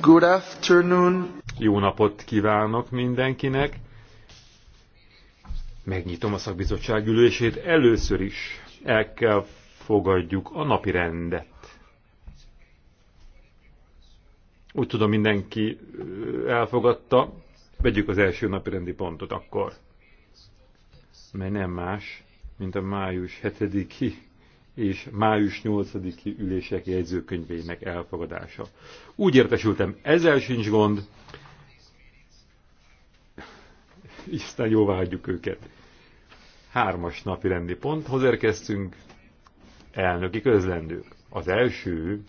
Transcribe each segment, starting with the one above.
Good afternoon. Jó napot kívánok mindenkinek. Megnyitom a szakbizottság ülését. Először is el kell fogadjuk a napi rendet. Úgy tudom, mindenki elfogadta. Vegyük az első napi rendi pontot akkor. Mert nem más, mint a május 7-i és május 8-i ülések jegyzőkönyvének elfogadása. Úgy értesültem, ezzel sincs gond, isten jóvá hagyjuk őket. Hármas napi rendi ponthoz érkeztünk, elnöki közlendők. Az első,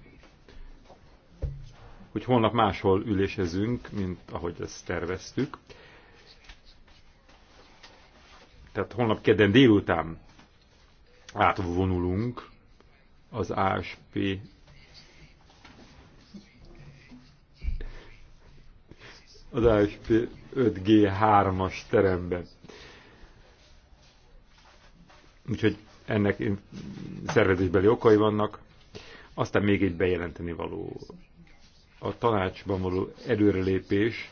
hogy holnap máshol ülésezünk, mint ahogy ezt terveztük. Tehát holnap kedden délután átvonulunk az ASP az ASP 5G3-as terembe. Úgyhogy ennek szervezésbeli okai vannak. Aztán még egy bejelenteni való. A tanácsban való előrelépés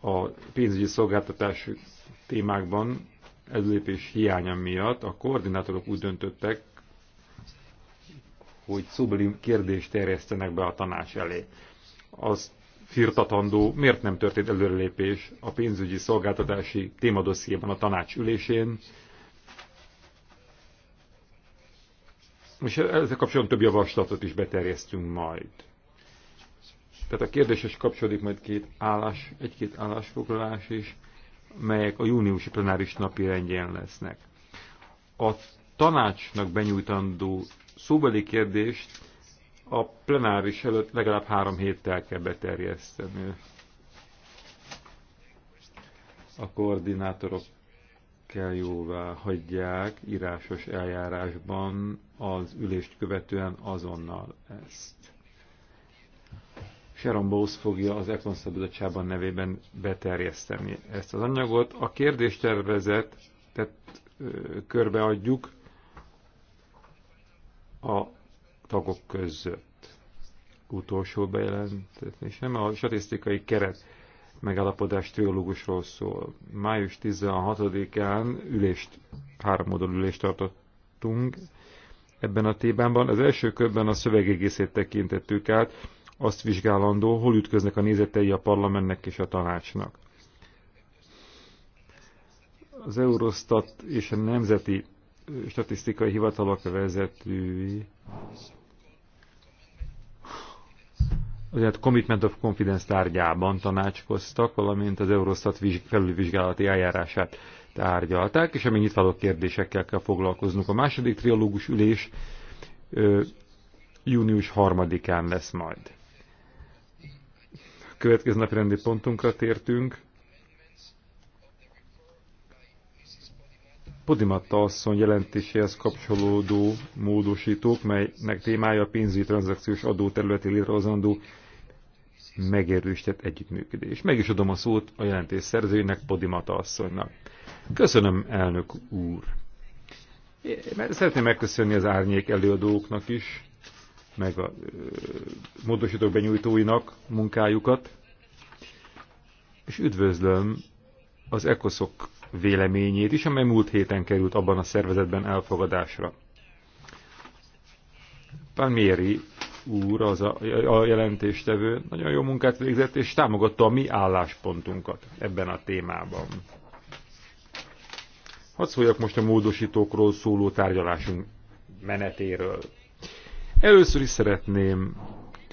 a pénzügyi szolgáltatás témákban előlépés hiánya miatt a koordinátorok úgy döntöttek, hogy szublim kérdést terjesztenek be a tanács elé. Az firtatandó, miért nem történt előrelépés a pénzügyi szolgáltatási témadossziéban a tanács ülésén, és ezzel kapcsolatban több javaslatot is beterjesztünk majd. Tehát a kérdéses kapcsolódik majd két állás, egy-két állásfoglalás is melyek a júniusi plenáris napi rendjén lesznek. A tanácsnak benyújtandó szóbeli kérdést a plenáris előtt legalább három héttel kell beterjeszteni. A koordinátorok kell jóvá hagyják írásos eljárásban az ülést követően azonnal ezt. Sharon Bowes fogja az Econ Szabadságban nevében beterjeszteni ezt az anyagot. A kérdéstervezet tehát körbeadjuk a tagok között. Utolsó nem a statisztikai keret megállapodás triológusról szól. Május 16-án ülést, háromoldalú ülést tartottunk ebben a témában. Az első körben a szövegegészét tekintettük át, azt vizsgálandó, hol ütköznek a nézetei a parlamentnek és a tanácsnak. Az Eurostat és a Nemzeti Statisztikai Hivatalok vezetői az hát Commitment of Confidence tárgyában tanácskoztak, valamint az Eurostat felülvizsgálati eljárását tárgyalták, és amíg nyitváló kérdésekkel kell foglalkoznunk. A második triológus ülés ö, június harmadikán lesz majd következő napi rendi pontunkra tértünk. Podimatta asszony jelentéséhez kapcsolódó módosítók, melynek témája a pénzügyi tranzakciós adó területi létrehozandó megerősített együttműködés. Meg is adom a szót a jelentés szerzőjének, Podimata asszonynak. Köszönöm, elnök úr! szeretném megköszönni az árnyék előadóknak is meg a módosítók benyújtóinak munkájukat, és üdvözlöm az ECOSZOK véleményét is, amely múlt héten került abban a szervezetben elfogadásra. Palmieri úr, az a, a jelentéstevő, nagyon jó munkát végzett, és támogatta a mi álláspontunkat ebben a témában. Hadd szóljak most a módosítókról szóló tárgyalásunk menetéről. Először is szeretném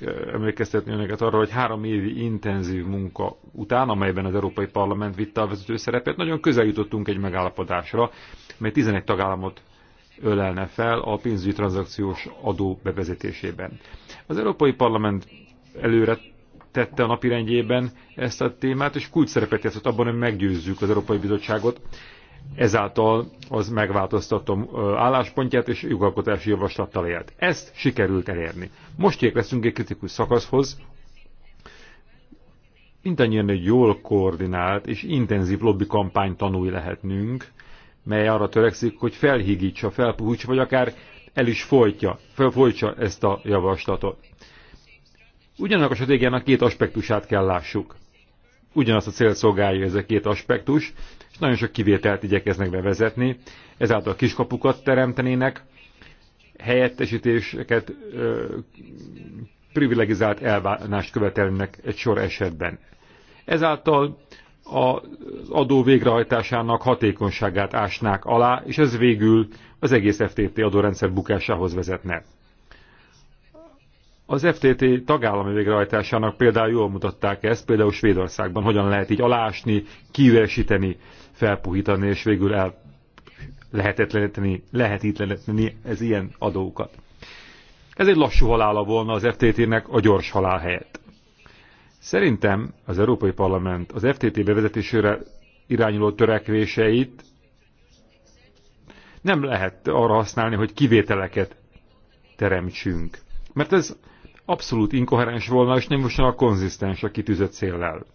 eh, emlékeztetni önöket arra, hogy három évi intenzív munka után, amelyben az Európai Parlament vitte a vezető szerepet, nagyon közel jutottunk egy megállapodásra, mely 11 tagállamot ölelne fel a pénzügyi tranzakciós adó bevezetésében. Az Európai Parlament előre tette a napirendjében ezt a témát, és kulcs szerepet játszott abban, hogy meggyőzzük az Európai Bizottságot ezáltal az megváltoztatom álláspontját és jogalkotási javaslattal élt. Ezt sikerült elérni. Most érkeztünk egy kritikus szakaszhoz, mindannyian egy jól koordinált és intenzív lobbykampány tanúi lehetnünk, mely arra törekszik, hogy felhigítsa, felpuhítsa, vagy akár el is folytja, felfolytsa ezt a javaslatot. Ugyanak a stratégiának két aspektusát kell lássuk. Ugyanazt a célt szolgálja ez a két aspektus, és nagyon sok kivételt igyekeznek bevezetni, ezáltal kiskapukat teremtenének, helyettesítéseket, privilegizált elvánást követelnek egy sor esetben. Ezáltal az adó végrehajtásának hatékonyságát ásnák alá, és ez végül az egész FTT adórendszer bukásához vezetne. Az FTT tagállami végrehajtásának például jól mutatták ezt, például Svédországban hogyan lehet így alásni, kivesíteni felpuhítani, és végül el lehetetleníteni, lehetetleníteni ez ilyen adókat. Ez egy lassú halála volna az FTT-nek a gyors halál helyett. Szerintem az Európai Parlament az FTT bevezetésére irányuló törekvéseit nem lehet arra használni, hogy kivételeket teremtsünk. Mert ez abszolút inkoherens volna, és nem mostan a konzisztens a kitűzött céllel.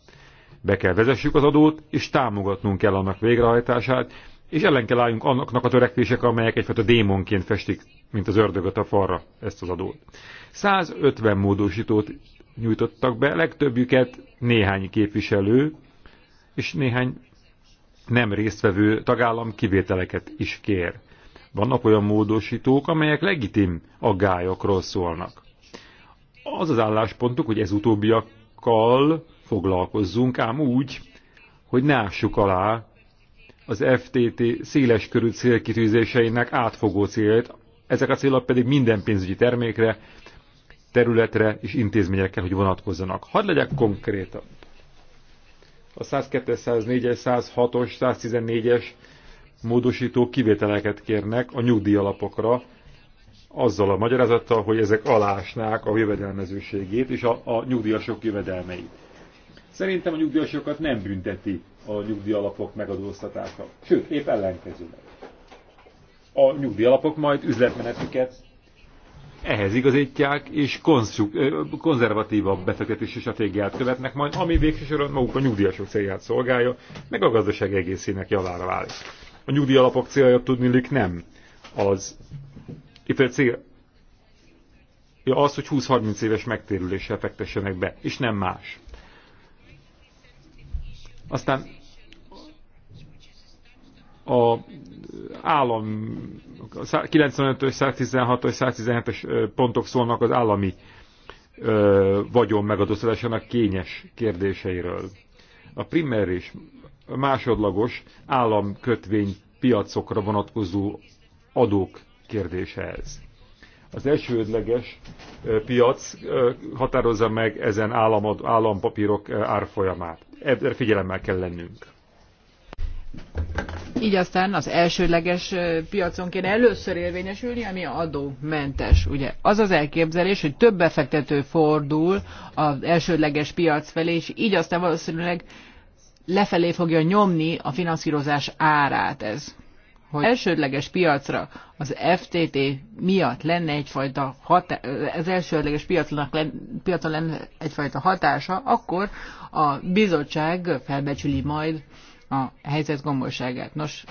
Be kell vezessük az adót, és támogatnunk kell annak végrehajtását, és ellen kell álljunk annaknak a törekvések, amelyek egyfajta démonként festik, mint az ördögöt a falra ezt az adót. 150 módosítót nyújtottak be, legtöbbjüket néhány képviselő, és néhány nem résztvevő tagállam kivételeket is kér. Vannak olyan módosítók, amelyek legitim aggályokról szólnak. Az az álláspontuk, hogy ez utóbbiakkal foglalkozzunk, ám úgy, hogy ne ássuk alá az FTT széles körű célkitűzéseinek átfogó célt. ezek a célok pedig minden pénzügyi termékre, területre és intézményekre, hogy vonatkozzanak. Hadd legyek konkrétabb. A 102-es, 104-es, 106-os, 114-es módosító kivételeket kérnek a nyugdíjalapokra, azzal a magyarázattal, hogy ezek alásnák a jövedelmezőségét és a, a nyugdíjasok jövedelmeit. Szerintem a nyugdíjasokat nem bünteti a nyugdíjalapok megadóztatása. Sőt, épp ellenkezőleg. A nyugdíjalapok majd üzletmenetüket ehhez igazítják, és konzervatívabb befektetési stratégiát követnek majd, ami végső soron maguk a nyugdíjasok célját szolgálja, meg a gazdaság egészének javára válik. A nyugdíjalapok célja tudni lük, nem. Az, itt a cél az, hogy 20-30 éves megtérüléssel fektessenek be, és nem más. Aztán a állam 95-ös, 116 ös 117 ös pontok szólnak az állami ö, vagyon megadóztatásának kényes kérdéseiről. A primer és másodlagos államkötvény piacokra vonatkozó adók kérdése ez az elsődleges piac határozza meg ezen államad, állampapírok árfolyamát. Erre figyelemmel kell lennünk. Így aztán az elsődleges piacon kéne először érvényesülni, ami adómentes. Ugye az az elképzelés, hogy több befektető fordul az elsődleges piac felé, és így aztán valószínűleg lefelé fogja nyomni a finanszírozás árát ez hogy elsődleges piacra az FTT miatt lenne egyfajta hatá- az elsődleges piacnak len- piacon lenne egyfajta hatása, akkor a bizottság felbecsüli majd a helyzet gombolságát. Nos,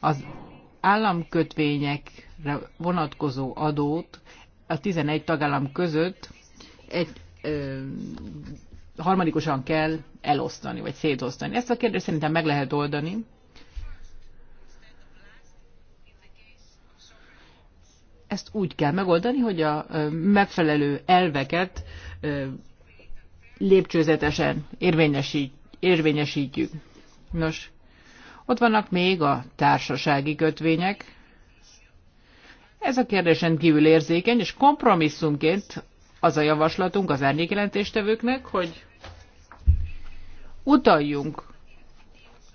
az államkötvényekre vonatkozó adót a 11 tagállam között egy ö, harmadikusan kell elosztani, vagy szétosztani. Ezt a kérdést szerintem meg lehet oldani, ezt úgy kell megoldani, hogy a megfelelő elveket lépcsőzetesen érvényesít, érvényesítjük. Nos, ott vannak még a társasági kötvények. Ez a kérdésen kívül érzékeny, és kompromisszumként az a javaslatunk az árnyékjelentéstevőknek, hogy utaljunk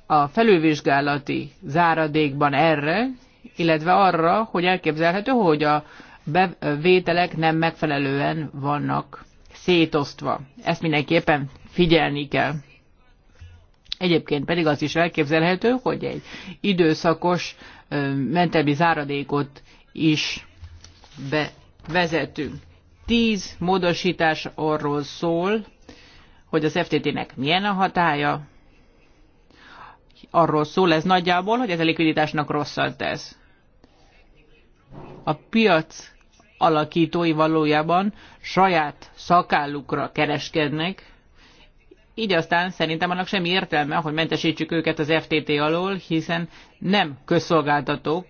a felülvizsgálati záradékban erre, illetve arra, hogy elképzelhető, hogy a bevételek nem megfelelően vannak szétosztva. Ezt mindenképpen figyelni kell. Egyébként pedig az is elképzelhető, hogy egy időszakos mentelmi záradékot is bevezetünk. Tíz módosítás arról szól, hogy az FTT-nek milyen a hatája, arról szól ez nagyjából, hogy ez a likviditásnak rosszat tesz a piac alakítói valójában saját szakállukra kereskednek, így aztán szerintem annak semmi értelme, hogy mentesítsük őket az FTT alól, hiszen nem közszolgáltatók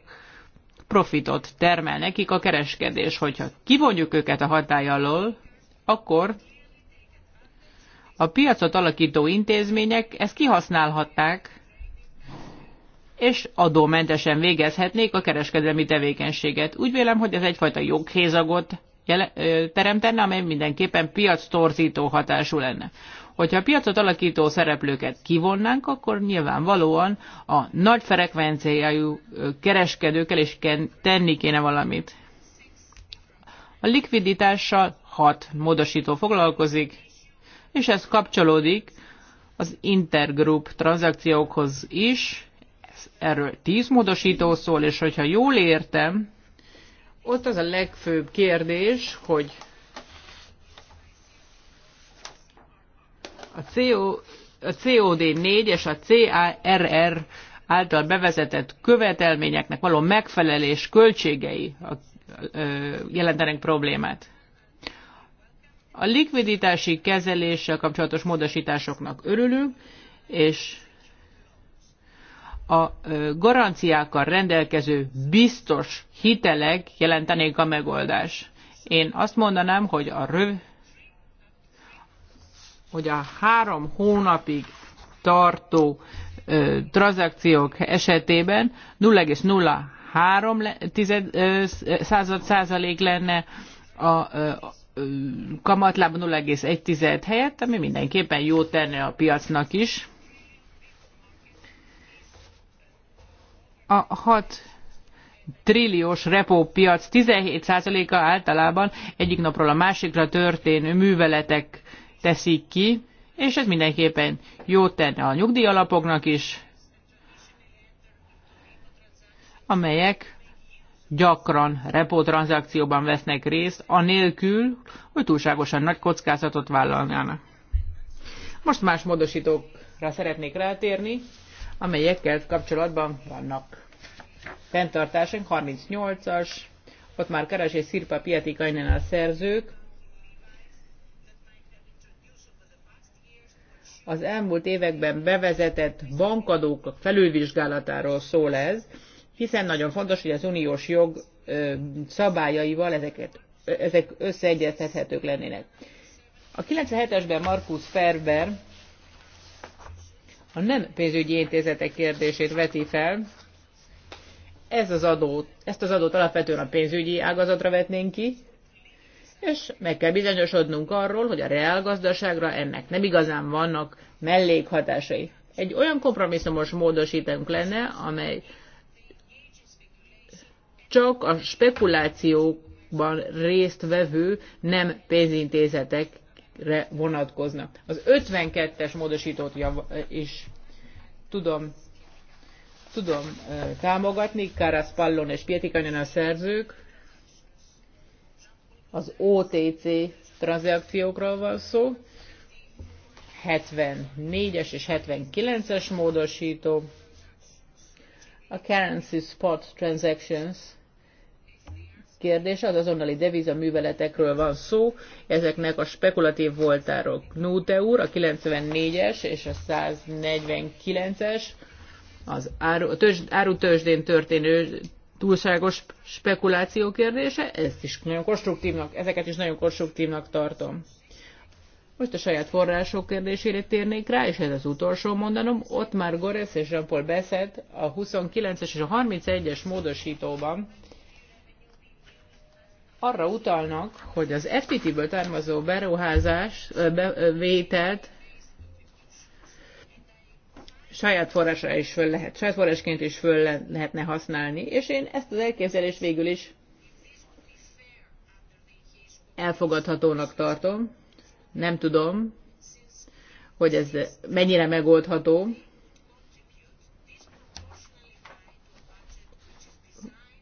profitot termel nekik a kereskedés. Hogyha kivonjuk őket a hatály alól, akkor a piacot alakító intézmények ezt kihasználhatták és adómentesen végezhetnék a kereskedelmi tevékenységet. Úgy vélem, hogy ez egyfajta joghézagot teremtene, amely mindenképpen piac torzító hatású lenne. Hogyha a piacot alakító szereplőket kivonnánk, akkor nyilvánvalóan a nagy frekvenciájú kereskedőkkel is tenni kéne valamit. A likviditással hat módosító foglalkozik, és ez kapcsolódik az intergroup tranzakciókhoz is, erről tíz módosító szól, és hogyha jól értem, ott az a legfőbb kérdés, hogy a, CO, a COD4 és a CARR által bevezetett követelményeknek való megfelelés költségei jelentenek problémát. A likviditási kezeléssel kapcsolatos módosításoknak örülünk, és a garanciákkal rendelkező biztos hitelek jelentenék a megoldás. Én azt mondanám, hogy a röv, hogy a három hónapig tartó ö, tranzakciók esetében 0,03 század százalék lenne a ö, kamatlába 0,1 helyett, ami mindenképpen jó tenne a piacnak is. a 6 trilliós repópiac 17%-a általában egyik napról a másikra történő műveletek teszik ki, és ez mindenképpen jót tenne a nyugdíjalapoknak is, amelyek gyakran repótranzakcióban vesznek részt, anélkül, hogy túlságosan nagy kockázatot vállalnának. Most más módosítókra szeretnék rátérni amelyekkel kapcsolatban vannak Fentartásunk 38-as, ott már Karas és Szirpa Piatikainen a szerzők. Az elmúlt években bevezetett bankadók felülvizsgálatáról szól ez, hiszen nagyon fontos, hogy az uniós jog szabályaival ezeket, ezek összeegyeztethetők lennének. A 97-esben Markus Ferber a nem pénzügyi intézetek kérdését veti fel. Ez az adót, ezt az adót alapvetően a pénzügyi ágazatra vetnénk ki, és meg kell bizonyosodnunk arról, hogy a reálgazdaságra ennek nem igazán vannak mellékhatásai. Egy olyan kompromisszumos módosítunk lenne, amely csak a spekulációkban résztvevő nem pénzintézetek re vonatkozna. Az 52-es módosítót eh, is tudom, tudom eh, támogatni, Karasz Pallon és Pietikanyon a szerzők. Az OTC tranzakciókról van szó. 74-es és 79-es módosító. A Currency Spot Transactions kérdése, az azonnali devizaműveletekről van szó, ezeknek a spekulatív voltáról. Knute úr, a 94-es és a 149-es, az áru, tőzs, árutősdén történő túlságos spekuláció kérdése, ezt is nagyon konstruktívnak, ezeket is nagyon konstruktívnak tartom. Most a saját források kérdésére térnék rá, és ez az utolsó mondanom. Ott már Goresz és Jean-Paul Beszed a 29-es és a 31-es módosítóban arra utalnak, hogy az FTT-ből származó beruházás, bevételt saját forrásra is föl lehet, saját forrásként is föl lehetne használni, és én ezt az elképzelést végül is elfogadhatónak tartom. Nem tudom, hogy ez mennyire megoldható.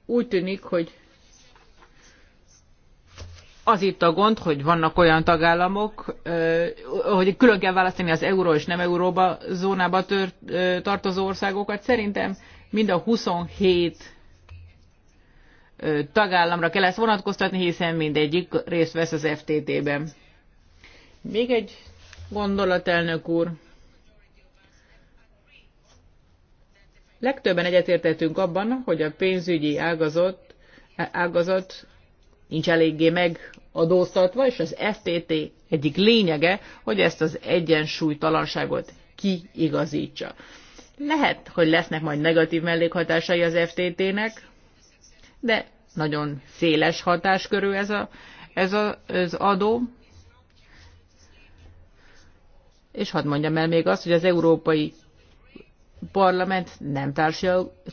Úgy tűnik, hogy az itt a gond, hogy vannak olyan tagállamok, hogy külön kell választani az euró és nem euróba zónába tört, tartozó országokat. Szerintem mind a 27 tagállamra kell ezt vonatkoztatni, hiszen mindegyik részt vesz az FTT-ben. Még egy gondolat, elnök úr. Legtöbben egyetértettünk abban, hogy a pénzügyi ágazat, ágazat nincs eléggé megadóztatva, és az FTT egyik lényege, hogy ezt az egyensúlytalanságot kiigazítsa. Lehet, hogy lesznek majd negatív mellékhatásai az FTT-nek, de nagyon széles hatáskörű ez, a, ez a, az adó. És hadd mondjam el még azt, hogy az Európai Parlament nem társ,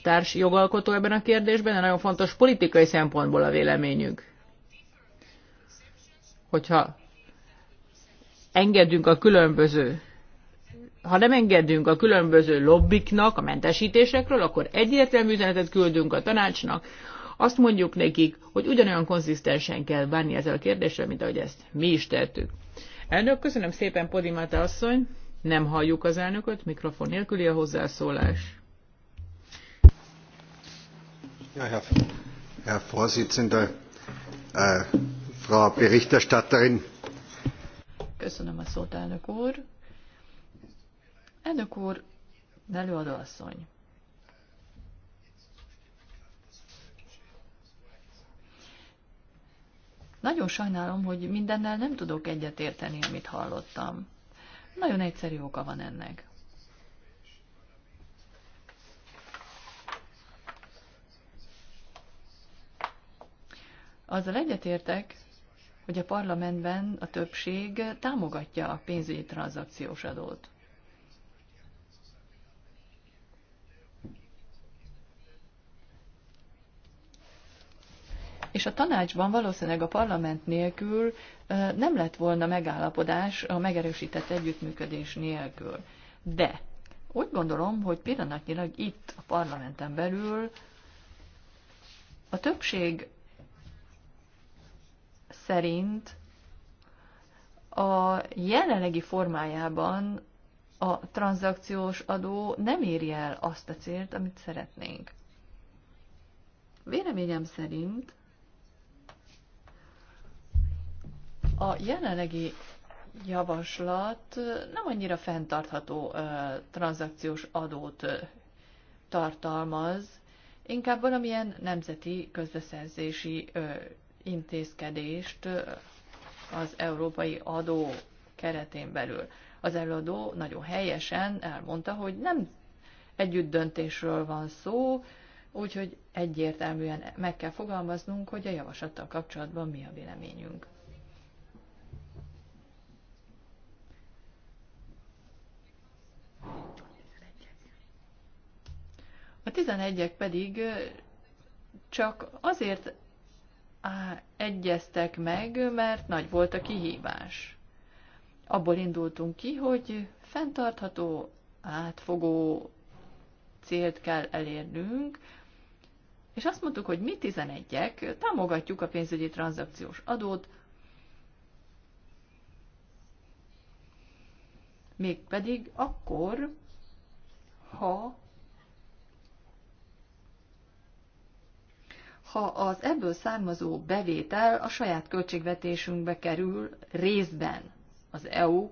társ jogalkotó ebben a kérdésben, de nagyon fontos politikai szempontból a véleményünk hogyha engedünk a különböző ha nem engedünk a különböző lobbiknak a mentesítésekről, akkor egyértelmű üzenetet küldünk a tanácsnak, azt mondjuk nekik, hogy ugyanolyan konzisztensen kell bánni ezzel a kérdéssel, mint ahogy ezt mi is tettük. Elnök, köszönöm szépen, Podimata asszony. Nem halljuk az elnököt, mikrofon nélküli a hozzászólás. Ja, Herr, Herr Vorsitzender, äh, Frau Berichterstatterin. Köszönöm a szót, elnök úr. Elnök úr, előadó asszony. Nagyon sajnálom, hogy mindennel nem tudok egyetérteni, amit hallottam. Nagyon egyszerű oka van ennek. Azzal egyetértek, hogy a parlamentben a többség támogatja a pénzügyi tranzakciós adót. és a tanácsban valószínűleg a parlament nélkül nem lett volna megállapodás a megerősített együttműködés nélkül. De úgy gondolom, hogy pillanatnyilag itt a parlamenten belül a többség szerint a jelenlegi formájában a tranzakciós adó nem éri el azt a célt, amit szeretnénk. Véleményem szerint a jelenlegi javaslat nem annyira fenntartható ö, tranzakciós adót ö, tartalmaz, inkább valamilyen nemzeti közbeszerzési ö, intézkedést az európai adó keretén belül. Az előadó nagyon helyesen elmondta, hogy nem együtt döntésről van szó, úgyhogy egyértelműen meg kell fogalmaznunk, hogy a javaslattal kapcsolatban mi a véleményünk. A 11-ek pedig csak azért egyeztek meg, mert nagy volt a kihívás. Abból indultunk ki, hogy fenntartható, átfogó célt kell elérnünk, és azt mondtuk, hogy mi 11-ek támogatjuk a pénzügyi tranzakciós adót, mégpedig akkor, ha ha az ebből származó bevétel a saját költségvetésünkbe kerül részben az EU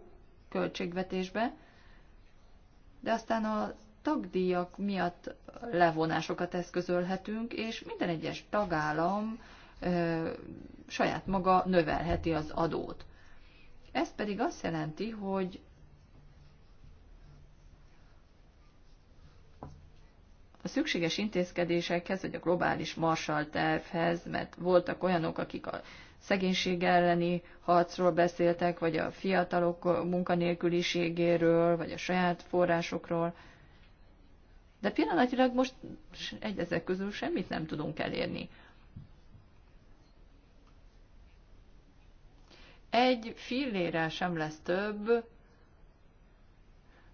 költségvetésbe, de aztán a tagdíjak miatt levonásokat eszközölhetünk, és minden egyes tagállam ö, saját maga növelheti az adót. Ez pedig azt jelenti, hogy a szükséges intézkedésekhez, vagy a globális Marshall tervhez, mert voltak olyanok, akik a szegénység elleni harcról beszéltek, vagy a fiatalok munkanélküliségéről, vagy a saját forrásokról. De pillanatilag most egy ezek közül semmit nem tudunk elérni. Egy fillére sem lesz több,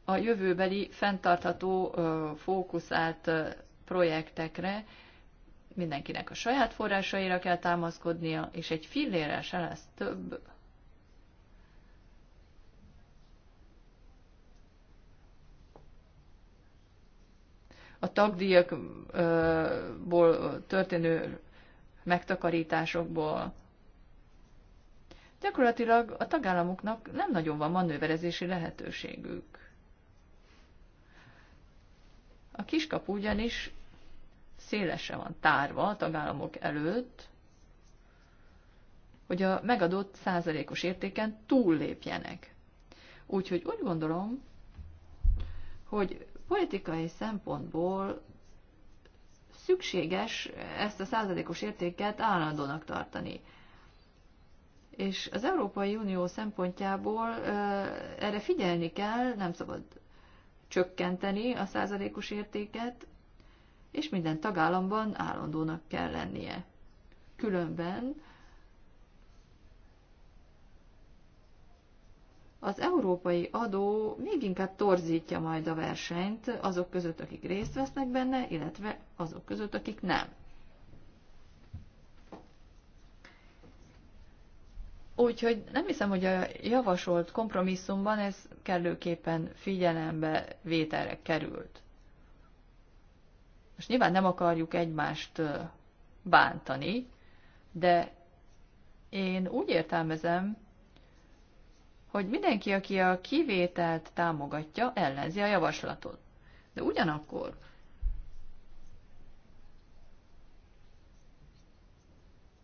a jövőbeli fenntartható fókuszált projektekre mindenkinek a saját forrásaira kell támaszkodnia, és egy fillére se lesz több. A tagdíjakból történő megtakarításokból gyakorlatilag a tagállamoknak nem nagyon van manőverezési lehetőségük. A kiskapu ugyanis szélesre van tárva a tagállamok előtt, hogy a megadott százalékos értéken túllépjenek. Úgyhogy úgy gondolom, hogy politikai szempontból szükséges ezt a százalékos értéket állandónak tartani. És az Európai Unió szempontjából erre figyelni kell, nem szabad csökkenteni a százalékos értéket, és minden tagállamban állandónak kell lennie. Különben az európai adó még inkább torzítja majd a versenyt azok között, akik részt vesznek benne, illetve azok között, akik nem. Úgyhogy nem hiszem, hogy a javasolt kompromisszumban ez kellőképpen figyelembe vételre került. Most nyilván nem akarjuk egymást bántani, de én úgy értelmezem, hogy mindenki, aki a kivételt támogatja, ellenzi a javaslatot. De ugyanakkor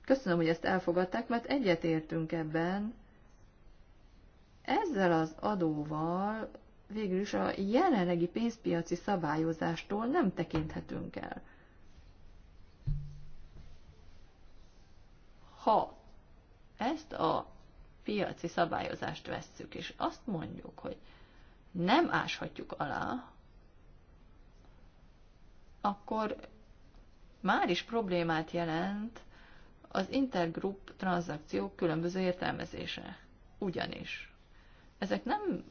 Köszönöm, hogy ezt elfogadták, mert egyetértünk ebben. Ezzel az adóval végül is a jelenlegi pénzpiaci szabályozástól nem tekinthetünk el. Ha ezt a piaci szabályozást vesszük, és azt mondjuk, hogy nem áshatjuk alá, akkor már is problémát jelent az intergroup tranzakciók különböző értelmezése. Ugyanis ezek nem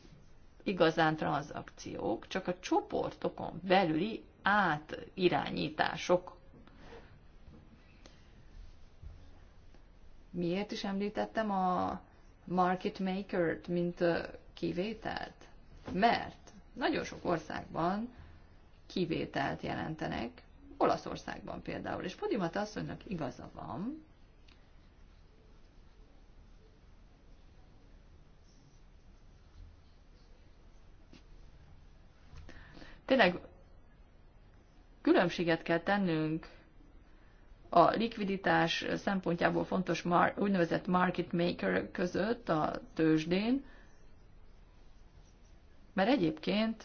igazán tranzakciók, csak a csoportokon belüli átirányítások. Miért is említettem a market maker-t, mint kivételt? Mert nagyon sok országban kivételt jelentenek, Olaszországban például, és Podimata asszonynak igaza van, Tényleg különbséget kell tennünk a likviditás szempontjából fontos mar, úgynevezett market maker között a tőzsdén, mert egyébként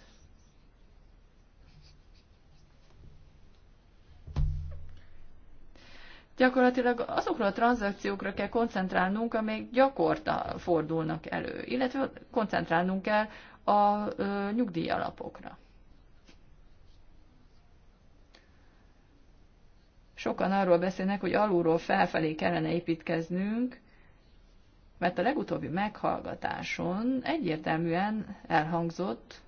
gyakorlatilag azokra a tranzakciókra kell koncentrálnunk, amelyek gyakorta fordulnak elő, illetve koncentrálnunk kell a ö, nyugdíjalapokra. Sokan arról beszélnek, hogy alulról felfelé kellene építkeznünk, mert a legutóbbi meghallgatáson egyértelműen elhangzott,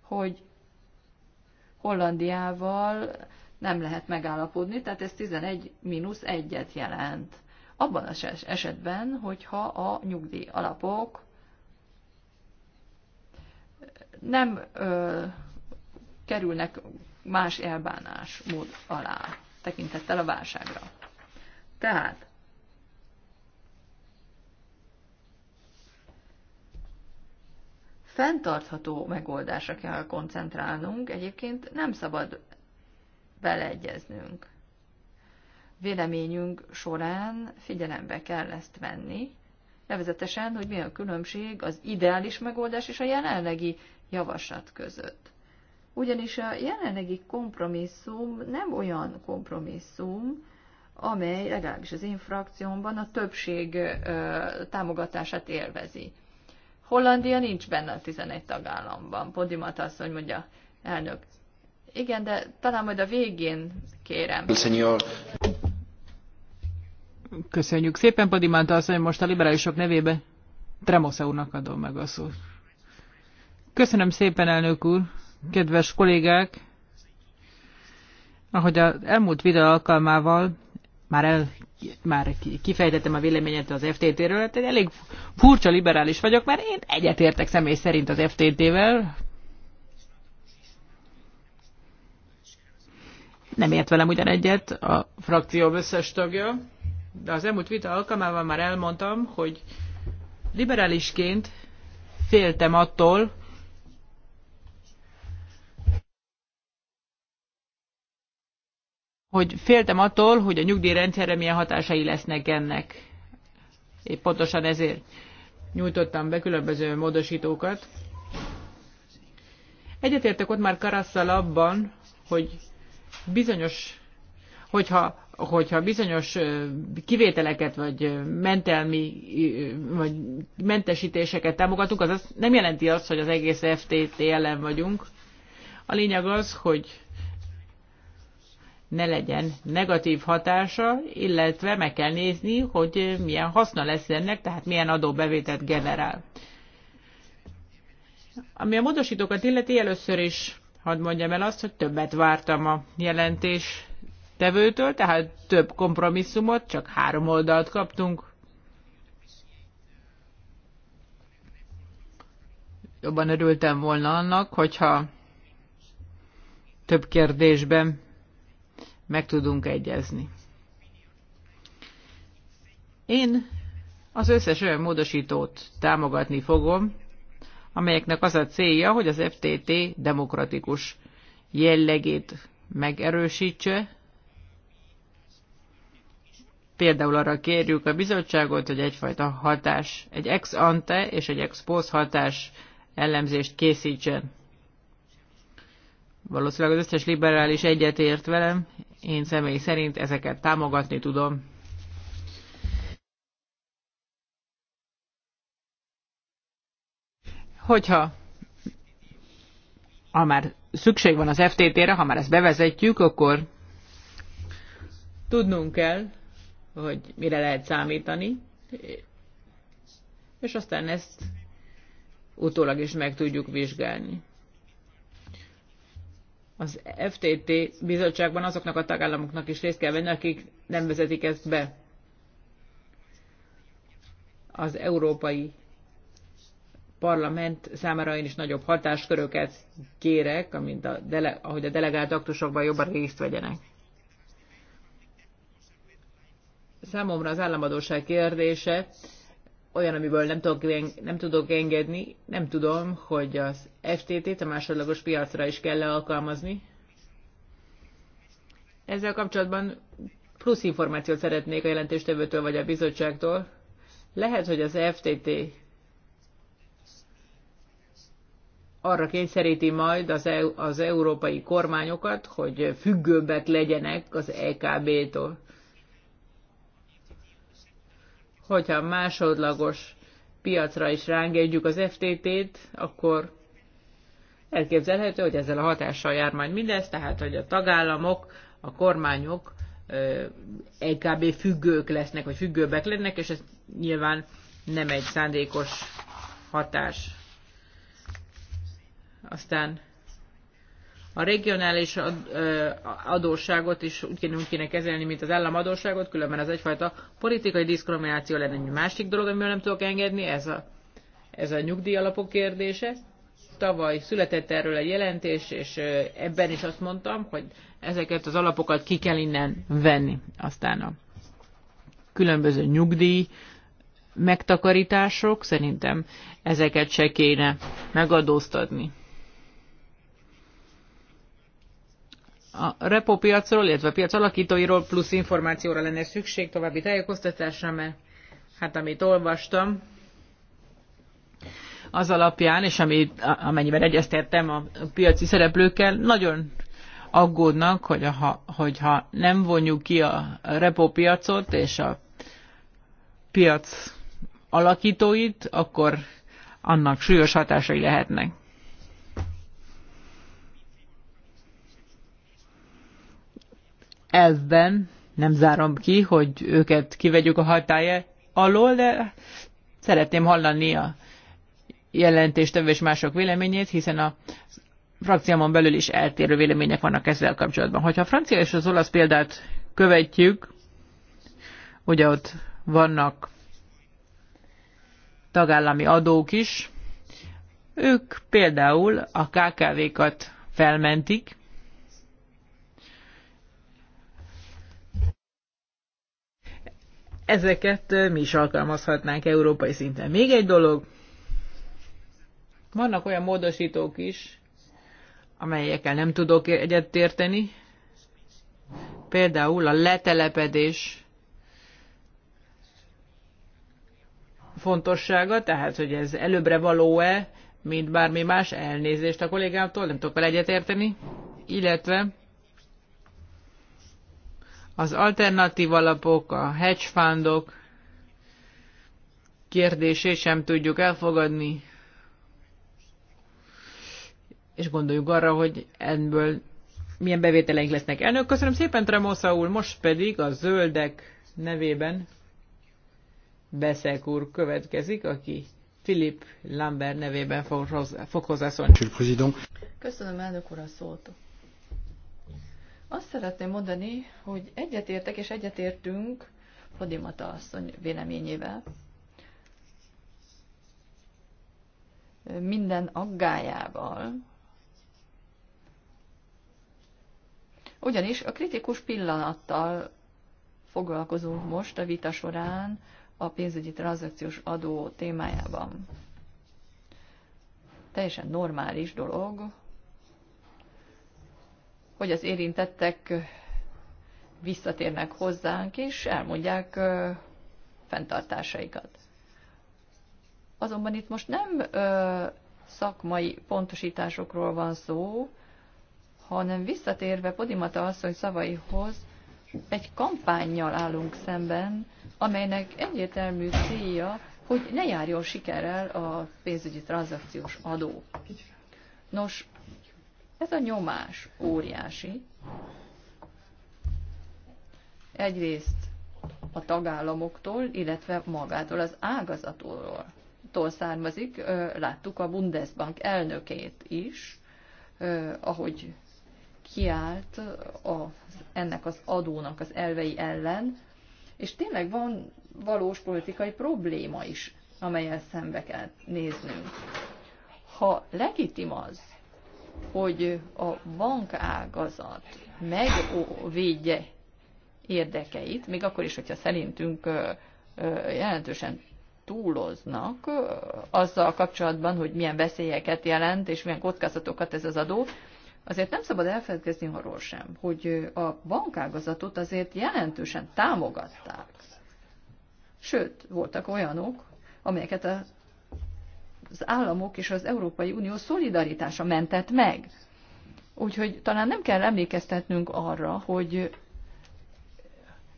hogy Hollandiával nem lehet megállapodni, tehát ez 11 mínusz 1-et jelent. Abban az esetben, hogyha a nyugdíj alapok nem ö, kerülnek más elbánásmód alá tekintettel a válságra. Tehát fenntartható megoldásra kell koncentrálnunk, egyébként nem szabad beleegyeznünk. Véleményünk során figyelembe kell ezt venni, nevezetesen, hogy mi a különbség az ideális megoldás és a jelenlegi javaslat között ugyanis a jelenlegi kompromisszum nem olyan kompromisszum, amely legalábbis az én frakciómban a többség támogatását élvezi. Hollandia nincs benne a 11 tagállamban. Podimat azt, hogy mondja, elnök. Igen, de talán majd a végén kérem. Köszönjük szépen, Podimat azt, hogy most a liberálisok nevébe Tremosza úrnak adom meg a szót. Köszönöm szépen, elnök úr. Kedves kollégák, ahogy az elmúlt videó alkalmával már, el, már kifejtettem a véleményet az FTT-ről, tehát elég furcsa liberális vagyok, mert én egyetértek személy szerint az FTT-vel. Nem ért velem ugyan egyet a frakció összes tagja, de az elmúlt vita alkalmával már elmondtam, hogy liberálisként féltem attól, hogy féltem attól, hogy a nyugdíjrendszerre milyen hatásai lesznek ennek. Épp pontosan ezért nyújtottam be különböző módosítókat. Egyetértek ott már Karasszal abban, hogy bizonyos, hogyha, hogyha bizonyos kivételeket vagy mentelmi, vagy mentesítéseket támogatunk, az nem jelenti azt, hogy az egész FTT ellen vagyunk. A lényeg az, hogy ne legyen negatív hatása, illetve meg kell nézni, hogy milyen haszna lesz ennek, tehát milyen adóbevételt generál. Ami a módosítókat illeti, először is hadd mondjam el azt, hogy többet vártam a jelentés tevőtől, tehát több kompromisszumot, csak három oldalt kaptunk. Jobban örültem volna annak, hogyha több kérdésben meg tudunk egyezni. Én az összes olyan módosítót támogatni fogom, amelyeknek az a célja, hogy az FTT demokratikus jellegét megerősítse. Például arra kérjük a bizottságot, hogy egyfajta hatás, egy ex ante és egy ex post hatás ellenzést készítsen. Valószínűleg az összes liberális egyetért velem, én személy szerint ezeket támogatni tudom. Hogyha ha már szükség van az FTT-re, ha már ezt bevezetjük, akkor tudnunk kell, hogy mire lehet számítani, és aztán ezt utólag is meg tudjuk vizsgálni az FTT bizottságban azoknak a tagállamoknak is részt kell venni, akik nem vezetik ezt be. Az Európai Parlament számára én is nagyobb hatásköröket kérek, amint a dele, ahogy a delegált aktusokban jobban részt vegyenek. Számomra az államadóság kérdése olyan, amiből nem tudok, nem tudok engedni, nem tudom, hogy az FTT-t a másodlagos piacra is kell alkalmazni. Ezzel kapcsolatban plusz információt szeretnék a jelentéstevőtől vagy a bizottságtól. Lehet, hogy az FTT arra kényszeríti majd az, e- az európai kormányokat, hogy függőbbek legyenek az EKB-tól hogyha másodlagos piacra is rángedjük az FTT-t, akkor elképzelhető, hogy ezzel a hatással jár majd mindez, tehát hogy a tagállamok, a kormányok EKB függők lesznek, vagy függőbbek lennek, és ez nyilván nem egy szándékos hatás. Aztán a regionális adósságot is úgy kéne, úgy kéne kezelni, mint az államadóságot, különben az egyfajta politikai diszkrimináció lenne. Egy másik dolog, amivel nem tudok engedni, ez a, ez a nyugdíjalapok kérdése. Tavaly született erről egy jelentés, és ebben is azt mondtam, hogy ezeket az alapokat ki kell innen venni. Aztán a különböző nyugdíj, megtakarítások, szerintem ezeket se kéne megadóztatni. a repo piacról, illetve a piac alakítóiról plusz információra lenne szükség további tájékoztatásra, mert hát amit olvastam, az alapján, és ami, amennyiben egyeztettem a piaci szereplőkkel, nagyon aggódnak, hogy ha, hogyha nem vonjuk ki a repo piacot és a piac alakítóit, akkor annak súlyos hatásai lehetnek. elvben nem zárom ki, hogy őket kivegyük a hatája alól, de szeretném hallani a jelentéstevő és mások véleményét, hiszen a frakciámon belül is eltérő vélemények vannak ezzel kapcsolatban. Hogyha a francia és az olasz példát követjük, ugye ott vannak tagállami adók is, ők például a KKV-kat felmentik, ezeket mi is alkalmazhatnánk európai szinten. Még egy dolog, vannak olyan módosítók is, amelyekkel nem tudok egyet érteni. Például a letelepedés fontossága, tehát hogy ez előbbre való-e, mint bármi más elnézést a kollégámtól, nem tudok vele érteni. illetve az alternatív alapok, a hedge fundok kérdését sem tudjuk elfogadni, és gondoljuk arra, hogy ebből milyen bevételeink lesznek. Elnök, köszönöm szépen, Tremosza úr, most pedig a zöldek nevében Beszek úr következik, aki Philip Lambert nevében fog, hozzá, fog hozzászólni. Köszönöm, elnök úr, a szót. Azt szeretném mondani, hogy egyetértek és egyetértünk Fodimata asszony véleményével. Minden aggájával. Ugyanis a kritikus pillanattal foglalkozunk most a vita során a pénzügyi tranzakciós adó témájában. Teljesen normális dolog, hogy az érintettek visszatérnek hozzánk, és elmondják fenntartásaikat. Azonban itt most nem ö, szakmai pontosításokról van szó, hanem visszatérve Podimata asszony szavaihoz, egy kampányjal állunk szemben, amelynek egyértelmű célja, hogy ne járjon sikerrel a pénzügyi tranzakciós adó. Nos, ez a nyomás óriási. Egyrészt a tagállamoktól, illetve magától az ágazatóról tól származik. Láttuk a Bundesbank elnökét is, ahogy kiállt a, ennek az adónak az elvei ellen, és tényleg van valós politikai probléma is, amelyel szembe kell néznünk. Ha legitim az, hogy a bankágazat megvédje érdekeit, még akkor is, hogyha szerintünk jelentősen túloznak azzal kapcsolatban, hogy milyen veszélyeket jelent és milyen kockázatokat ez az adó, azért nem szabad elfelejtkezni arról sem, hogy a bankágazatot azért jelentősen támogatták. Sőt, voltak olyanok, amelyeket a az államok és az Európai Unió szolidaritása mentett meg. Úgyhogy talán nem kell emlékeztetnünk arra, hogy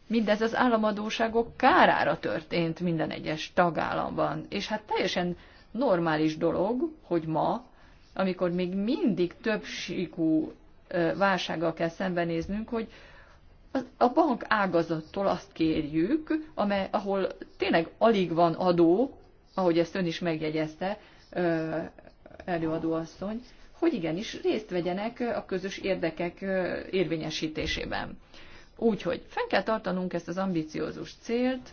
mindez az államadóságok kárára történt minden egyes tagállamban. És hát teljesen normális dolog, hogy ma, amikor még mindig többsíkú válsággal kell szembenéznünk, hogy a bank ágazattól azt kérjük, amely, ahol tényleg alig van adó, ahogy ezt ön is megjegyezte, előadóasszony, hogy igenis részt vegyenek a közös érdekek érvényesítésében. Úgyhogy fenn kell tartanunk ezt az ambiciózus célt,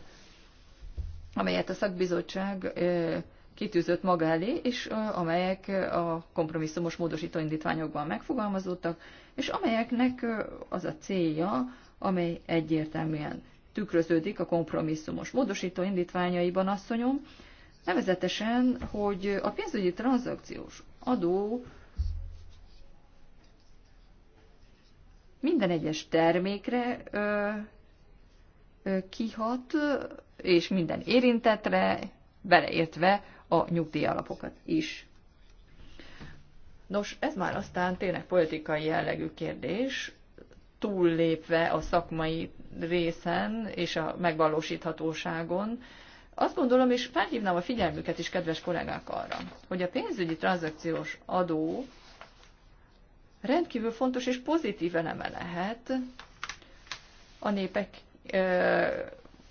amelyet a szakbizottság kitűzött maga elé, és amelyek a kompromisszumos módosítóindítványokban indítványokban megfogalmazódtak, és amelyeknek az a célja, amely egyértelműen tükröződik a kompromisszumos módosítóindítványaiban, asszonyom, Nevezetesen, hogy a pénzügyi tranzakciós adó minden egyes termékre ö, ö, kihat, és minden érintetre, beleértve a nyugdíjalapokat is. Nos, ez már aztán tényleg politikai jellegű kérdés, túllépve a szakmai részen és a megvalósíthatóságon, azt gondolom, és felhívnám a figyelmüket is, kedves kollégák, arra, hogy a pénzügyi tranzakciós adó rendkívül fontos és pozitív eleme lehet a népek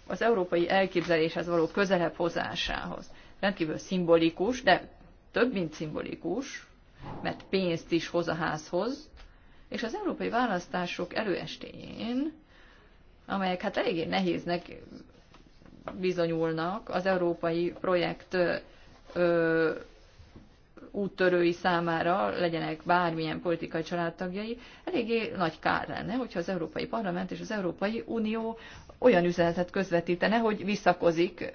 az európai elképzeléshez való közelebb hozásához. Rendkívül szimbolikus, de több, mint szimbolikus, mert pénzt is hoz a házhoz, és az európai választások előestéjén, amelyek hát eléggé nehéznek bizonyulnak az európai projekt úttörői számára legyenek bármilyen politikai családtagjai, eléggé nagy kár lenne, hogyha az Európai Parlament és az Európai Unió olyan üzenetet közvetítene, hogy visszakozik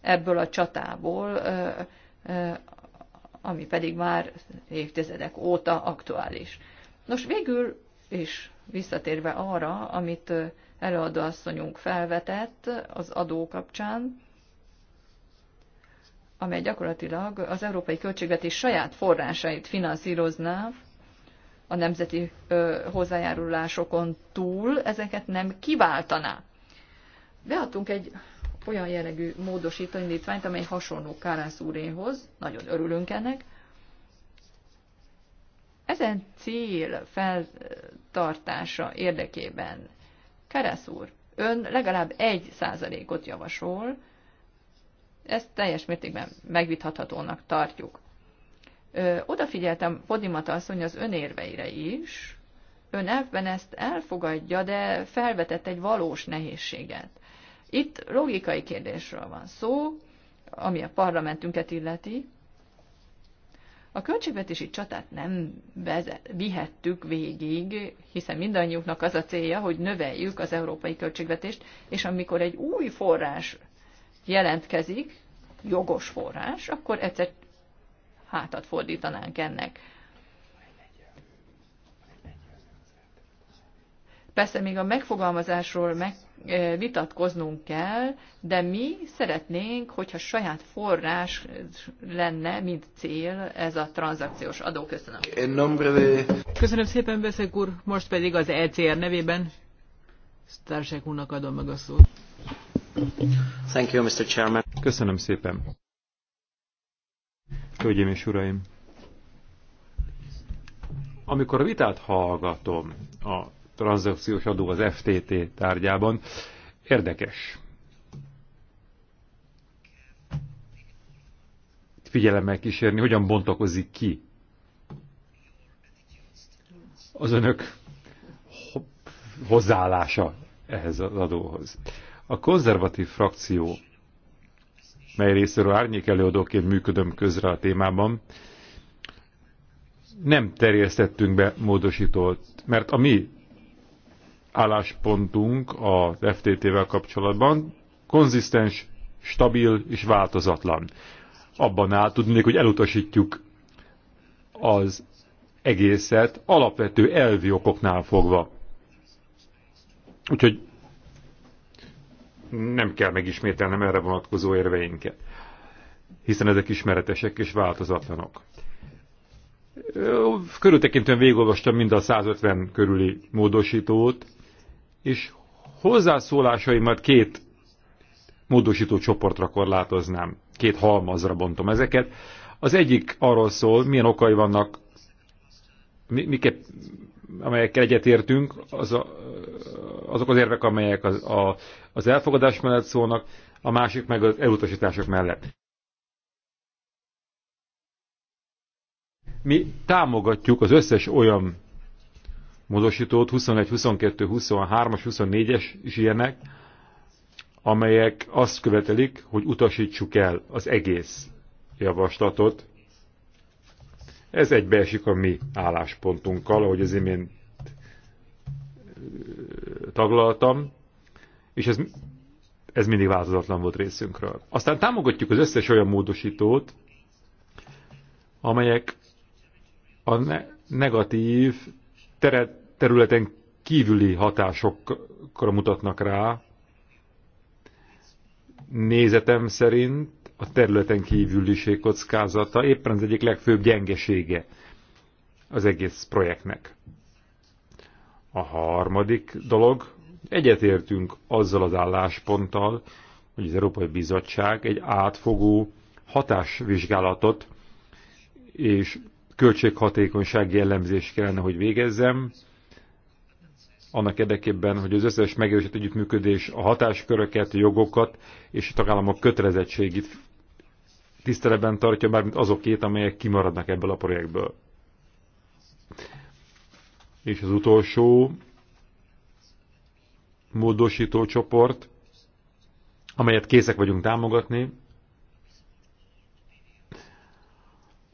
ebből a csatából, ami pedig már évtizedek óta aktuális. Nos, végül, és visszatérve arra, amit előadóasszonyunk felvetett az adó kapcsán, amely gyakorlatilag az európai költségvetés saját forrásait finanszírozná a nemzeti ö, hozzájárulásokon túl, ezeket nem kiváltaná. Beadtunk egy olyan jellegű módosító indítványt, amely hasonló Kárász úréhoz, nagyon örülünk ennek. Ezen cél feltartása érdekében Keresz úr, ön legalább egy százalékot javasol, ezt teljes mértékben megvithathatónak tartjuk. Ö, odafigyeltem Podimata asszony az önérveire is, ön elfben ezt elfogadja, de felvetett egy valós nehézséget. Itt logikai kérdésről van szó, ami a parlamentünket illeti, a költségvetési csatát nem vezet, vihettük végig, hiszen mindannyiuknak az a célja, hogy növeljük az európai költségvetést, és amikor egy új forrás jelentkezik, jogos forrás, akkor egyszer hátat fordítanánk ennek. Persze még a megfogalmazásról meg vitatkoznunk kell, de mi szeretnénk, hogyha saját forrás lenne, mint cél ez a tranzakciós adó. Köszönöm. Köszönöm szépen, Veszek úr. Most pedig az ECR nevében Starsek úrnak adom meg a szót. Thank you, Mr. Chairman. Köszönöm szépen. Hölgyeim és uraim! Amikor a vitát hallgatom a tranzakciós adó az FTT tárgyában. Érdekes. Figyelemmel kísérni, hogyan bontakozik ki az önök hozzáállása ehhez az adóhoz. A konzervatív frakció, mely részéről árnyék előadóként működöm közre a témában, nem terjesztettünk be módosítót, mert a mi álláspontunk az FTT-vel kapcsolatban konzisztens, stabil és változatlan. Abban áll tudnék, hogy elutasítjuk az egészet alapvető elvi okoknál fogva. Úgyhogy nem kell megismételnem erre vonatkozó érveinket, hiszen ezek ismeretesek és változatlanok. Körültekintően végigolvastam mind a 150 körüli módosítót, és hozzászólásaimat két módosító csoportra korlátoznám, két halmazra bontom ezeket. Az egyik arról szól, milyen okai vannak, miket, amelyekkel egyetértünk, az a, azok az érvek, amelyek az, a, az elfogadás mellett szólnak, a másik meg az elutasítások mellett. Mi támogatjuk az összes olyan módosítót, 21, 22, 23 24-es is ilyenek, amelyek azt követelik, hogy utasítsuk el az egész javaslatot. Ez egybeesik a mi álláspontunkkal, ahogy az imént taglaltam, és ez, ez mindig változatlan volt részünkről. Aztán támogatjuk az összes olyan módosítót, amelyek a ne negatív teret területen kívüli hatásokra mutatnak rá. Nézetem szerint a területen kívüliség kockázata éppen az egyik legfőbb gyengesége az egész projektnek. A harmadik dolog, egyetértünk azzal az állásponttal, hogy az Európai Bizottság egy átfogó hatásvizsgálatot és költséghatékonysági jellemzést kellene, hogy végezzem, annak érdekében, hogy az összes megerősített együttműködés a hatásköröket, a jogokat és a tagállamok kötelezettségét tiszteletben tartja, mármint azokét, amelyek kimaradnak ebből a projektből. És az utolsó módosító csoport, amelyet készek vagyunk támogatni.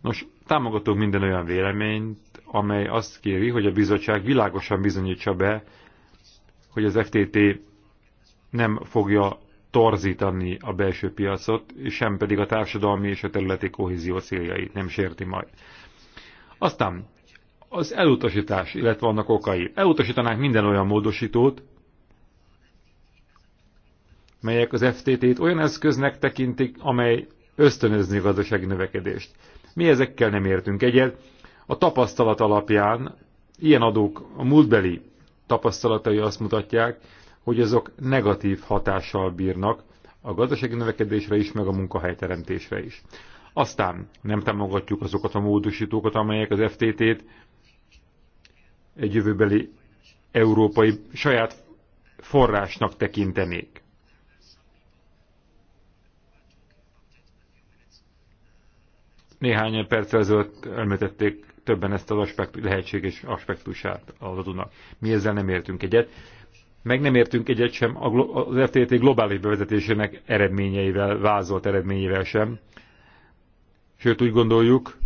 Nos, támogatunk minden olyan véleményt, amely azt kéri, hogy a bizottság világosan bizonyítsa be, hogy az FTT nem fogja torzítani a belső piacot, sem pedig a társadalmi és a területi kohézió céljait nem sérti majd. Aztán az elutasítás, illetve annak okai. Elutasítanánk minden olyan módosítót, melyek az FTT-t olyan eszköznek tekintik, amely ösztönözni gazdasági növekedést. Mi ezekkel nem értünk egyet, a tapasztalat alapján ilyen adók, a múltbeli tapasztalatai azt mutatják, hogy azok negatív hatással bírnak a gazdasági növekedésre is, meg a munkahelyteremtésre is. Aztán nem támogatjuk azokat a módosítókat, amelyek az FTT-t egy jövőbeli európai saját forrásnak tekintenék. Néhány perccel ezelőtt elmetették többen ezt az aspekt, lehetséges aspektusát az adónak. Mi ezzel nem értünk egyet. Meg nem értünk egyet sem az FTT globális bevezetésének eredményeivel, vázolt eredményeivel sem. Sőt, úgy gondoljuk,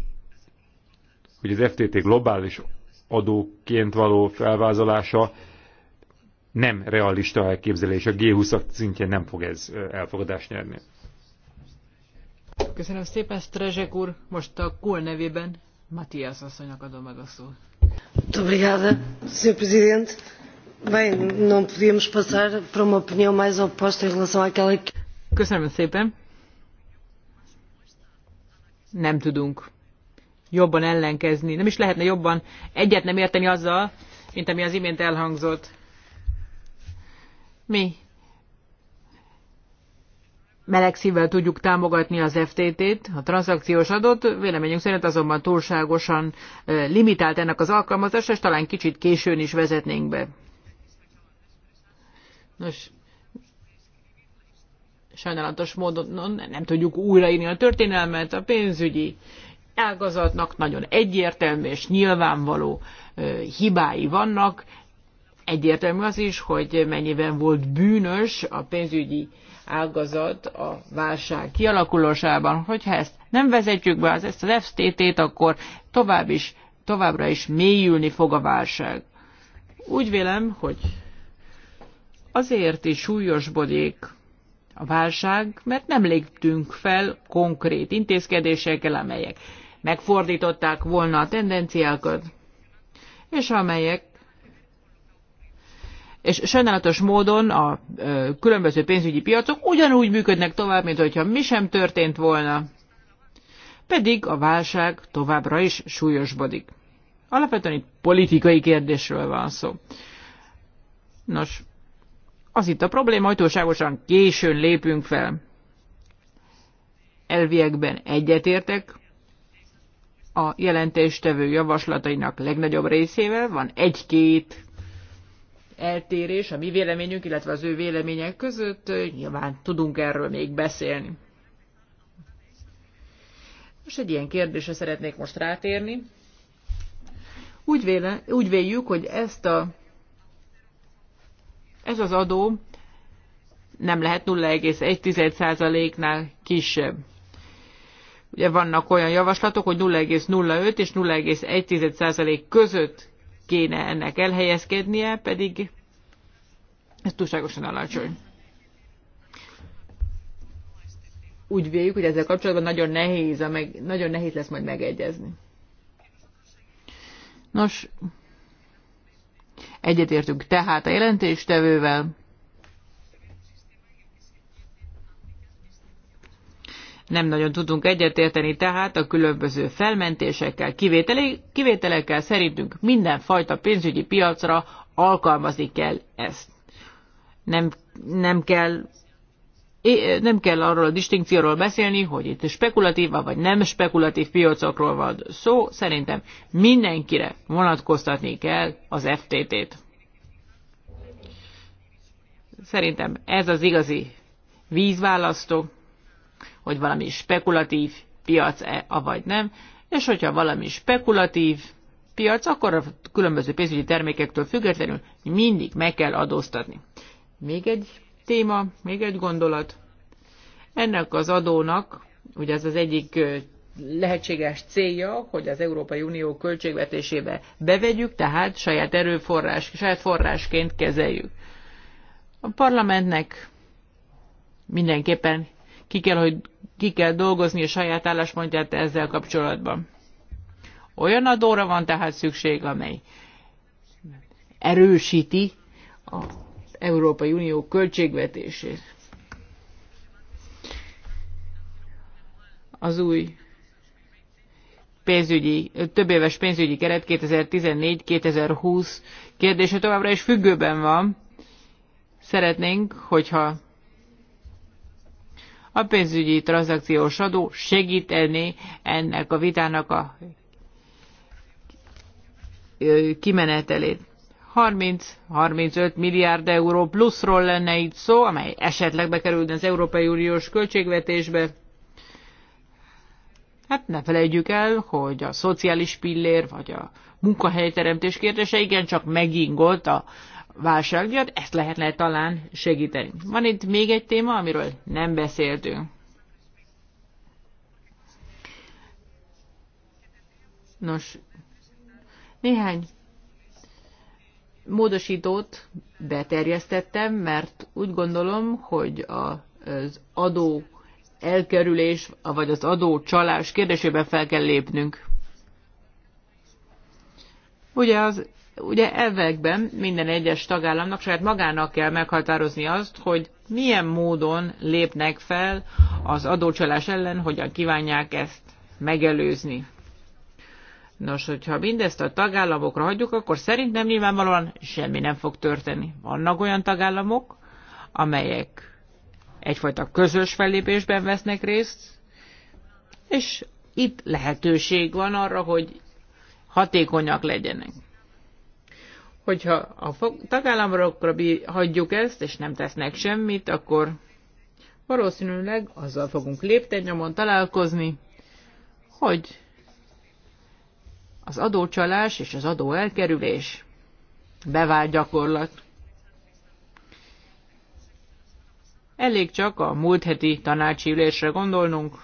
hogy az FTT globális adóként való felvázolása nem realista elképzelés. A G20 szintjén nem fog ez elfogadást nyerni. Köszönöm szépen, Strezsek úr, most a KUL nevében Matias asszonynak adom meg a szót. Obrigada, Sr. Presidente. Bem, não podíamos passar para uma opinião mais oposta em relação àquela que... Köszönöm szépen. Nem tudunk jobban ellenkezni. Nem is lehetne jobban egyet nem érteni azzal, mint ami az imént elhangzott. Mi meleg szívvel tudjuk támogatni az FTT-t, a tranzakciós adót, véleményünk szerint azonban túlságosan limitált ennek az alkalmazása, és talán kicsit későn is vezetnénk be. Nos, sajnálatos módon no, nem tudjuk újraírni a történelmet, a pénzügyi ágazatnak nagyon egyértelmű és nyilvánvaló hibái vannak, Egyértelmű az is, hogy mennyiben volt bűnös a pénzügyi ágazat a válság kialakulásában. Hogyha ezt nem vezetjük be, az, ezt az FTT-t, akkor tovább is, továbbra is mélyülni fog a válság. Úgy vélem, hogy azért is súlyosbodik a válság, mert nem léptünk fel konkrét intézkedésekkel, amelyek megfordították volna a tendenciákat, és amelyek és sajnálatos módon a különböző pénzügyi piacok ugyanúgy működnek tovább, mint hogyha mi sem történt volna. Pedig a válság továbbra is súlyosbodik. Alapvetően itt politikai kérdésről van szó. Nos, az itt a probléma, hogy túlságosan későn lépünk fel. Elviekben egyetértek, a jelentéstevő javaslatainak legnagyobb részével, van egy-két eltérés a mi véleményünk, illetve az ő vélemények között. Nyilván tudunk erről még beszélni. Most egy ilyen kérdésre szeretnék most rátérni. Úgy, véle, úgy véljük, hogy ezt a, ez az adó nem lehet 0,1%-nál kisebb. Ugye vannak olyan javaslatok, hogy 0,05 és 0,1% között kéne ennek elhelyezkednie, pedig ez túlságosan alacsony. Úgy véljük, hogy ezzel kapcsolatban nagyon nehéz, a meg, nagyon nehéz lesz majd megegyezni. Nos, egyetértünk tehát a jelentéstevővel, Nem nagyon tudunk egyetérteni tehát a különböző felmentésekkel, kivételekkel szerintünk mindenfajta pénzügyi piacra alkalmazni kell ezt. Nem, nem kell nem kell arról a distinkcióról beszélni, hogy itt spekulatív vagy nem spekulatív piacokról van szó, szerintem mindenkire vonatkoztatni kell az FTT-t. Szerintem ez az igazi vízválasztó hogy valami spekulatív piac-e, avagy nem, és hogyha valami spekulatív piac, akkor a különböző pénzügyi termékektől függetlenül mindig meg kell adóztatni. Még egy téma, még egy gondolat. Ennek az adónak, ugye ez az egyik lehetséges célja, hogy az Európai Unió költségvetésébe bevegyük, tehát saját erőforrás, saját forrásként kezeljük. A parlamentnek mindenképpen ki kell, hogy ki kell dolgozni a saját álláspontját ezzel kapcsolatban. Olyan adóra van tehát szükség, amely erősíti az Európai Unió költségvetését. Az új pénzügyi, több éves pénzügyi keret 2014-2020 kérdése továbbra is függőben van. Szeretnénk, hogyha a pénzügyi tranzakciós adó segíteni ennek a vitának a kimenetelét. 30-35 milliárd euró pluszról lenne itt szó, amely esetleg bekerülne az Európai Uniós költségvetésbe. Hát ne felejtjük el, hogy a szociális pillér vagy a munkahelyteremtés kérdése igencsak megingott a válság miatt, ezt lehetne talán segíteni. Van itt még egy téma, amiről nem beszéltünk. Nos, néhány módosítót beterjesztettem, mert úgy gondolom, hogy az adó elkerülés, vagy az adó csalás kérdésében fel kell lépnünk. Ugye az Ugye elvekben minden egyes tagállamnak saját magának kell meghatározni azt, hogy milyen módon lépnek fel az adócsalás ellen, hogyan kívánják ezt megelőzni. Nos, hogyha mindezt a tagállamokra hagyjuk, akkor szerintem nyilvánvalóan semmi nem fog történni. Vannak olyan tagállamok, amelyek egyfajta közös fellépésben vesznek részt, és itt lehetőség van arra, hogy hatékonyak legyenek. Hogyha a tagállamokra hagyjuk ezt, és nem tesznek semmit, akkor valószínűleg azzal fogunk léptennyomon találkozni, hogy az adócsalás és az adó elkerülés bevált gyakorlat. Elég csak a múlt heti tanácsi ülésre gondolnunk.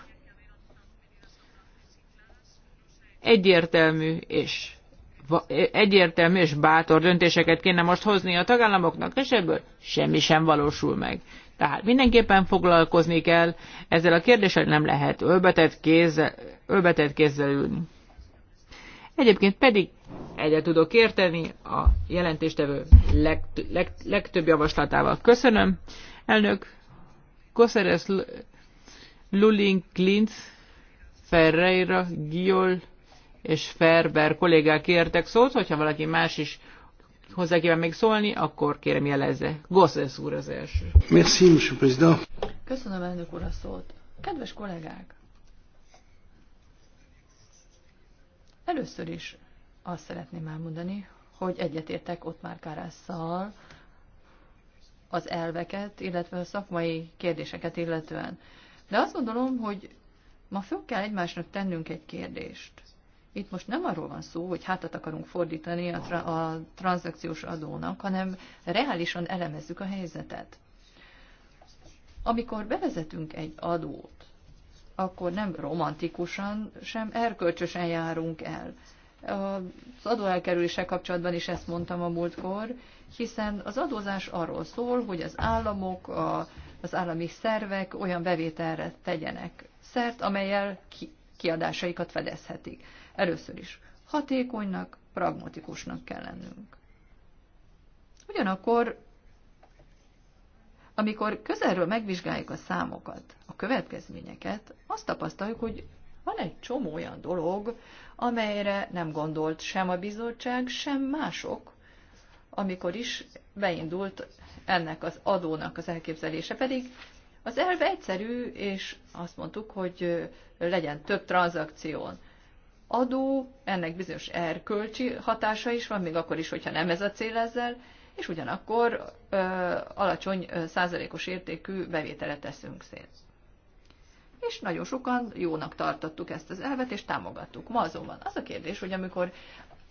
Egyértelmű és egyértelmű és bátor döntéseket kéne most hozni a tagállamoknak, és ebből semmi sem valósul meg. Tehát mindenképpen foglalkozni kell ezzel a kérdéssel, nem lehet ölbetett kézzel, ölbetett kézzel ülni. Egyébként pedig egyet tudok érteni a jelentéstevő leg, leg, legtöbb javaslatával. Köszönöm, elnök Koszeres Luling Klintz Ferreira Giol és Ferber kollégák kértek szót, hogyha valaki más is hozzá kíván még szólni, akkor kérem jelezze. Gosszesz úr az első. Merci, monsieur président. Köszönöm, elnök úr, a szót. Kedves kollégák! Először is azt szeretném elmondani, hogy egyetértek ott már Kárásszal az elveket, illetve a szakmai kérdéseket illetően. De azt gondolom, hogy ma föl kell egymásnak tennünk egy kérdést – itt most nem arról van szó, hogy hátat akarunk fordítani a, tra- a tranzakciós adónak, hanem reálisan elemezzük a helyzetet. Amikor bevezetünk egy adót, akkor nem romantikusan, sem erkölcsösen járunk el. Az adóelkerüléssel kapcsolatban is ezt mondtam a múltkor, hiszen az adózás arról szól, hogy az államok, a, az állami szervek olyan bevételre tegyenek szert, amelyel ki, kiadásaikat fedezhetik. Először is hatékonynak, pragmatikusnak kell lennünk. Ugyanakkor, amikor közelről megvizsgáljuk a számokat, a következményeket, azt tapasztaljuk, hogy van egy csomó olyan dolog, amelyre nem gondolt sem a bizottság, sem mások, amikor is beindult ennek az adónak az elképzelése. Pedig az elve egyszerű, és azt mondtuk, hogy legyen több tranzakción adó, ennek bizonyos erkölcsi hatása is van, még akkor is, hogyha nem ez a cél ezzel, és ugyanakkor ö, alacsony ö, százalékos értékű bevétele teszünk szét. És nagyon sokan jónak tartottuk ezt az elvet, és támogattuk. Ma azonban az a kérdés, hogy amikor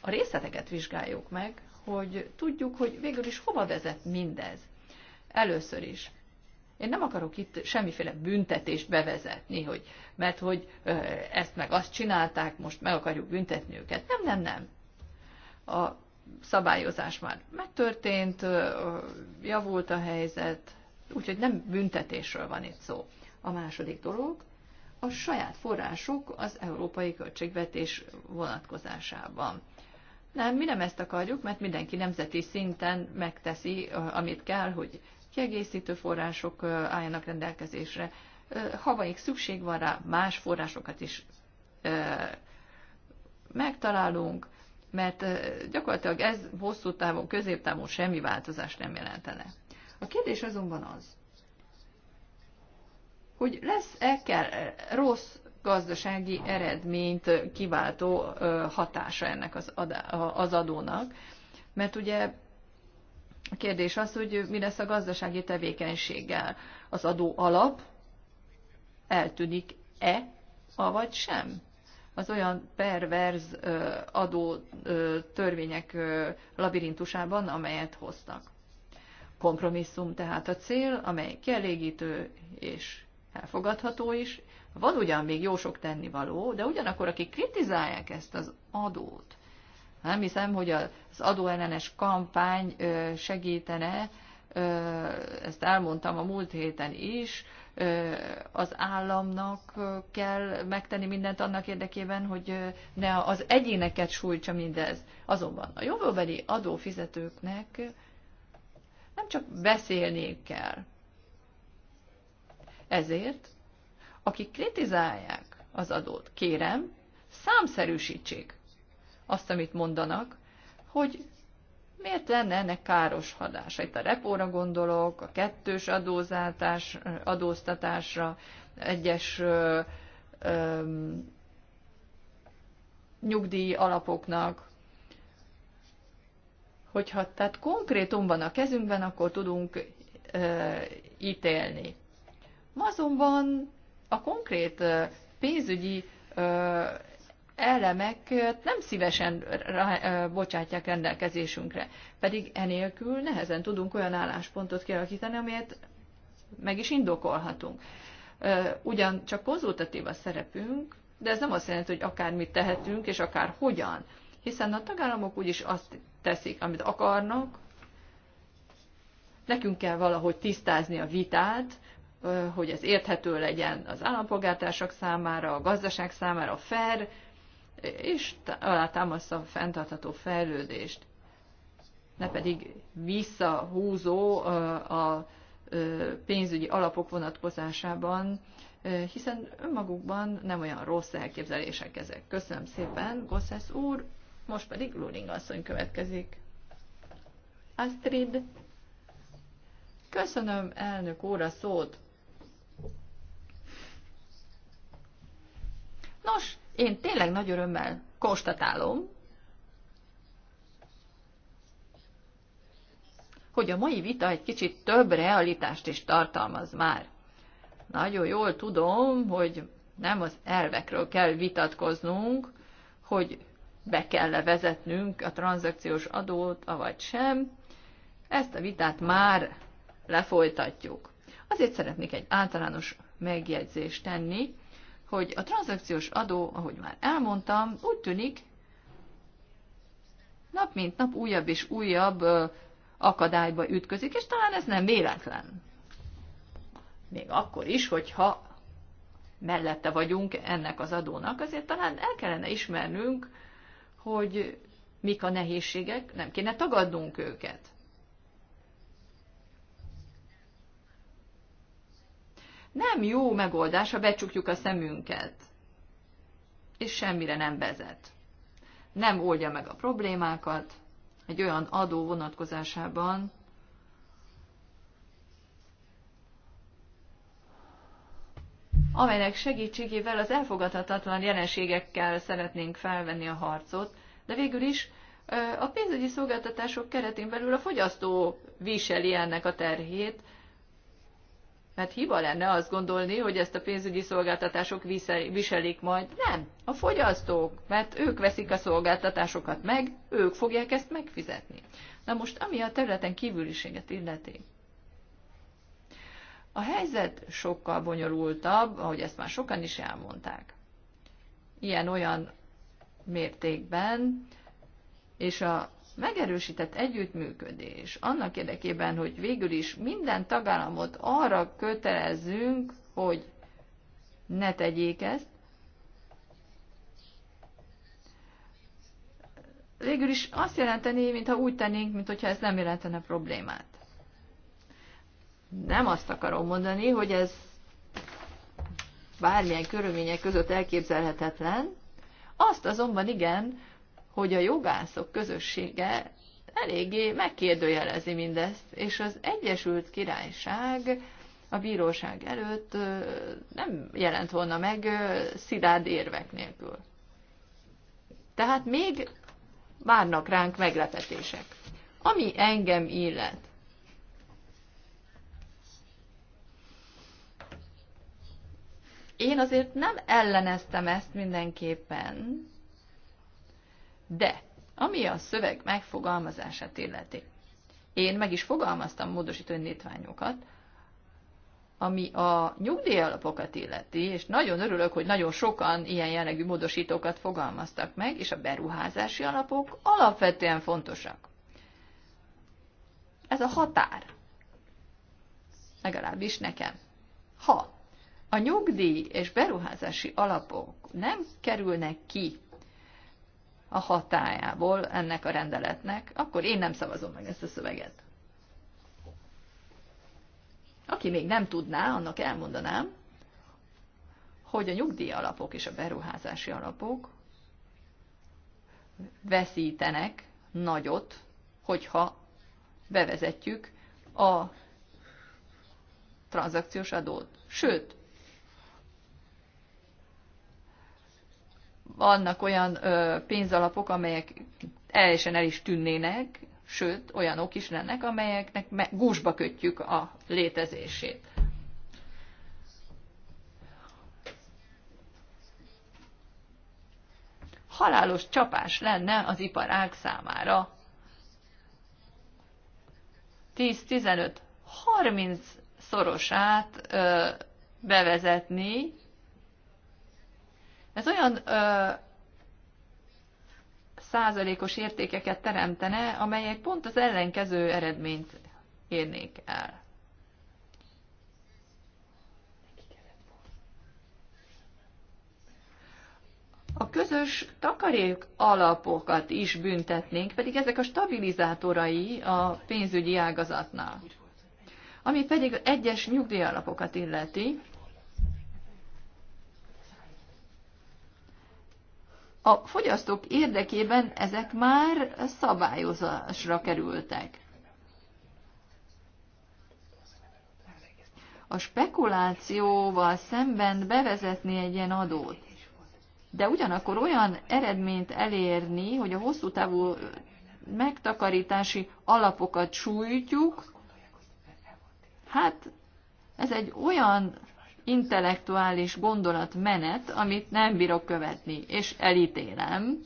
a részleteket vizsgáljuk meg, hogy tudjuk, hogy végül is hova vezet mindez. Először is én nem akarok itt semmiféle büntetést bevezetni, hogy, mert hogy ezt meg azt csinálták, most meg akarjuk büntetni őket. Nem, nem, nem. A szabályozás már megtörtént, javult a helyzet, úgyhogy nem büntetésről van itt szó. A második dolog, a saját források az európai költségvetés vonatkozásában. Nem, mi nem ezt akarjuk, mert mindenki nemzeti szinten megteszi, amit kell, hogy kiegészítő források álljanak rendelkezésre. Ha valamik szükség van rá, más forrásokat is megtalálunk, mert gyakorlatilag ez hosszú távon, középtávon semmi változást nem jelentene. A kérdés azonban az, hogy lesz-e kell rossz gazdasági eredményt kiváltó hatása ennek az adónak, mert ugye a kérdés az, hogy mi lesz a gazdasági tevékenységgel. Az adó alap eltűnik-e, avagy sem? Az olyan perverz adó törvények labirintusában, amelyet hoztak. Kompromisszum tehát a cél, amely kielégítő és elfogadható is. Van ugyan még jó sok tennivaló, de ugyanakkor, akik kritizálják ezt az adót, nem hiszem, hogy az adóellenes kampány segítene, ezt elmondtam a múlt héten is, az államnak kell megtenni mindent annak érdekében, hogy ne az egyéneket sújtsa mindez. Azonban a jövőbeli adófizetőknek nem csak beszélni kell. Ezért, akik kritizálják az adót, kérem, számszerűsítsék azt, amit mondanak, hogy miért lenne ennek káros hatása. Itt a repóra gondolok, a kettős adózátás, adóztatásra, egyes ö, ö, nyugdíj alapoknak, hogyha tehát konkrétum van a kezünkben, akkor tudunk ö, ítélni. Ma azonban a konkrét ö, pénzügyi ö, elemek nem szívesen bocsátják rendelkezésünkre, pedig enélkül nehezen tudunk olyan álláspontot kialakítani, amelyet meg is indokolhatunk. Ugyan csak konzultatív a szerepünk, de ez nem azt jelenti, hogy akármit tehetünk, és akár hogyan. Hiszen a tagállamok úgyis azt teszik, amit akarnak, nekünk kell valahogy tisztázni a vitát, hogy ez érthető legyen az állampolgártársak számára, a gazdaság számára, a fair, és alátámasztja a fenntartható fejlődést, ne pedig visszahúzó a pénzügyi alapok vonatkozásában, hiszen önmagukban nem olyan rossz elképzelések ezek. Köszönöm szépen, Gossesz úr, most pedig Luring asszony következik. Astrid, köszönöm elnök úr a szót. Én tényleg nagy örömmel konstatálom, hogy a mai vita egy kicsit több realitást is tartalmaz már. Nagyon jól tudom, hogy nem az elvekről kell vitatkoznunk, hogy be kell vezetnünk a tranzakciós adót, avagy sem. Ezt a vitát már lefolytatjuk. Azért szeretnék egy általános megjegyzést tenni, hogy a tranzakciós adó, ahogy már elmondtam, úgy tűnik, nap mint nap újabb és újabb akadályba ütközik, és talán ez nem véletlen. Még akkor is, hogyha mellette vagyunk ennek az adónak, azért talán el kellene ismernünk, hogy mik a nehézségek, nem kéne tagadnunk őket. Nem jó megoldás, ha becsukjuk a szemünket, és semmire nem vezet. Nem oldja meg a problémákat egy olyan adó vonatkozásában, amelynek segítségével az elfogadhatatlan jelenségekkel szeretnénk felvenni a harcot, de végül is a pénzügyi szolgáltatások keretén belül a fogyasztó viseli ennek a terhét, mert hát hiba lenne azt gondolni, hogy ezt a pénzügyi szolgáltatások viselik majd. Nem, a fogyasztók, mert ők veszik a szolgáltatásokat meg, ők fogják ezt megfizetni. Na most, ami a területen kívüliséget illeti. A helyzet sokkal bonyolultabb, ahogy ezt már sokan is elmondták. Ilyen-olyan mértékben, és a megerősített együttműködés annak érdekében, hogy végül is minden tagállamot arra kötelezzünk, hogy ne tegyék ezt, végül is azt jelenteni, mintha úgy tennénk, mintha ez nem jelentene problémát. Nem azt akarom mondani, hogy ez bármilyen körülmények között elképzelhetetlen, azt azonban igen, hogy a jogászok közössége eléggé megkérdőjelezi mindezt, és az Egyesült Királyság a bíróság előtt nem jelent volna meg szilárd érvek nélkül. Tehát még várnak ránk meglepetések. Ami engem illet, én azért nem elleneztem ezt mindenképpen, de ami a szöveg megfogalmazását illeti, én meg is fogalmaztam módosító indítványokat, ami a nyugdíjalapokat illeti, és nagyon örülök, hogy nagyon sokan ilyen jellegű módosítókat fogalmaztak meg, és a beruházási alapok alapvetően fontosak. Ez a határ. Legalábbis nekem. Ha a nyugdíj és beruházási alapok nem kerülnek ki a hatájából ennek a rendeletnek, akkor én nem szavazom meg ezt a szöveget. Aki még nem tudná, annak elmondanám, hogy a nyugdíj alapok és a beruházási alapok veszítenek nagyot, hogyha bevezetjük a tranzakciós adót. Sőt, vannak olyan pénzalapok, amelyek teljesen el is tűnnének, sőt, olyanok is lennek, amelyeknek gúzsba kötjük a létezését. Halálos csapás lenne az iparág számára. 10-15-30 szorosát ö, bevezetni ez olyan ö, százalékos értékeket teremtene, amelyek pont az ellenkező eredményt érnék el. A közös takarék alapokat is büntetnénk, pedig ezek a stabilizátorai a pénzügyi ágazatnál, Ami pedig egyes nyugdíjalapokat illeti, a fogyasztók érdekében ezek már szabályozásra kerültek. A spekulációval szemben bevezetni egy ilyen adót, de ugyanakkor olyan eredményt elérni, hogy a hosszú távú megtakarítási alapokat sújtjuk, hát ez egy olyan intellektuális gondolatmenet, amit nem bírok követni, és elítélem.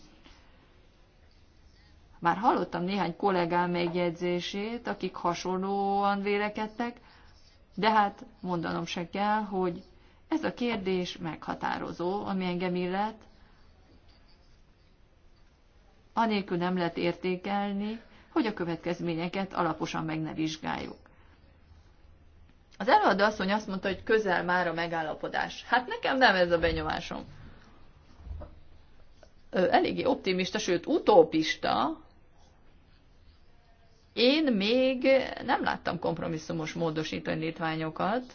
Már hallottam néhány kollégám megjegyzését, akik hasonlóan vélekedtek, de hát mondanom se kell, hogy ez a kérdés meghatározó, ami engem illet, anélkül nem lehet értékelni, hogy a következményeket alaposan meg ne vizsgáljuk. Az előadó asszony azt mondta, hogy közel már a megállapodás. Hát nekem nem ez a benyomásom. Eléggé optimista, sőt utópista. Én még nem láttam kompromisszumos módosítanítványokat.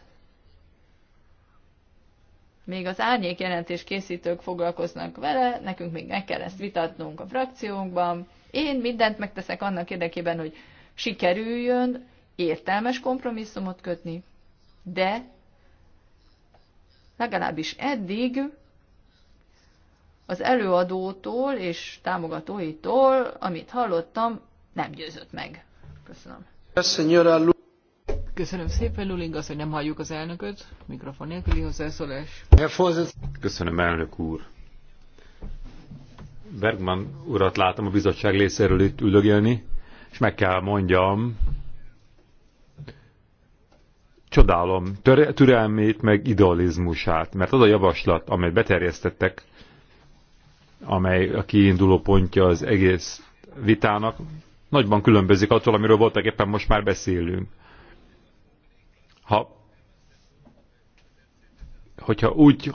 Még az árnyék jelentés készítők foglalkoznak vele, nekünk még meg kell ezt vitatnunk a frakciónkban. Én mindent megteszek annak érdekében, hogy sikerüljön értelmes kompromisszumot kötni, de legalábbis eddig az előadótól és támogatóitól, amit hallottam, nem győzött meg. Köszönöm. Köszönöm szépen, Luling, az, hogy nem halljuk az elnököt. Mikrofon nélküli hozzászólás. Köszönöm, elnök úr. Bergman urat látom a bizottság részéről itt üldögélni, és meg kell mondjam, csodálom türelmét, meg idealizmusát, mert az a javaslat, amely beterjesztettek, amely a kiinduló pontja az egész vitának, nagyban különbözik attól, amiről voltak éppen most már beszélünk. Ha, hogyha úgy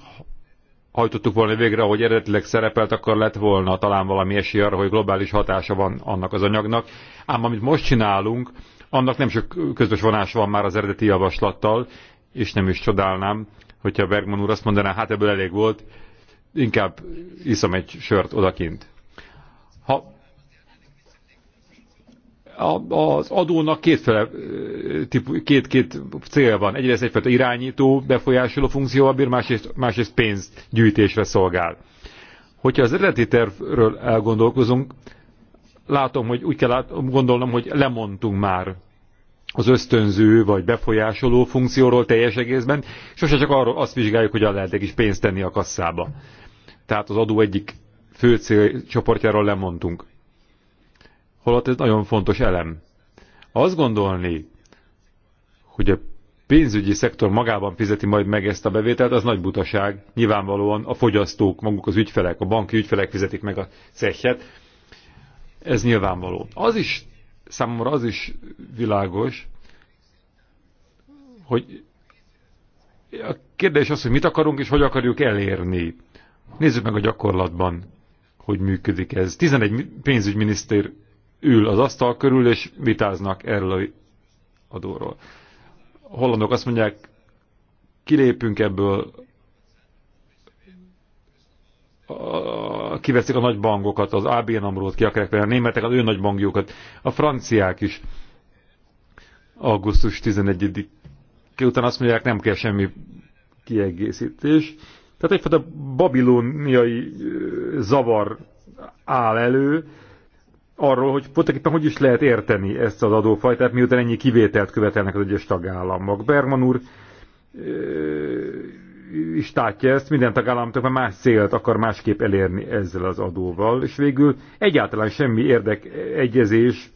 hajtottuk volna végre, hogy eredetileg szerepelt, akkor lett volna talán valami esély arra, hogy globális hatása van annak az anyagnak. Ám amit most csinálunk, annak nem sok közös vonás van már az eredeti javaslattal, és nem is csodálnám, hogyha Bergman úr azt mondaná, hát ebből elég volt, inkább iszom egy sört odakint. Ha az adónak kétféle, két, két cél van. Egyrészt egyfajta irányító, befolyásoló funkcióval bír, másrészt, másrészt pénzgyűjtésre szolgál. Hogyha az eredeti tervről elgondolkozunk, látom, hogy úgy kell lát, gondolnom, hogy lemondtunk már az ösztönző vagy befolyásoló funkcióról teljes egészben, sose csak arról azt vizsgáljuk, hogy lehet egy is pénzt tenni a kasszába. Tehát az adó egyik fő célcsoportjáról lemondtunk. Holott ez nagyon fontos elem. Azt gondolni, hogy a pénzügyi szektor magában fizeti majd meg ezt a bevételt, az nagy butaság. Nyilvánvalóan a fogyasztók, maguk az ügyfelek, a banki ügyfelek fizetik meg a cechet, ez nyilvánvaló. Az is, számomra az is világos, hogy a kérdés az, hogy mit akarunk és hogy akarjuk elérni. Nézzük meg a gyakorlatban, hogy működik ez. 11 pénzügyminiszter ül az asztal körül, és vitáznak erről a adóról. A hollandok azt mondják, kilépünk ebből, kiveszik a nagy bangokat az ABN Amrót ki akarják venni, a németek az ő nagy bangjukat, a franciák is. Augusztus 11 Utána azt mondják, nem kell semmi kiegészítés. Tehát egyfajta babilóniai zavar áll elő, arról, hogy voltaképpen hogy is lehet érteni ezt az adófajtát, miután ennyi kivételt követelnek az egyes tagállamok. Bergman úr is tátja ezt, minden tagállamtól már más célt akar másképp elérni ezzel az adóval, és végül egyáltalán semmi érdek egyezés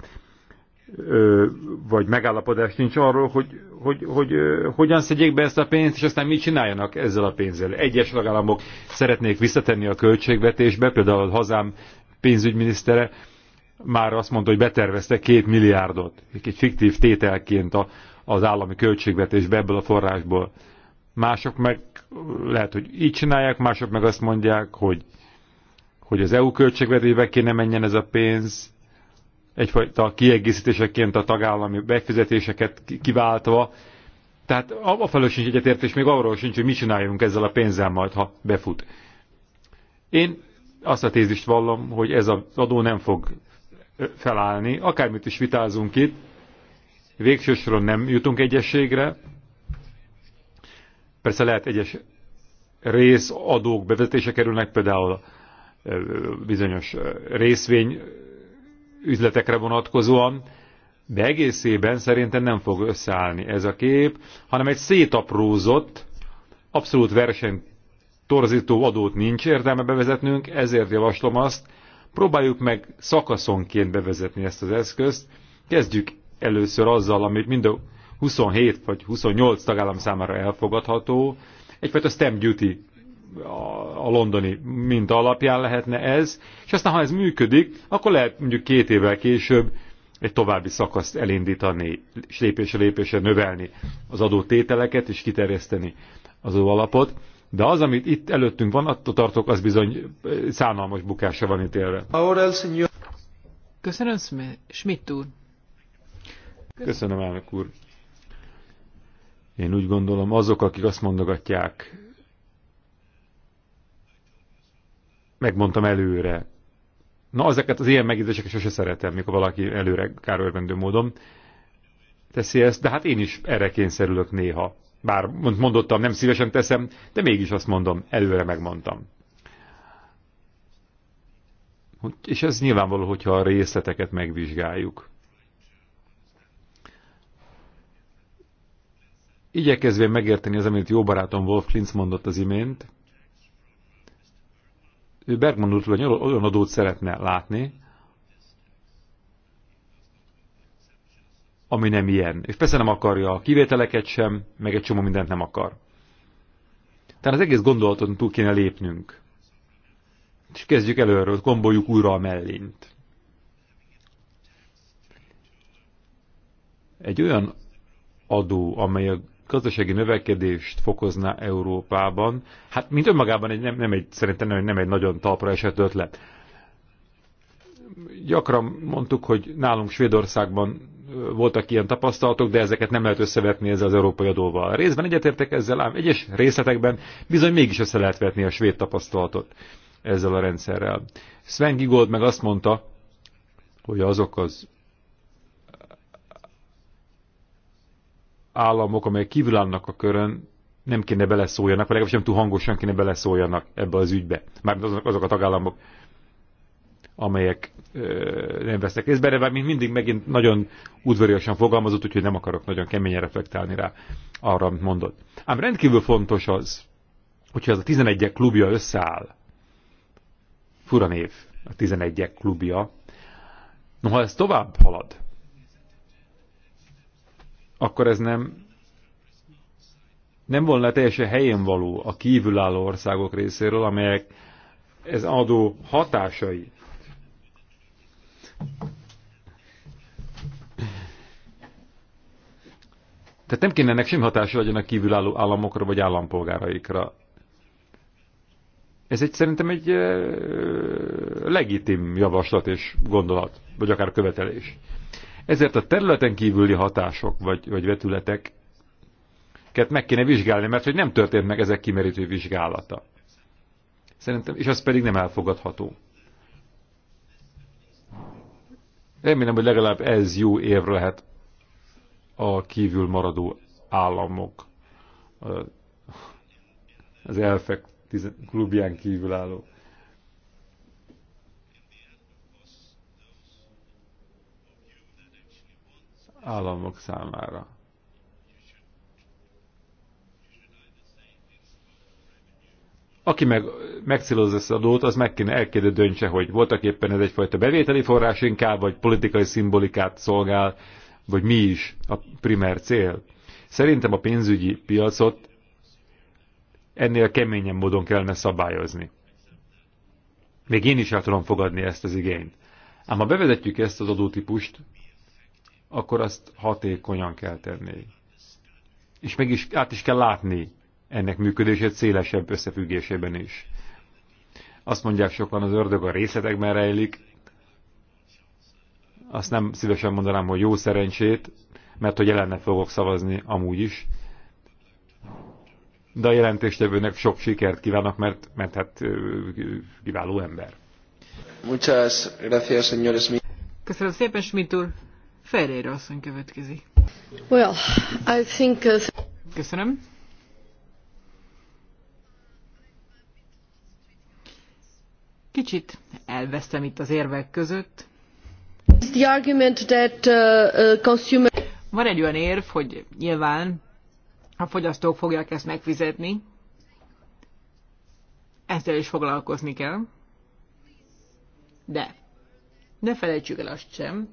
vagy megállapodás nincs arról, hogy, hogy, hogy, hogy hogyan szedjék be ezt a pénzt, és aztán mit csináljanak ezzel a pénzzel. Egyes tagállamok szeretnék visszatenni a költségvetésbe, például a hazám pénzügyminisztere már azt mondta, hogy betervezte két milliárdot, egy fiktív tételként a, az állami költségvetésbe ebből a forrásból. Mások meg lehet, hogy így csinálják, mások meg azt mondják, hogy, hogy az EU költségvetésbe kéne menjen ez a pénz, egyfajta kiegészítéseként a tagállami befizetéseket kiváltva. Tehát a felől sincs egyetértés, még arról sincs, hogy mi csináljunk ezzel a pénzzel majd, ha befut. Én azt a tézist vallom, hogy ez az adó nem fog felállni, akármit is vitázunk itt, végsősoron nem jutunk egyességre, Persze lehet egyes részadók bevezetése kerülnek, például bizonyos részvény üzletekre vonatkozóan, de egészében szerintem nem fog összeállni ez a kép, hanem egy szétaprózott, abszolút verseny torzító adót nincs értelme bevezetnünk, ezért javaslom azt, próbáljuk meg szakaszonként bevezetni ezt az eszközt, kezdjük először azzal, amit mind a 27 vagy 28 tagállam számára elfogadható. Egyfajta stamp duty a londoni minta alapján lehetne ez, és aztán ha ez működik, akkor lehet mondjuk két évvel később egy további szakaszt elindítani, és lépésre lépésre növelni az adó tételeket és kiterjeszteni az alapot. De az, amit itt előttünk van, attól tartok, az bizony szánalmas bukásra van itt élve. Köszönöm, Schmidt úr. Köszönöm, elnök úr. Én úgy gondolom, azok, akik azt mondogatják, megmondtam előre. Na, ezeket az ilyen megjegyzéseket sose szeretem, mikor valaki előre kárörvendő módon teszi ezt, de hát én is erre kényszerülök néha. Bár mondottam, nem szívesen teszem, de mégis azt mondom, előre megmondtam. És ez nyilvánvaló, hogyha a részleteket megvizsgáljuk. Igyekezve megérteni az, amit jó barátom Wolf Klintz mondott az imént, ő Bergman úr egy olyan adót szeretne látni, ami nem ilyen. És persze nem akarja a kivételeket sem, meg egy csomó mindent nem akar. Tehát az egész gondolaton túl kéne lépnünk. És kezdjük előről, gomboljuk újra a mellint. Egy olyan adó, amely a gazdasági növekedést fokozna Európában, hát mint önmagában egy, nem, nem egy, szerintem nem, nem egy nagyon talpra esett ötlet. Gyakran mondtuk, hogy nálunk Svédországban voltak ilyen tapasztalatok, de ezeket nem lehet összevetni ezzel az európai adóval. Részben egyetértek ezzel, ám egyes részletekben bizony mégis össze lehet vetni a svéd tapasztalatot ezzel a rendszerrel. Sven Gigold meg azt mondta, hogy azok az államok, amelyek kívülállnak a körön, nem kéne beleszóljanak, vagy legalábbis nem túl hangosan kéne beleszóljanak ebbe az ügybe. Mármint azok, azok a tagállamok, amelyek ö, nem vesznek részt benne, mint mindig megint nagyon udvariasan fogalmazott, úgyhogy nem akarok nagyon keményen reflektálni rá arra, amit mondott. Ám rendkívül fontos az, hogyha ez a 11-ek klubja összeáll, fura név, a 11-ek klubja, noha ez tovább halad, akkor ez nem nem volna teljesen helyén való a kívülálló országok részéről, amelyek ez adó hatásai. Tehát nem kéne ennek sem hatása legyen a kívülálló államokra vagy állampolgáraikra. Ez egy szerintem egy legitim javaslat és gondolat, vagy akár követelés. Ezért a területen kívüli hatások vagy, vagy vetületeket meg kéne vizsgálni, mert hogy nem történt meg ezek kimerítő vizsgálata. Szerintem, és az pedig nem elfogadható. Remélem, hogy legalább ez jó év lehet a kívül maradó államok, az elfek klubján kívül álló államok számára. Aki meg megcélozza ezt dót, az meg kéne el döntse, hogy voltak éppen ez egyfajta bevételi forrás inkább, vagy politikai szimbolikát szolgál, vagy mi is a primer cél. Szerintem a pénzügyi piacot ennél keményen módon kellene szabályozni. Még én is el tudom fogadni ezt az igényt. Ám ha bevezetjük ezt az adótípust, akkor azt hatékonyan kell tenni. És meg is, át is kell látni ennek működését szélesebb összefüggésében is. Azt mondják sokan, az ördög a részletekben rejlik. Azt nem szívesen mondanám, hogy jó szerencsét, mert hogy ellene fogok szavazni amúgy is. De a jelentéstevőnek sok sikert kívánok, mert, mert hát kiváló ember. Muchas gracias, Köszönöm szépen, Schmidt úr. Ferreira asszony következik. Well, I think... Of... Uh, Köszönöm. Kicsit elvesztem itt az érvek között. The argument that, uh, uh, consumer... Van egy olyan érv, hogy nyilván a fogyasztók fogják ezt megfizetni. Ezzel is foglalkozni kell. De ne felejtsük el azt sem,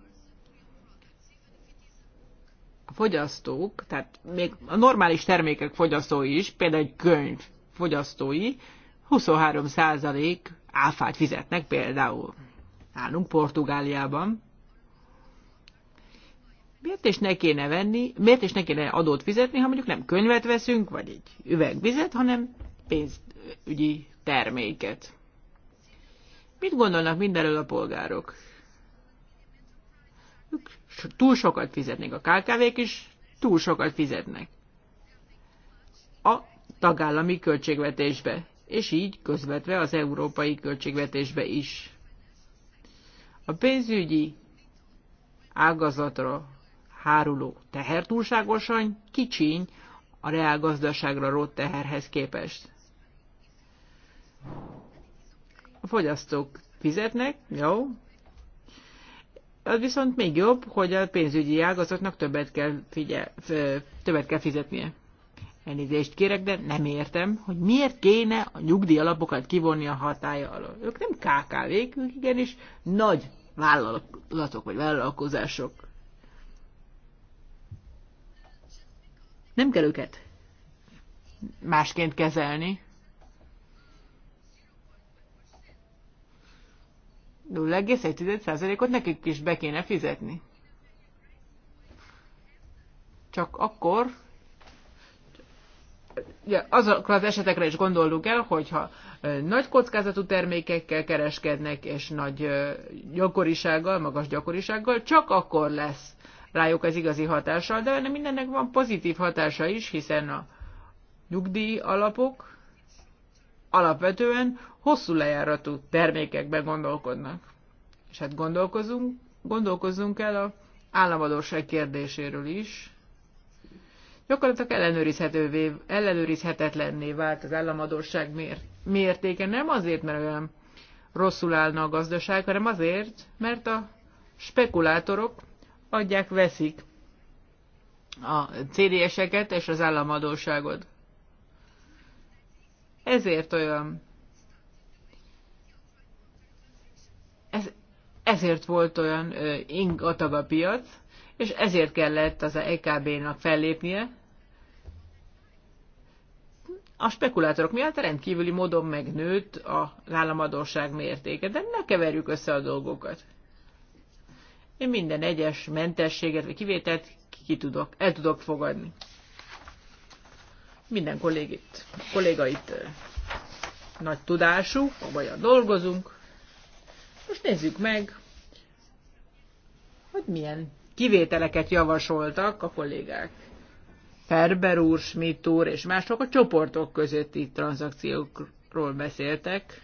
fogyasztók, tehát még a normális termékek fogyasztói is, például egy könyv fogyasztói, 23% áfát fizetnek például nálunk Portugáliában. Miért is ne kéne venni, miért is ne kéne adót fizetni, ha mondjuk nem könyvet veszünk, vagy egy üvegvizet, hanem pénzügyi terméket. Mit gondolnak mindenről a polgárok? Ők túl sokat fizetnek. A KKV-k is túl sokat fizetnek. A tagállami költségvetésbe, és így közvetve az európai költségvetésbe is. A pénzügyi ágazatra háruló teher túlságosan kicsiny a reálgazdaságra rótt teherhez képest. A fogyasztók fizetnek, jó, az viszont még jobb, hogy a pénzügyi ágazatnak többet kell, figyel, többet kell fizetnie. Elnézést kérek, de nem értem, hogy miért kéne a nyugdíjalapokat kivonni a hatája alól. Ők nem KKV-k, ők igenis nagy vállalatok vagy vállalkozások. Nem kell őket másként kezelni. 0,1%-ot nekik is be kéne fizetni. Csak akkor, ja, azokra az esetekre is gondolnunk el, hogyha nagy kockázatú termékekkel kereskednek, és nagy gyakorisággal, magas gyakorisággal, csak akkor lesz rájuk az igazi hatással, de mindennek van pozitív hatása is, hiszen a nyugdíj alapok alapvetően hosszú lejáratú termékekben gondolkodnak. És hát gondolkozunk, gondolkozzunk el a államadóság kérdéséről is. Gyakorlatilag ellenőrizhetővé, ellenőrizhetetlenné vált az államadóság mér mértéke, nem azért, mert olyan rosszul állna a gazdaság, hanem azért, mert a spekulátorok adják, veszik a CDS-eket és az államadóságot ezért olyan. Ez, ezért volt olyan ingatag a piac, és ezért kellett az EKB-nak fellépnie. A spekulátorok miatt rendkívüli módon megnőtt az államadóság mértéke, de ne keverjük össze a dolgokat. Én minden egyes mentességet vagy kivételt ki tudok, el tudok fogadni. Minden kollégit, kollégait nagy tudású, komolyan dolgozunk. Most nézzük meg, hogy milyen kivételeket javasoltak a kollégák. Ferber úr, Schmidt úr és mások a csoportok közötti tranzakciókról beszéltek.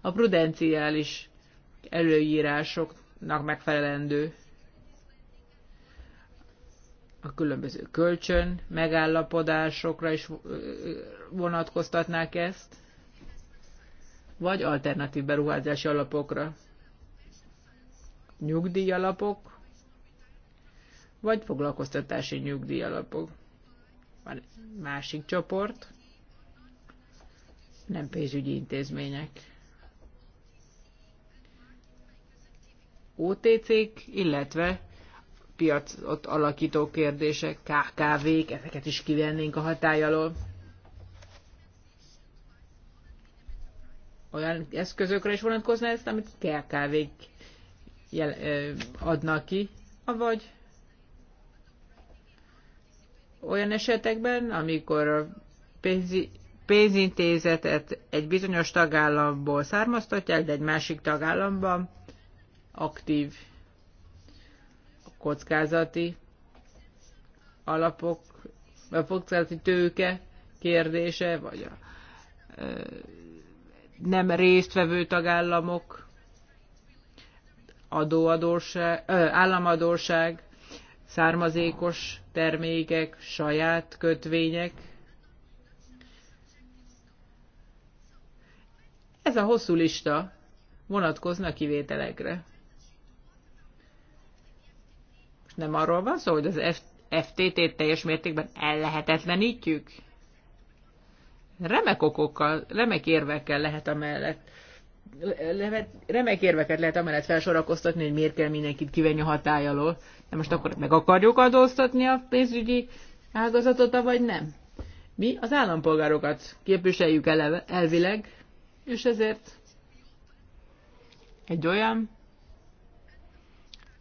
A prudenciális előírásoknak megfelelendő a különböző kölcsön megállapodásokra is vonatkoztatnák ezt, vagy alternatív beruházási alapokra, nyugdíjalapok, vagy foglalkoztatási nyugdíjalapok. Van egy másik csoport, nem pénzügyi intézmények. OTC-k, illetve piacot alakító kérdések, KKV-k, ezeket is kivennénk a hatály alól. Olyan eszközökre is vonatkozna ezt, amit KKV-k adnak ki, vagy olyan esetekben, amikor a pénzi, pénzintézetet egy bizonyos tagállamból származtatják, de egy másik tagállamban aktív kockázati alapok, a kockázati tőke kérdése, vagy a nem résztvevő tagállamok adóadóság, államadóság, származékos termékek, saját kötvények. Ez a hosszú lista vonatkozna kivételekre nem arról van szó, hogy az FTT-t teljes mértékben ellehetetlenítjük? Remek okokkal, remek érvekkel lehet amellett remek érveket lehet amellett felsorakoztatni, hogy miért kell mindenkit kivenni a hatály alól. De most akkor meg akarjuk adóztatni a pénzügyi ágazatot, vagy nem? Mi az állampolgárokat képviseljük eleve, elvileg, és ezért egy olyan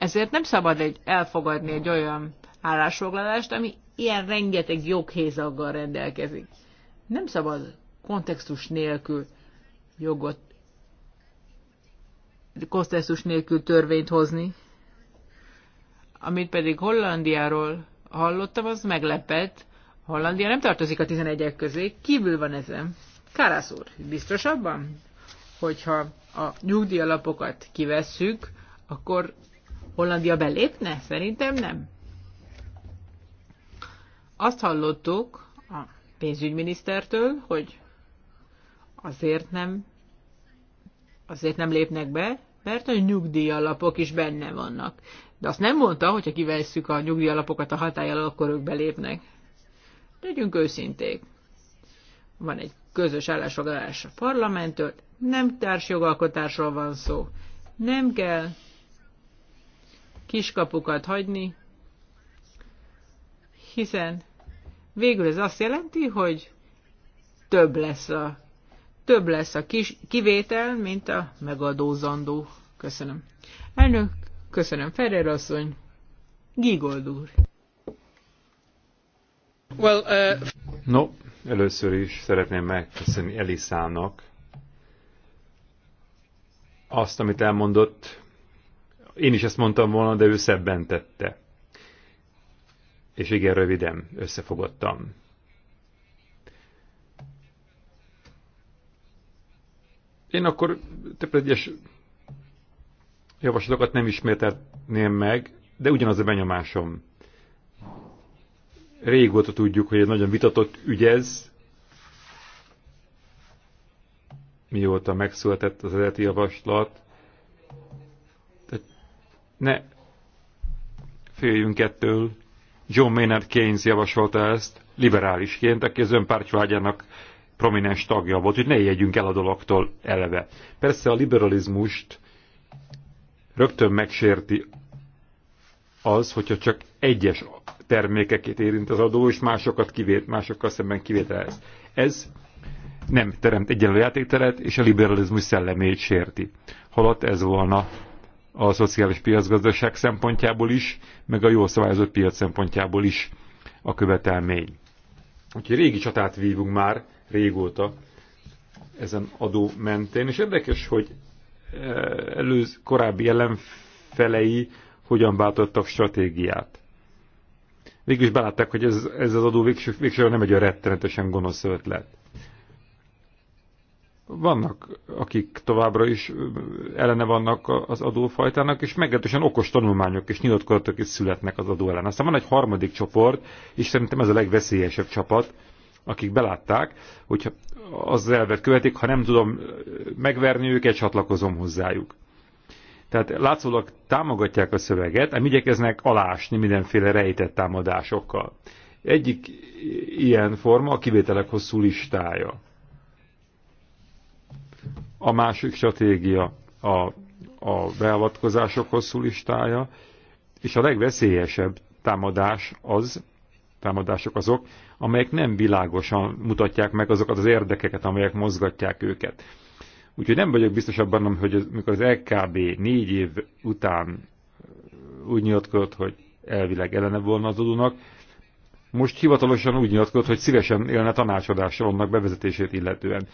ezért nem szabad egy, elfogadni egy olyan állásfoglalást, ami ilyen rengeteg joghézaggal rendelkezik. Nem szabad kontextus nélkül jogot, kontextus nélkül törvényt hozni. Amit pedig Hollandiáról hallottam, az meglepett. Hollandia nem tartozik a 11-ek közé, kívül van ezen. Kárász úr, biztos abban, hogyha a nyugdíjalapokat kivesszük, akkor Hollandia belépne? Szerintem nem. Azt hallottuk a pénzügyminisztertől, hogy azért nem, azért nem lépnek be, mert a nyugdíjalapok is benne vannak. De azt nem mondta, hogy ha kivesszük a nyugdíjalapokat a hatályal, akkor ők belépnek. Legyünk őszinték. Van egy közös állásfoglalás a parlamenttől, nem társjogalkotásról van szó. Nem kell kiskapukat hagyni, hiszen végül ez azt jelenti, hogy több lesz a, több lesz a kis, kivétel, mint a megadózandó. Köszönöm. Elnök, köszönöm. Ferrer asszony, Gigold úr. Well, uh... No, először is szeretném megköszönni Elisának azt, amit elmondott én is ezt mondtam volna, de ő szebben tette. És igen, röviden összefogottam. Én akkor több egyes javaslatokat nem ismételném meg, de ugyanaz a benyomásom. Régóta tudjuk, hogy egy nagyon vitatott ügy ez, mióta megszületett az eredeti javaslat, ne féljünk ettől. John Maynard Keynes javasolta ezt liberálisként, aki az önpártyvágyának prominens tagja volt, hogy ne ijedjünk el a dologtól eleve. Persze a liberalizmust rögtön megsérti az, hogyha csak egyes termékeket érint az adó, és másokat kivét, másokkal szemben kivételez. Ez nem teremt egyenlő játékteret, és a liberalizmus szellemét sérti. Holott ez volna a szociális piacgazdaság szempontjából is, meg a jól szabályozott piac szempontjából is a követelmény. Úgyhogy régi csatát vívunk már régóta ezen adó mentén, és érdekes, hogy eh, előz korábbi ellenfelei hogyan váltottak stratégiát. Végül is belátták, hogy ez, ez az adó végső, végső nem egy olyan rettenetesen gonosz ötlet. Vannak, akik továbbra is ellene vannak az adófajtának, és meglehetősen okos tanulmányok és nyilatkozatok is születnek az adó ellen. Aztán van egy harmadik csoport, és szerintem ez a legveszélyesebb csapat, akik belátták, hogyha az elvet követik, ha nem tudom megverni őket, csatlakozom hozzájuk. Tehát látszólag támogatják a szöveget, ám igyekeznek alásni mindenféle rejtett támadásokkal. Egyik ilyen forma a kivételek hosszú listája. A másik stratégia a, a beavatkozások hosszú listája, és a legveszélyesebb támadás az, támadások azok, amelyek nem világosan mutatják meg azokat az érdekeket, amelyek mozgatják őket. Úgyhogy nem vagyok biztos abban, hogy az, mikor az LKB négy év után úgy nyilatkozott, hogy elvileg ellene volna az adónak, most hivatalosan úgy nyilatkozott, hogy szívesen élne tanácsadással annak bevezetését illetően.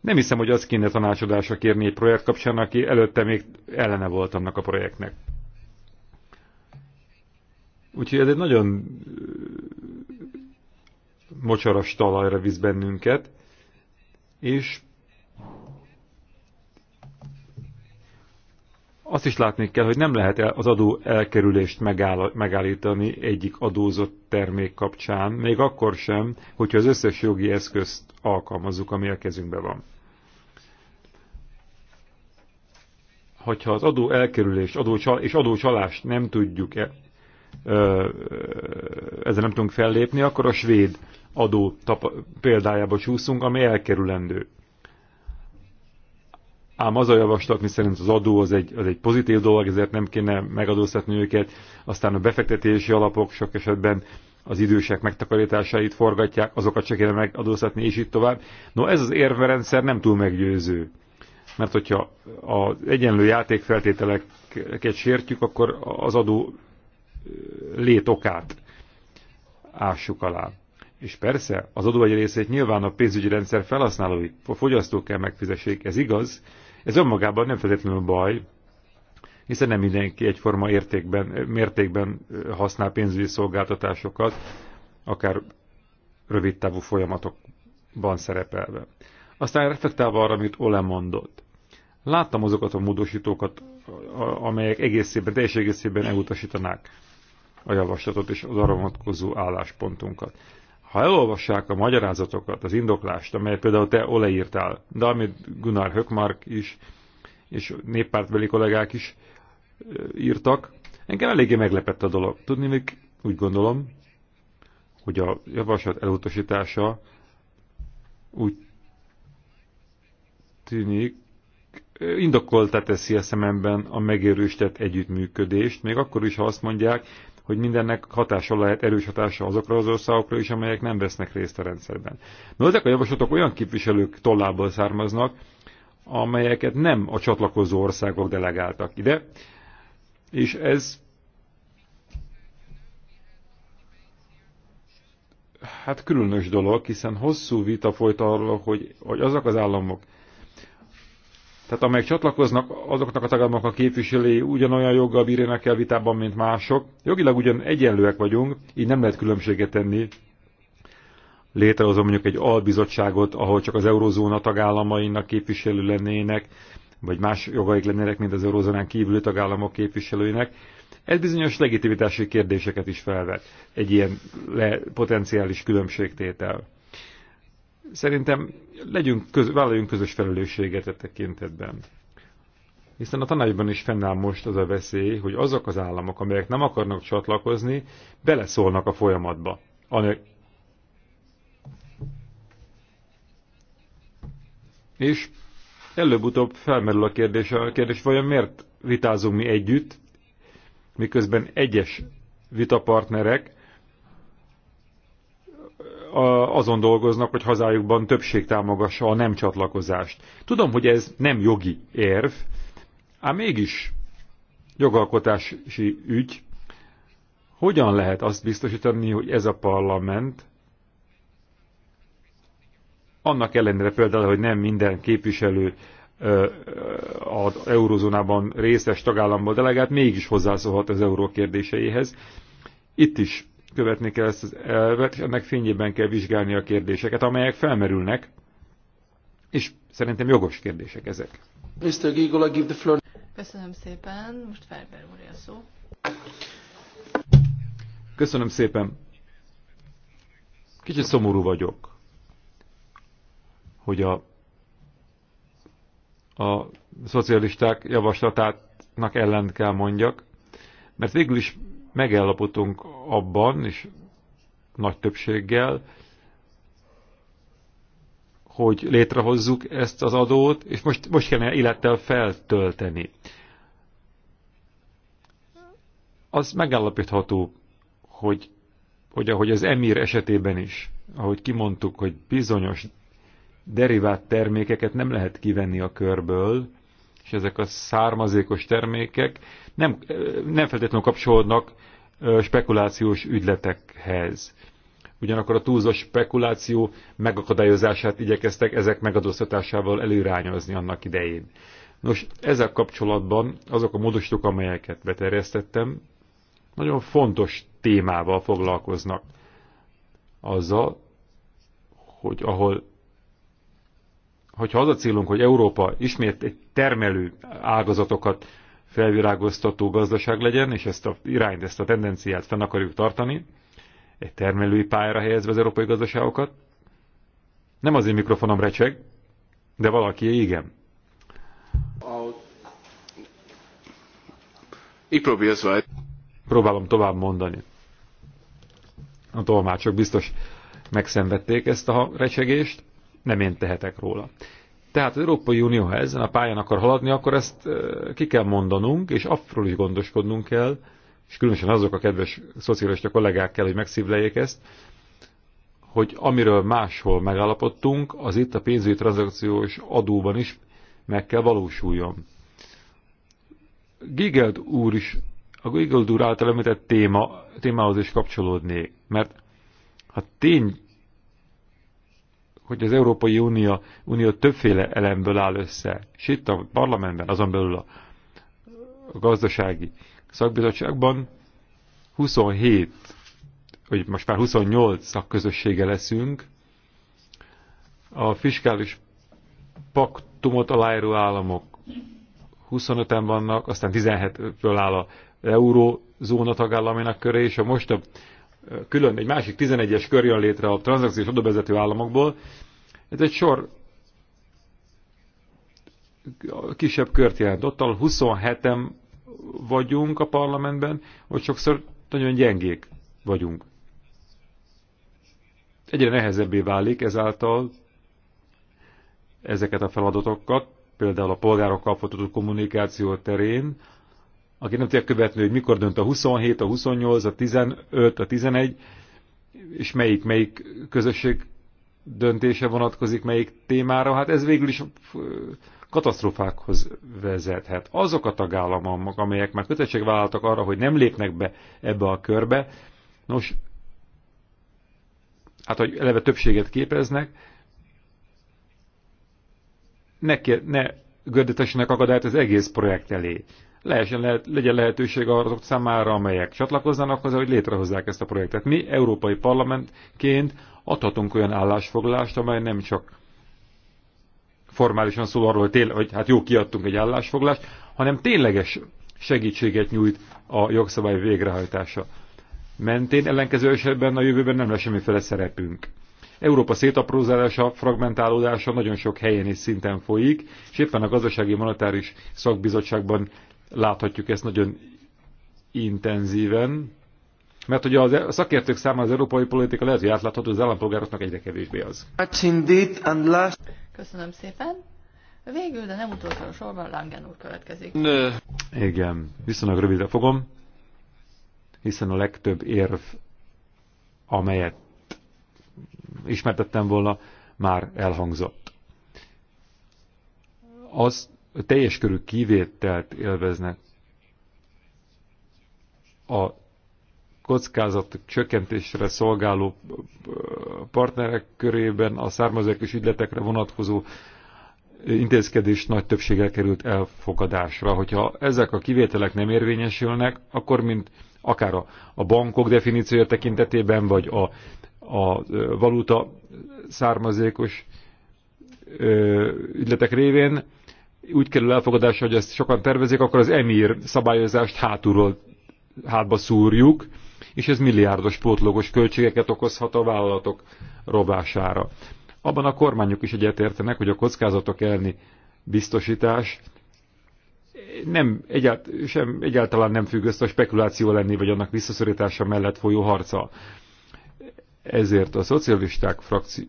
Nem hiszem, hogy azt kéne tanácsadásra kérni egy projekt kapcsán, aki előtte még ellene volt annak a projektnek. Úgyhogy ez egy nagyon mocsaras talajra visz bennünket, és azt is látni kell, hogy nem lehet az adó elkerülést megáll, megállítani egyik adózott termék kapcsán, még akkor sem, hogyha az összes jogi eszközt alkalmazzuk, ami a kezünkben van. Hogyha az adó elkerülést adócsal, és adócsalást nem tudjuk -e, ezzel nem tudunk fellépni, akkor a svéd adó tapa, példájába csúszunk, ami elkerülendő. Ám az a javaslat, miszerint az adó az egy, az egy pozitív dolog, ezért nem kéne megadóztatni őket, aztán a befektetési alapok sok esetben az idősek megtakarításait forgatják, azokat se kéne megadóztatni, és így tovább. No, ez az érverendszer nem túl meggyőző. Mert hogyha az egyenlő játékfeltételeket sértjük, akkor az adó létokát ássuk alá. És persze, az adó egy részét nyilván a pénzügyi rendszer felhasználói, a fogyasztók kell megfizessék, ez igaz, ez önmagában nem feltétlenül baj, hiszen nem mindenki egyforma értékben, mértékben használ pénzügyi szolgáltatásokat, akár távú folyamatokban szerepelve. Aztán reflektálva arra, amit Ole mondott. Láttam azokat a módosítókat, amelyek egészében, teljes egészében elutasítanák a javaslatot és az arra vonatkozó álláspontunkat ha elolvassák a magyarázatokat, az indoklást, amely például te oleírtál, de amit Gunnar Hökmark is, és néppártbeli kollégák is írtak, engem eléggé meglepett a dolog. Tudni, még úgy gondolom, hogy a javaslat elutasítása úgy tűnik, indokoltá teszi a szememben a megérősített együttműködést, még akkor is, ha azt mondják, hogy mindennek hatása lehet, erős hatása azokra az országokra is, amelyek nem vesznek részt a rendszerben. No, ezek a javaslatok olyan képviselők tollából származnak, amelyeket nem a csatlakozó országok delegáltak ide, és ez hát különös dolog, hiszen hosszú vita folyt arról, hogy, hogy azok az államok, tehát amelyek csatlakoznak, azoknak a tagadmak a képviselői ugyanolyan joggal bírjanak el vitában, mint mások. Jogilag ugyan egyenlőek vagyunk, így nem lehet különbséget tenni. Létrehozom mondjuk egy albizottságot, ahol csak az eurozóna tagállamainak képviselő lennének, vagy más jogaik lennének, mint az eurozónán kívüli tagállamok képviselőinek. Ez bizonyos legitimitási kérdéseket is felvet, egy ilyen le, potenciális különbségtétel. Szerintem legyünk, köz, vállaljunk közös felelősséget e tekintetben. Hiszen a tanácsban is fennáll most az a veszély, hogy azok az államok, amelyek nem akarnak csatlakozni, beleszólnak a folyamatba. Anélkül, És előbb-utóbb felmerül a kérdés, a kérdés vajon miért vitázunk mi együtt, miközben egyes vitapartnerek azon dolgoznak, hogy hazájukban többség támogassa a nem csatlakozást. Tudom, hogy ez nem jogi érv, ám mégis jogalkotási ügy. Hogyan lehet azt biztosítani, hogy ez a parlament annak ellenére például, hogy nem minden képviselő az eurozónában részes tagállamból delegált, mégis hozzászólhat az euró kérdéseihez. Itt is követni kell ezt az elvet, ennek fényében kell vizsgálni a kérdéseket, amelyek felmerülnek, és szerintem jogos kérdések ezek. Mr. Gigola, give the floor. Köszönöm szépen, most Ferber úr a szó. Köszönöm szépen. Kicsit szomorú vagyok, hogy a, a szocialisták javaslatának ellent kell mondjak, mert végül is megállapodtunk abban, és nagy többséggel, hogy létrehozzuk ezt az adót, és most, most kellene élettel feltölteni. Az megállapítható, hogy, hogy ahogy az emír esetében is, ahogy kimondtuk, hogy bizonyos derivált termékeket nem lehet kivenni a körből, és ezek a származékos termékek nem, nem feltétlenül kapcsolódnak spekulációs ügyletekhez. Ugyanakkor a túlzott spekuláció megakadályozását igyekeztek ezek megadóztatásával előrányozni annak idején. Nos, ezzel kapcsolatban azok a módosítók, amelyeket beterjesztettem, nagyon fontos témával foglalkoznak. Azzal, hogy ahol hogyha az a célunk, hogy Európa ismét egy termelő ágazatokat felvirágoztató gazdaság legyen, és ezt a irányt, ezt a tendenciát fenn akarjuk tartani, egy termelői pályára helyezve az európai gazdaságokat. Nem az én mikrofonom recseg, de valaki igen. Próbálom tovább mondani. A tolmácsok biztos megszenvedték ezt a recsegést nem én tehetek róla. Tehát az Európai Unió, ha ezen a pályán akar haladni, akkor ezt ki kell mondanunk, és afról is gondoskodnunk kell, és különösen azok a kedves szocialista kollégák kell, hogy megszívlejék ezt, hogy amiről máshol megállapodtunk, az itt a pénzügyi tranzakciós adóban is meg kell valósuljon. Gigeld úr is, a Gigeld úr által említett téma, témához is kapcsolódnék, mert ha tény hogy az Európai Unió, Unió többféle elemből áll össze, és itt a parlamentben, azon belül a gazdasági szakbizottságban 27, vagy most már 28 szakközössége leszünk, a fiskális paktumot aláíró államok 25-en vannak, aztán 17-ből áll a eurózóna tagállamának köré és a most a külön egy másik 11-es kör jön létre a tranzakciós adóbevezető államokból. Ez egy sor kisebb kört jelent. Ottal 27-en vagyunk a parlamentben, hogy sokszor nagyon gyengék vagyunk. Egyre nehezebbé válik ezáltal ezeket a feladatokat, például a polgárokkal folytatott kommunikáció terén, aki nem tudja követni, hogy mikor dönt a 27, a 28, a 15, a 11, és melyik, melyik közösség döntése vonatkozik melyik témára, hát ez végül is katasztrofákhoz vezethet. Azok a tagállamok, amelyek már váltak arra, hogy nem lépnek be ebbe a körbe, nos, hát hogy eleve többséget képeznek, ne, ne gördetessenek akadályt az egész projekt elé lehessen, lehet, legyen lehetőség azok számára, amelyek csatlakozzanak hozzá, hogy létrehozzák ezt a projektet. Mi Európai Parlamentként adhatunk olyan állásfoglalást, amely nem csak formálisan szól arról, hogy, tényleg, hogy hát jó, kiadtunk egy állásfoglalást, hanem tényleges segítséget nyújt a jogszabály végrehajtása mentén, ellenkező esetben a jövőben nem lesz semmiféle szerepünk. Európa szétaprózálása, fragmentálódása nagyon sok helyen és szinten folyik, és éppen a gazdasági monetáris szakbizottságban láthatjuk ezt nagyon intenzíven, mert hogy e- a szakértők száma az európai politika lehet, hogy átlátható, az állampolgároknak egyre kevésbé az. Köszönöm szépen. Végül, de nem utolsó sorban Langen úr következik. Nő. Igen, viszonylag rövidre fogom, hiszen a legtöbb érv, amelyet ismertettem volna, már elhangzott. Az teljes körű kivételt élveznek a kockázat csökkentésre szolgáló partnerek körében a származékos ügyletekre vonatkozó intézkedés nagy többsége került elfogadásra. Hogyha ezek a kivételek nem érvényesülnek, akkor mint akár a, bankok definíciója tekintetében, vagy a, a valuta származékos ügyletek révén úgy kerül elfogadásra, hogy ezt sokan tervezik, akkor az emír szabályozást hátulról hátba szúrjuk, és ez milliárdos pótlogos költségeket okozhat a vállalatok robására. Abban a kormányok is egyetértenek, hogy a kockázatok elni biztosítás nem, egyált, sem, egyáltalán nem függ össze a spekuláció lenni, vagy annak visszaszorítása mellett folyó harca. Ezért a szocialisták frakció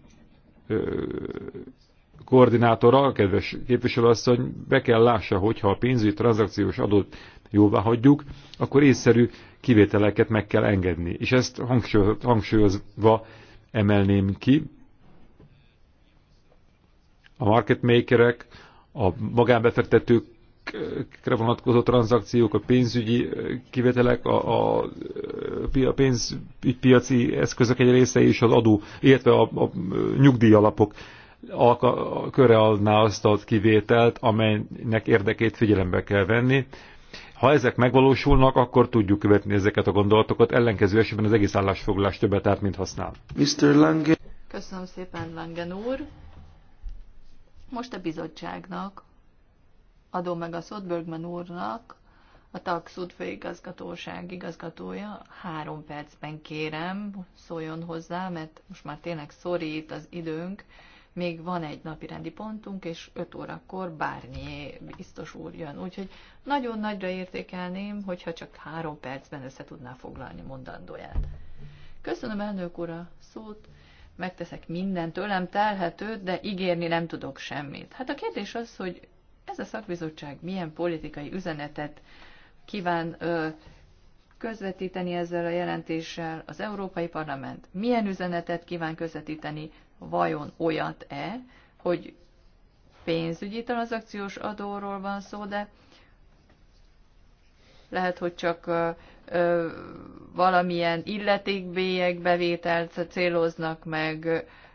koordinátora, a kedves képviselőasszony, be kell lássa, hogyha a pénzügyi tranzakciós adót jóvá hagyjuk, akkor észszerű kivételeket meg kell engedni. És ezt hangsúlyozva emelném ki. A market makerek, a magánbefektetőkre vonatkozó tranzakciók, a pénzügyi kivételek, a, a, a pénzpiaci eszközök egy része és az adó, illetve a, a nyugdíjalapok alapok köre adná azt a kivételt, amelynek érdekét figyelembe kell venni. Ha ezek megvalósulnak, akkor tudjuk követni ezeket a gondolatokat, ellenkező esetben az egész állásfoglalás többet árt, mint használ. Mr. Lange. Köszönöm szépen, Langen úr. Most a bizottságnak adom meg a szót Bergman úrnak, a Taxud főigazgatóság igazgatója. Három percben kérem, szóljon hozzá, mert most már tényleg szorít az időnk még van egy napi rendi pontunk, és 5 órakor bármi biztos úr jön. Úgyhogy nagyon nagyra értékelném, hogyha csak három percben össze tudná foglalni mondandóját. Köszönöm elnök úr a szót, megteszek mindent tőlem telhetőt, de ígérni nem tudok semmit. Hát a kérdés az, hogy ez a szakbizottság milyen politikai üzenetet kíván ö, közvetíteni ezzel a jelentéssel az Európai Parlament? Milyen üzenetet kíván közvetíteni? Vajon olyat-e, hogy pénzügyi tranzakciós adóról van szó, de lehet, hogy csak ö, ö, valamilyen illetékbélyek bevételt céloznak meg,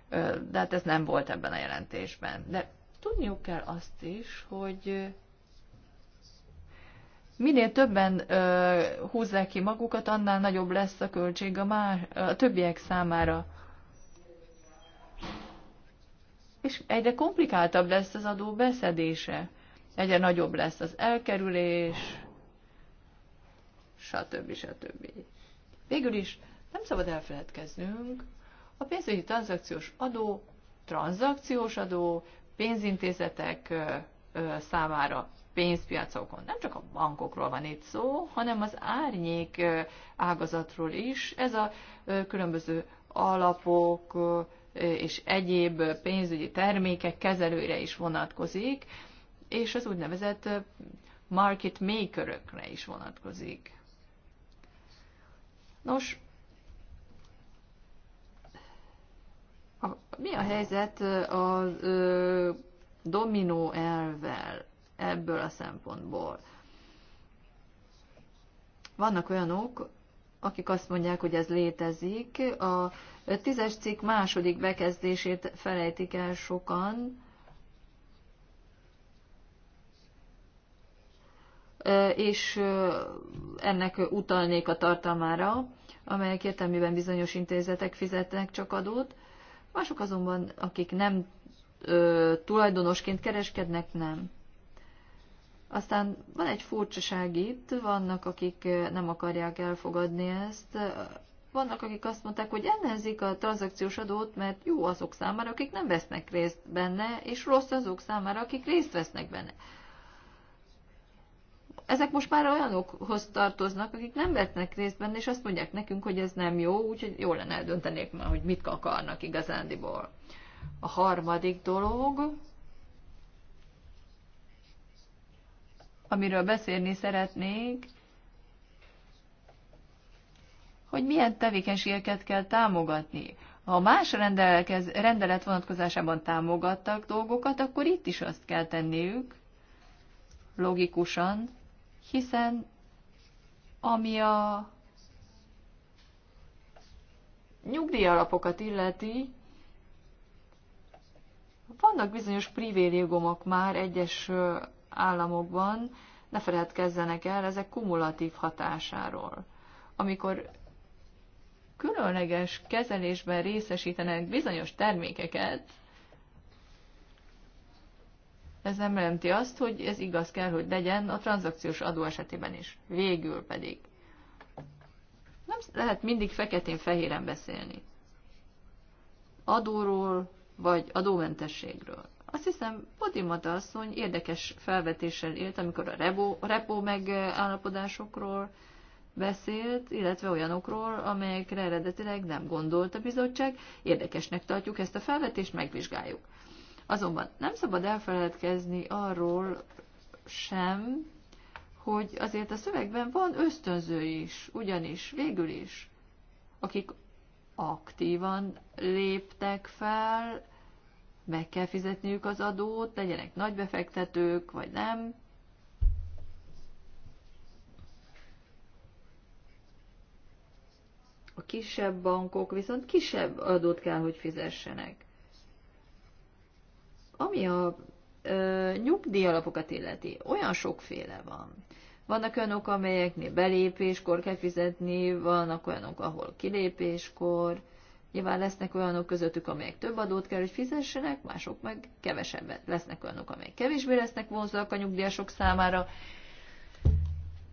ö, de hát ez nem volt ebben a jelentésben. De tudniuk kell azt is, hogy minél többen ö, húzzák ki magukat, annál nagyobb lesz a költség a, más, a többiek számára. És egyre komplikáltabb lesz az adó beszedése, egyre nagyobb lesz az elkerülés, stb. stb. Végül is nem szabad elfeledkeznünk, a pénzügyi tranzakciós adó, tranzakciós adó, pénzintézetek számára pénzpiacokon. Nem csak a bankokról van itt szó, hanem az árnyék ágazatról is. Ez a különböző alapok és egyéb pénzügyi termékek kezelőre is vonatkozik, és az úgynevezett market makerökre is vonatkozik. Nos, a, mi a helyzet a, a dominó elvvel? ebből a szempontból. Vannak olyanok, akik azt mondják, hogy ez létezik. A tízes cikk második bekezdését felejtik el sokan. És ennek utalnék a tartalmára, amelyek értelmében bizonyos intézetek fizetnek csak adót. Mások azonban, akik nem tulajdonosként kereskednek, nem. Aztán van egy furcsaság itt, vannak, akik eh, nem akarják elfogadni ezt, vannak, akik azt mondták, hogy ellenzik a tranzakciós adót, mert jó azok számára, akik nem vesznek részt benne, és rossz azok számára, akik részt vesznek benne. Ezek most már olyanokhoz tartoznak, akik nem vesznek részt benne, és azt mondják nekünk, hogy ez nem jó, úgyhogy jó lenne eldöntenék már, hogy mit akarnak igazándiból. A harmadik dolog, amiről beszélni szeretnék, hogy milyen tevékenységeket kell támogatni. Ha más rendelkez, rendelet vonatkozásában támogattak dolgokat, akkor itt is azt kell tenniük, logikusan, hiszen ami a nyugdíjalapokat illeti, vannak bizonyos privilégiumok már egyes államokban ne feledkezzenek el ezek kumulatív hatásáról. Amikor különleges kezelésben részesítenek bizonyos termékeket, ez nem jelenti azt, hogy ez igaz kell, hogy legyen a tranzakciós adó esetében is. Végül pedig. Nem lehet mindig feketén-fehéren beszélni. Adóról vagy adómentességről. Azt hiszem, Podimata asszony érdekes felvetéssel élt, amikor a repo, a repo megállapodásokról beszélt, illetve olyanokról, amelyekre eredetileg nem gondolt a bizottság. Érdekesnek tartjuk ezt a felvetést, megvizsgáljuk. Azonban nem szabad elfeledkezni arról sem, hogy azért a szövegben van ösztönző is, ugyanis végül is, akik aktívan léptek fel, meg kell fizetniük az adót, legyenek nagy befektetők, vagy nem. A kisebb bankok viszont kisebb adót kell, hogy fizessenek. Ami a ö, nyugdíjalapokat illeti, olyan sokféle van. Vannak olyanok, amelyeknél belépéskor kell fizetni, vannak olyanok, ahol kilépéskor, Nyilván lesznek olyanok közöttük, amelyek több adót kell, hogy fizessenek, mások meg kevesebbet. Lesznek olyanok, amelyek kevésbé lesznek vonzóak a nyugdíjasok számára.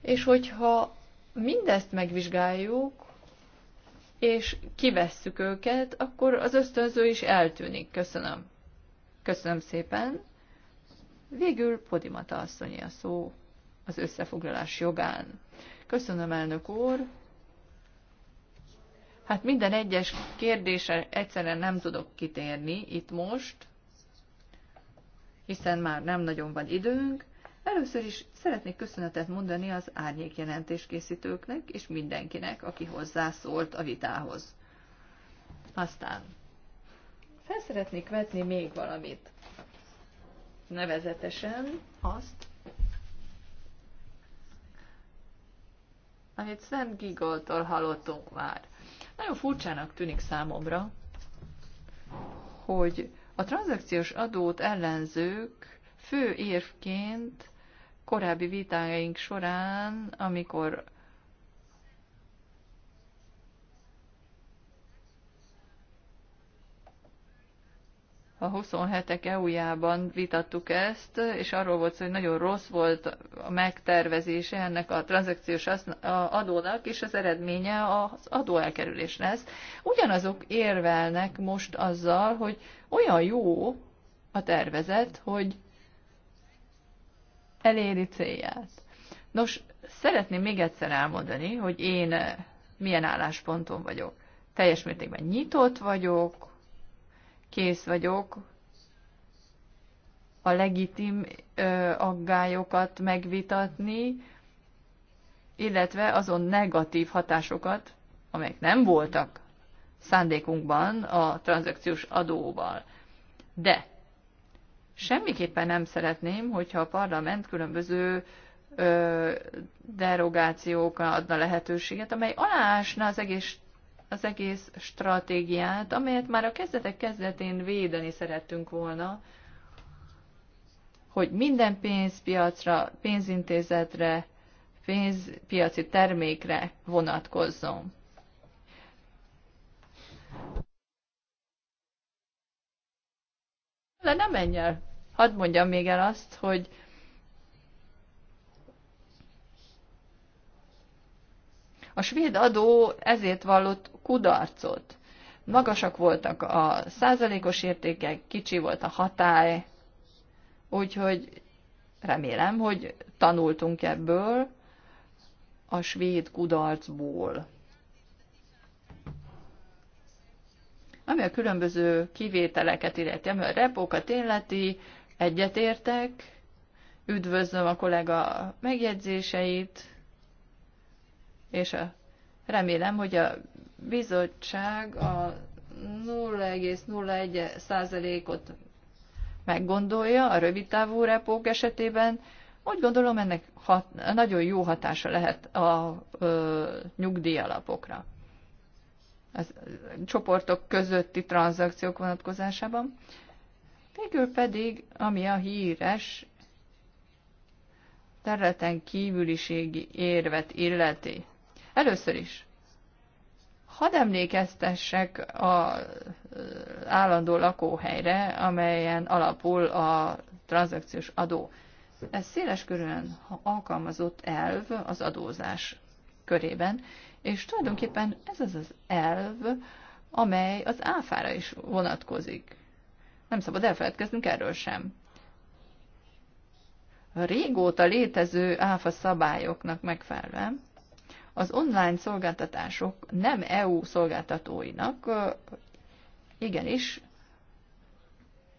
És hogyha mindezt megvizsgáljuk, és kivesszük őket, akkor az ösztönző is eltűnik. Köszönöm. Köszönöm szépen. Végül Podimata asszonyi a szó az összefoglalás jogán. Köszönöm, elnök úr. Hát minden egyes kérdésre egyszerűen nem tudok kitérni itt most, hiszen már nem nagyon van időnk. Először is szeretnék köszönetet mondani az árnyékjelentés készítőknek és mindenkinek, aki hozzászólt a vitához. Aztán felszeretnék vetni még valamit. Nevezetesen azt, amit Szent Gigoltól hallottunk már. Nagyon furcsának tűnik számomra, hogy a tranzakciós adót ellenzők fő érvként korábbi vitáink során, amikor a 27-ek EU-jában vitattuk ezt, és arról volt szó, hogy nagyon rossz volt a megtervezése ennek a tranzakciós adónak, és az eredménye az adóelkerülés lesz. Ugyanazok érvelnek most azzal, hogy olyan jó a tervezet, hogy eléri célját. Nos, szeretném még egyszer elmondani, hogy én milyen állásponton vagyok. Teljes mértékben nyitott vagyok, kész vagyok a legitim aggályokat megvitatni, illetve azon negatív hatásokat, amelyek nem voltak szándékunkban a tranzakciós adóval. De semmiképpen nem szeretném, hogyha a parlament különböző derogációkra adna lehetőséget, amely alásna az egész az egész stratégiát, amelyet már a kezdetek kezdetén védeni szerettünk volna, hogy minden pénzpiacra, pénzintézetre, pénzpiaci termékre vonatkozzon. De nem menj el. Hadd mondjam még el azt, hogy A svéd adó ezért vallott kudarcot. Magasak voltak a százalékos értékek, kicsi volt a hatály, úgyhogy remélem, hogy tanultunk ebből a svéd kudarcból. Ami a különböző kivételeket illeti, ami a repókat illeti, egyetértek, üdvözlöm a kollega megjegyzéseit, és a, eh, remélem, hogy a bizottság a 0,01 százalékot meggondolja a rövidtávú repók esetében, úgy gondolom ennek hat, nagyon jó hatása lehet a ö, nyugdíjalapokra. Az csoportok közötti tranzakciók vonatkozásában. Végül pedig, ami a híres területen kívüliségi érvet illeti. Először is, hadd emlékeztessek az állandó lakóhelyre, amelyen alapul a tranzakciós adó. Ez széles körülön alkalmazott elv az adózás körében, és tulajdonképpen ez az az elv, amely az áfára is vonatkozik. Nem szabad elfeledkeznünk erről sem. A régóta létező áfa szabályoknak megfelelően az online szolgáltatások nem EU szolgáltatóinak igenis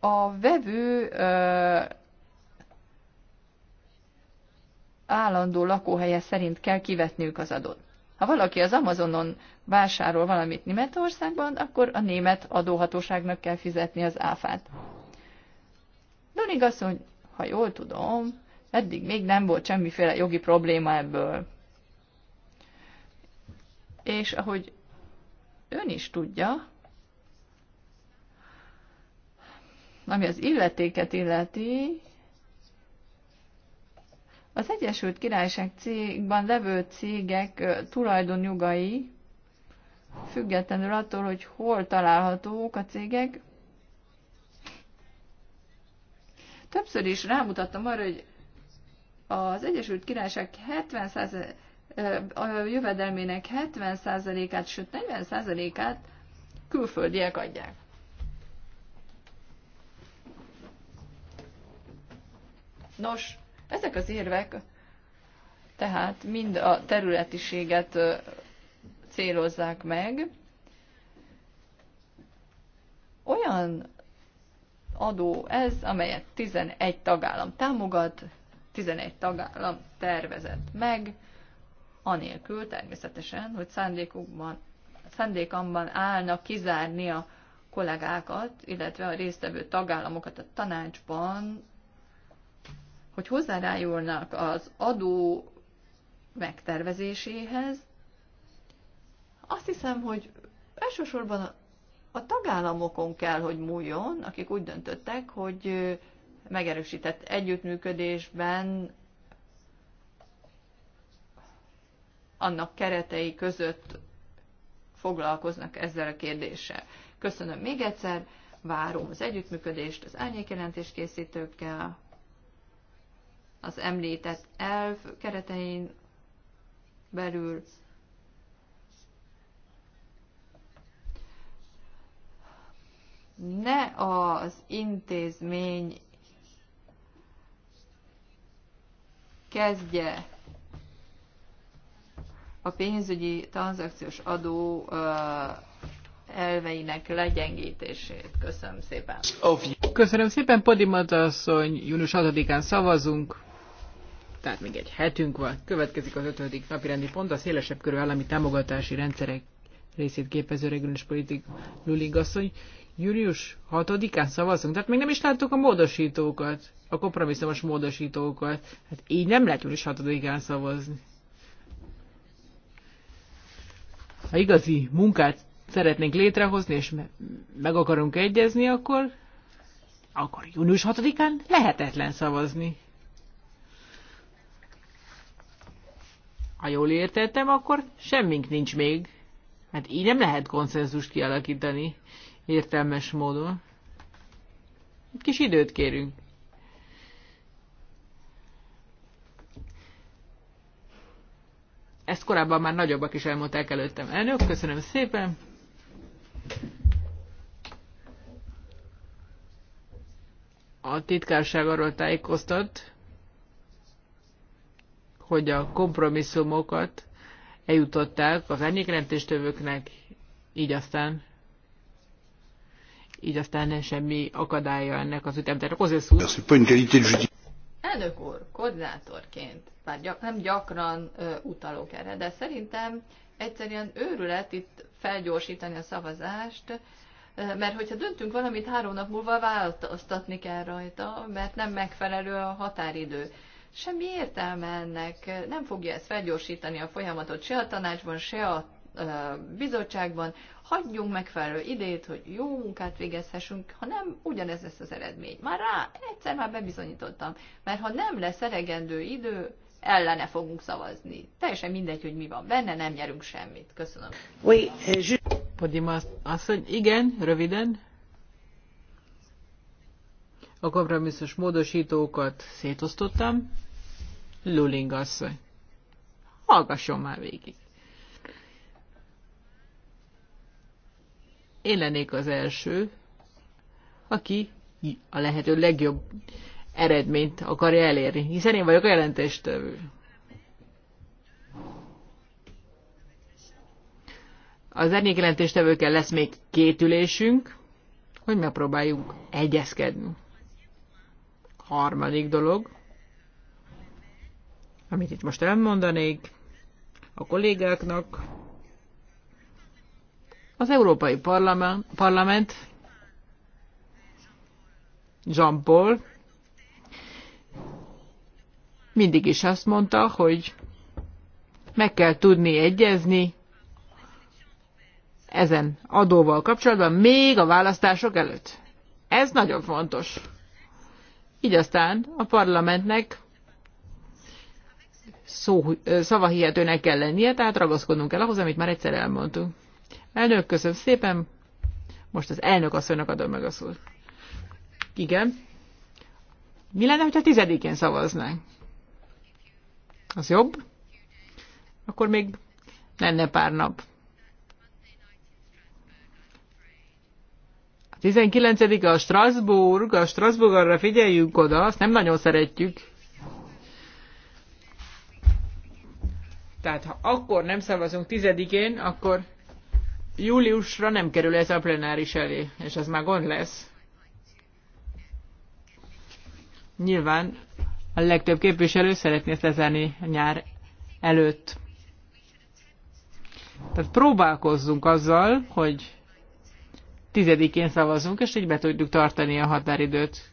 a vevő állandó lakóhelye szerint kell kivetniük az adót. Ha valaki az Amazonon vásárol valamit Németországban, akkor a német adóhatóságnak kell fizetni az áfát. Donig mondja, ha jól tudom, eddig még nem volt semmiféle jogi probléma ebből és ahogy ön is tudja, ami az illetéket illeti, az Egyesült Királyság cégben levő cégek tulajdonjogai, függetlenül attól, hogy hol találhatók a cégek, többször is rámutattam arra, hogy az Egyesült Királyság 70%, a jövedelmének 70%-át, sőt 40%-át külföldiek adják. Nos, ezek az érvek tehát mind a területiséget célozzák meg. Olyan adó ez, amelyet 11 tagállam támogat, 11 tagállam tervezett meg, anélkül természetesen, hogy szándékukban, szándékamban állnak kizárni a kollégákat, illetve a résztvevő tagállamokat a tanácsban, hogy hozzárájulnak az adó megtervezéséhez. Azt hiszem, hogy elsősorban a tagállamokon kell, hogy múljon, akik úgy döntöttek, hogy megerősített együttműködésben annak keretei között foglalkoznak ezzel a kérdéssel. Köszönöm még egyszer, várom az együttműködést az árnyékjelentés készítőkkel, az említett elv keretein belül. Ne az intézmény kezdje a pénzügyi tranzakciós adó elveinek legyengítését. Köszönöm szépen. Köszönöm szépen, Podimata asszony. Június 6-án szavazunk. Tehát még egy hetünk van. Következik az ötödik napi rendi pont, a szélesebb körű állami támogatási rendszerek részét képező regionális politik Luling asszony. Július 6-án szavazunk, tehát még nem is láttuk a módosítókat, a kompromisszumos módosítókat. Hát így nem lehet július 6-án szavazni. ha igazi munkát szeretnénk létrehozni, és meg akarunk egyezni, akkor, akkor június 6-án lehetetlen szavazni. Ha jól értettem, akkor semmink nincs még. Hát így nem lehet konszenzust kialakítani értelmes módon. Kis időt kérünk. Ezt korábban már nagyobbak is elmondták előttem. Elnök, köszönöm szépen. A titkárság arról tájékoztat, hogy a kompromisszumokat eljutották az árnyékrendtéstövőknek, így aztán így aztán semmi akadálya ennek az ütemtervnek. Elnök úr, koordinátorként, bár gyak, nem gyakran ö, utalok erre, de szerintem egyszerűen őrület itt felgyorsítani a szavazást, ö, mert hogyha döntünk valamit, három nap múlva változtatni kell rajta, mert nem megfelelő a határidő. Semmi értelme ennek, nem fogja ez felgyorsítani a folyamatot se a tanácsban, se a bizottságban, hagyjunk megfelelő idejét, hogy jó munkát végezhessünk, ha nem, ugyanez lesz az eredmény. Már rá, egyszer már bebizonyítottam, mert ha nem lesz elegendő idő, ellene fogunk szavazni. Teljesen mindegy, hogy mi van benne, nem nyerünk semmit. Köszönöm. Oui, je... Podim azt hogy igen, röviden. A kompromisszus módosítókat szétosztottam. Luling asszony. Hallgasson már végig. én lennék az első, aki a lehető legjobb eredményt akarja elérni, hiszen én vagyok a jelentéstevő. Az árnyék jelentéstevőkkel lesz még két ülésünk, hogy megpróbáljunk egyezkedni. Harmadik dolog, amit itt most elmondanék a kollégáknak, az Európai Parlament, parlament Jean Paul mindig is azt mondta, hogy meg kell tudni egyezni ezen adóval kapcsolatban még a választások előtt. Ez nagyon fontos. Így aztán a parlamentnek szó, szavahihetőnek kell lennie, tehát ragaszkodnunk kell ahhoz, amit már egyszer elmondtunk. Elnök, köszönöm szépen. Most az elnök asszonynak adom meg a szót. Igen. Mi lenne, ha tizedikén szavaznánk? Az jobb? Akkor még lenne pár nap. A 19 -a, a Strasbourg, a Strasbourg arra figyeljünk oda, azt nem nagyon szeretjük. Tehát ha akkor nem szavazunk tizedikén, akkor júliusra nem kerül ez a plenáris elé, és ez már gond lesz. Nyilván a legtöbb képviselő szeretné ezt lezárni nyár előtt. Tehát próbálkozzunk azzal, hogy tizedikén szavazunk, és így be tudjuk tartani a határidőt.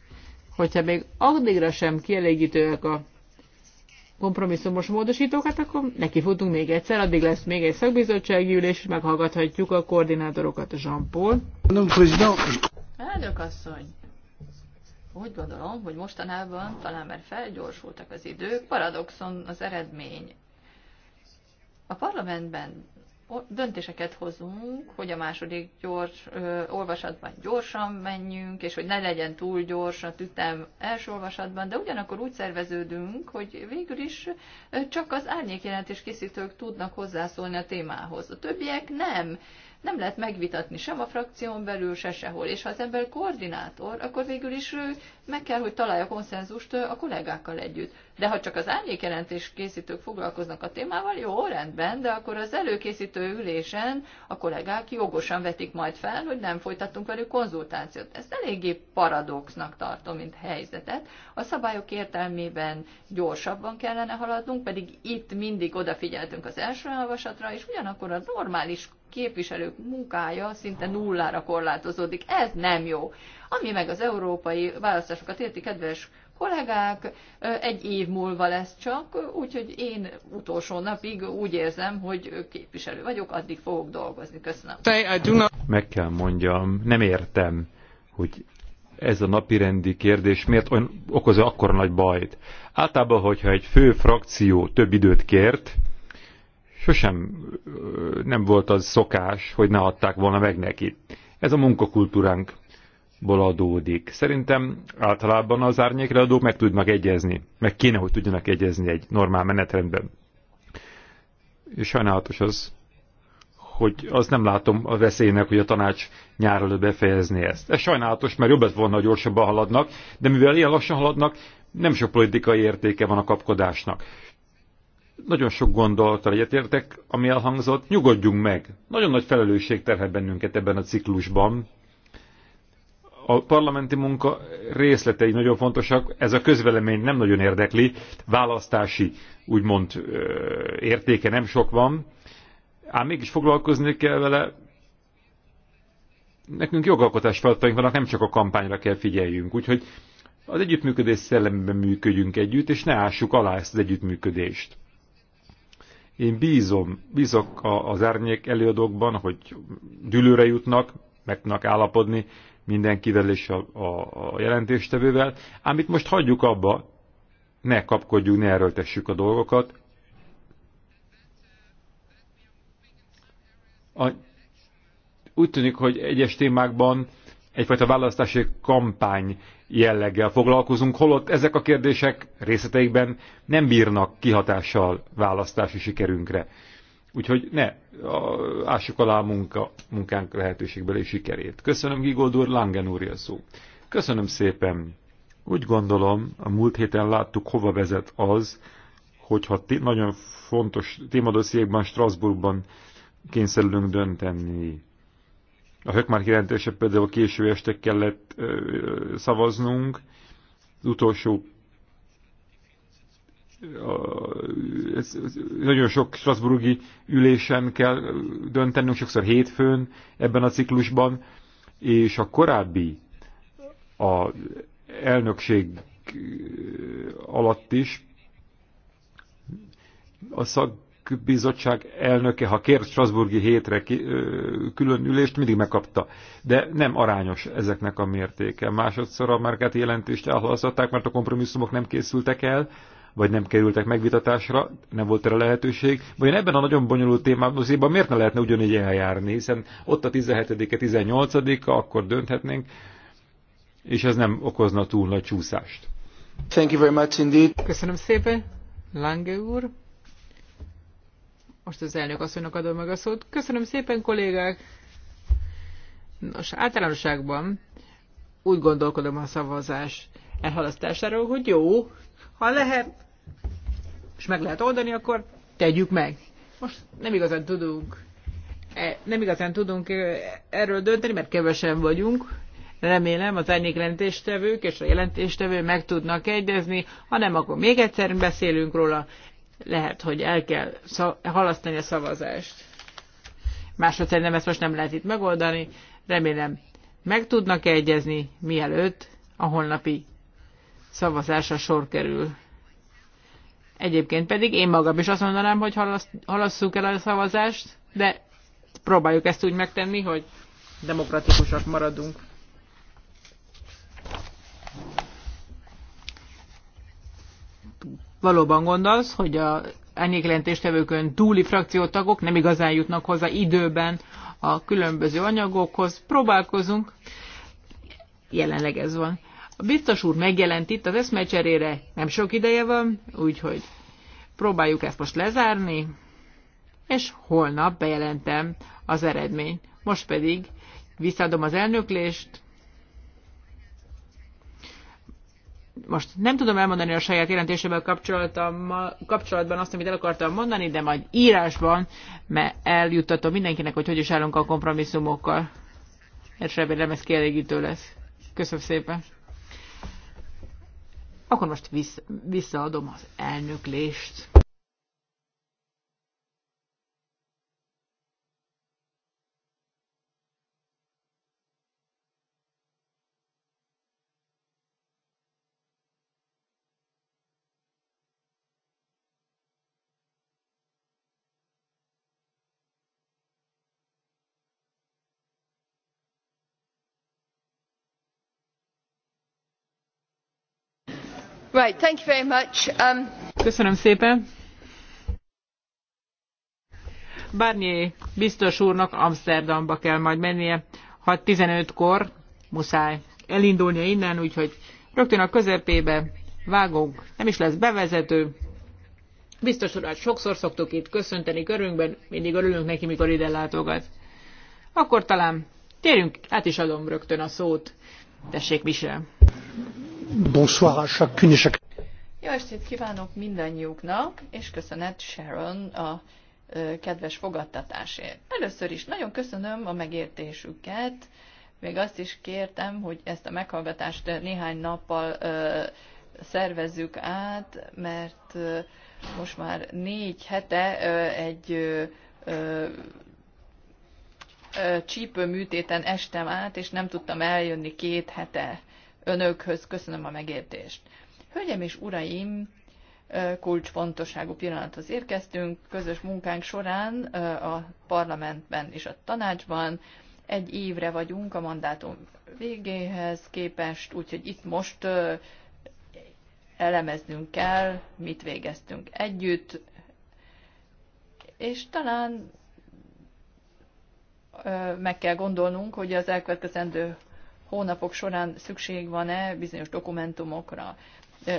Hogyha még addigra sem kielégítőek a kompromisszumos módosítókat, hát akkor nekifutunk még egyszer, addig lesz még egy szakbizottsági ülés, és meghallgathatjuk a koordinátorokat, Jean-Paul. Elnök asszony, úgy gondolom, hogy mostanában talán már felgyorsultak az idők, paradoxon az eredmény. A parlamentben döntéseket hozunk, hogy a második gyors, ö, olvasatban gyorsan menjünk, és hogy ne legyen túl gyors a tütem első olvasatban, de ugyanakkor úgy szerveződünk, hogy végül is csak az árnyékjelentés készítők tudnak hozzászólni a témához. A többiek nem nem lehet megvitatni sem a frakción belül, se sehol. És ha az ember koordinátor, akkor végül is meg kell, hogy találja konszenzust a kollégákkal együtt. De ha csak az árnyékjelentés készítők foglalkoznak a témával, jó, rendben, de akkor az előkészítő ülésen a kollégák jogosan vetik majd fel, hogy nem folytattunk velük konzultációt. Ezt eléggé paradoxnak tartom, mint helyzetet. A szabályok értelmében gyorsabban kellene haladnunk, pedig itt mindig odafigyeltünk az első olvasatra, és ugyanakkor a normális képviselők munkája szinte nullára korlátozódik. Ez nem jó. Ami meg az európai választásokat érti, kedves kollégák, egy év múlva lesz csak, úgyhogy én utolsó napig úgy érzem, hogy képviselő vagyok, addig fogok dolgozni. Köszönöm. Meg kell mondjam, nem értem, hogy ez a napirendi kérdés miért okozza akkor nagy bajt. Általában, hogyha egy fő frakció több időt kért, sosem nem volt az szokás, hogy ne adták volna meg neki. Ez a munkakultúránkból adódik. Szerintem általában az árnyékreadók meg tudnak egyezni, meg kéne, hogy tudjanak egyezni egy normál menetrendben. És sajnálatos az, hogy az nem látom a veszélynek, hogy a tanács nyár előbb befejezni ezt. Ez sajnálatos, mert jobb lett volna, ha gyorsabban haladnak, de mivel ilyen lassan haladnak, nem sok politikai értéke van a kapkodásnak nagyon sok gondolatra egyetértek, ami elhangzott, nyugodjunk meg. Nagyon nagy felelősség terhel bennünket ebben a ciklusban. A parlamenti munka részletei nagyon fontosak, ez a közvelemény nem nagyon érdekli, választási úgymond értéke nem sok van, ám mégis foglalkozni kell vele, nekünk jogalkotás feladataink vannak, nem csak a kampányra kell figyeljünk. Úgyhogy az együttműködés szellemben működjünk együtt, és ne ássuk alá ezt az együttműködést. Én bízom, bízok az árnyék előadókban, hogy dülőre jutnak, meg tudnak állapodni mindenkivel és a, a, a jelentéstevővel. Ám itt most hagyjuk abba, ne kapkodjunk, ne erőltessük a dolgokat. A, úgy tűnik, hogy egyes témákban egyfajta választási kampány jelleggel foglalkozunk, holott ezek a kérdések részleteikben nem bírnak kihatással választási sikerünkre. Úgyhogy ne ássuk alá a munka, munkánk lehetőségbeli sikerét. Köszönöm Gigoldur Langen úr a szó. Köszönöm szépen. Úgy gondolom, a múlt héten láttuk, hova vezet az, hogyha nagyon fontos témadossziékban Strasbourgban kényszerülünk dönteni a hökmárk jelentése például késő este kellett ö, szavaznunk, az utolsó a, ez, ez, nagyon sok Strasburgi ülésen kell döntenünk, sokszor hétfőn ebben a ciklusban, és a korábbi a elnökség alatt is a szag bizottság elnöke, ha kért Strasburgi hétre ki, ö, külön ülést, mindig megkapta. De nem arányos ezeknek a mértéke. Másodszor a márkát jelentést elhalasztották, mert a kompromisszumok nem készültek el, vagy nem kerültek megvitatásra, nem volt erre lehetőség. Vagy ebben a nagyon bonyolult témában azért miért ne lehetne ugyanígy eljárni, hiszen ott a 17-e, 18-a, akkor dönthetnénk, és ez nem okozna túl nagy csúszást. Thank you very much indeed. Köszönöm szépen, Lange úr. Most az elnök asszonynak adom meg a szót. Köszönöm szépen, kollégák! Nos, általánosságban úgy gondolkodom a szavazás elhalasztásáról, hogy jó, ha lehet, és meg lehet oldani, akkor tegyük meg. Most nem igazán tudunk e, nem igazán tudunk e, erről dönteni, mert kevesen vagyunk. Remélem az ennyi jelentéstevők és a jelentéstevő meg tudnak egyezni, ha nem, akkor még egyszer beszélünk róla, lehet, hogy el kell halasztani a szavazást. Másodszor nem ezt most nem lehet itt megoldani. Remélem meg tudnak -e egyezni, mielőtt a holnapi szavazásra sor kerül. Egyébként pedig én magam is azt mondanám, hogy halasszuk el a szavazást, de próbáljuk ezt úgy megtenni, hogy demokratikusak maradunk. valóban gondolsz, az, hogy a árnyékjelentéstevőkön túli frakciótagok nem igazán jutnak hozzá időben a különböző anyagokhoz. Próbálkozunk, jelenleg ez van. A biztos úr megjelent itt az eszmecserére, nem sok ideje van, úgyhogy próbáljuk ezt most lezárni, és holnap bejelentem az eredményt. Most pedig visszadom az elnöklést, most nem tudom elmondani a saját jelentésemben kapcsolatban azt, amit el akartam mondani, de majd írásban mert eljuttatom mindenkinek, hogy hogy is állunk a kompromisszumokkal. És remélem ez kielégítő lesz. Köszönöm szépen. Akkor most visszaadom az elnöklést. Right, thank you very much. Um... Köszönöm szépen. Barnier biztos úrnak Amsterdamba kell majd mennie. 6.15-kor muszáj elindulnia innen, úgyhogy rögtön a közepébe vágunk. Nem is lesz bevezető. Biztos urat hát sokszor szoktuk itt köszönteni körünkben, mindig örülünk neki, mikor ide látogat. Akkor talán térjünk, át is adom rögtön a szót. Tessék, Michel. Bonsoir à chacune chacun. Jó estét kívánok mindannyiuknak, és köszönet Sharon a kedves fogadtatásért. Először is nagyon köszönöm a megértésüket, még azt is kértem, hogy ezt a meghallgatást néhány nappal szervezzük át, mert most már négy hete egy csípőműtéten estem át, és nem tudtam eljönni két hete önökhöz. Köszönöm a megértést. Hölgyem és uraim, kulcsfontosságú pillanathoz érkeztünk. Közös munkánk során a parlamentben és a tanácsban egy évre vagyunk a mandátum végéhez képest, úgyhogy itt most elemeznünk kell, mit végeztünk együtt, és talán meg kell gondolnunk, hogy az elkövetkezendő hónapok során szükség van-e bizonyos dokumentumokra.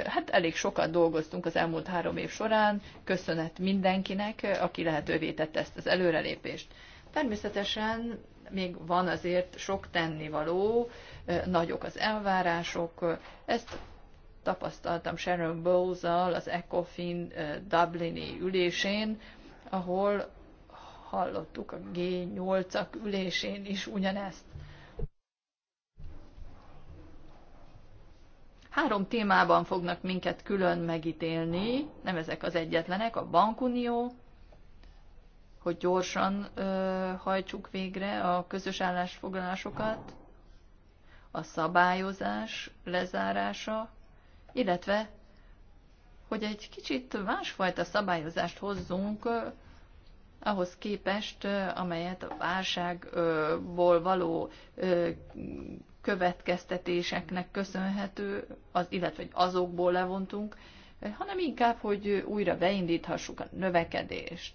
Hát elég sokat dolgoztunk az elmúlt három év során, köszönet mindenkinek, aki lehetővé tette ezt az előrelépést. Természetesen még van azért sok tennivaló, nagyok az elvárások, ezt tapasztaltam Sharon bowles az ECOFIN Dublini ülésén, ahol hallottuk a G8-ak ülésén is ugyanezt. Három témában fognak minket külön megítélni, nem ezek az egyetlenek, a bankunió, hogy gyorsan ö, hajtsuk végre a közös állásfoglalásokat, a szabályozás lezárása, illetve hogy egy kicsit másfajta szabályozást hozzunk ahhoz képest, amelyet a válságból való következtetéseknek köszönhető, az, illetve hogy azokból levontunk, hanem inkább, hogy újra beindíthassuk a növekedést.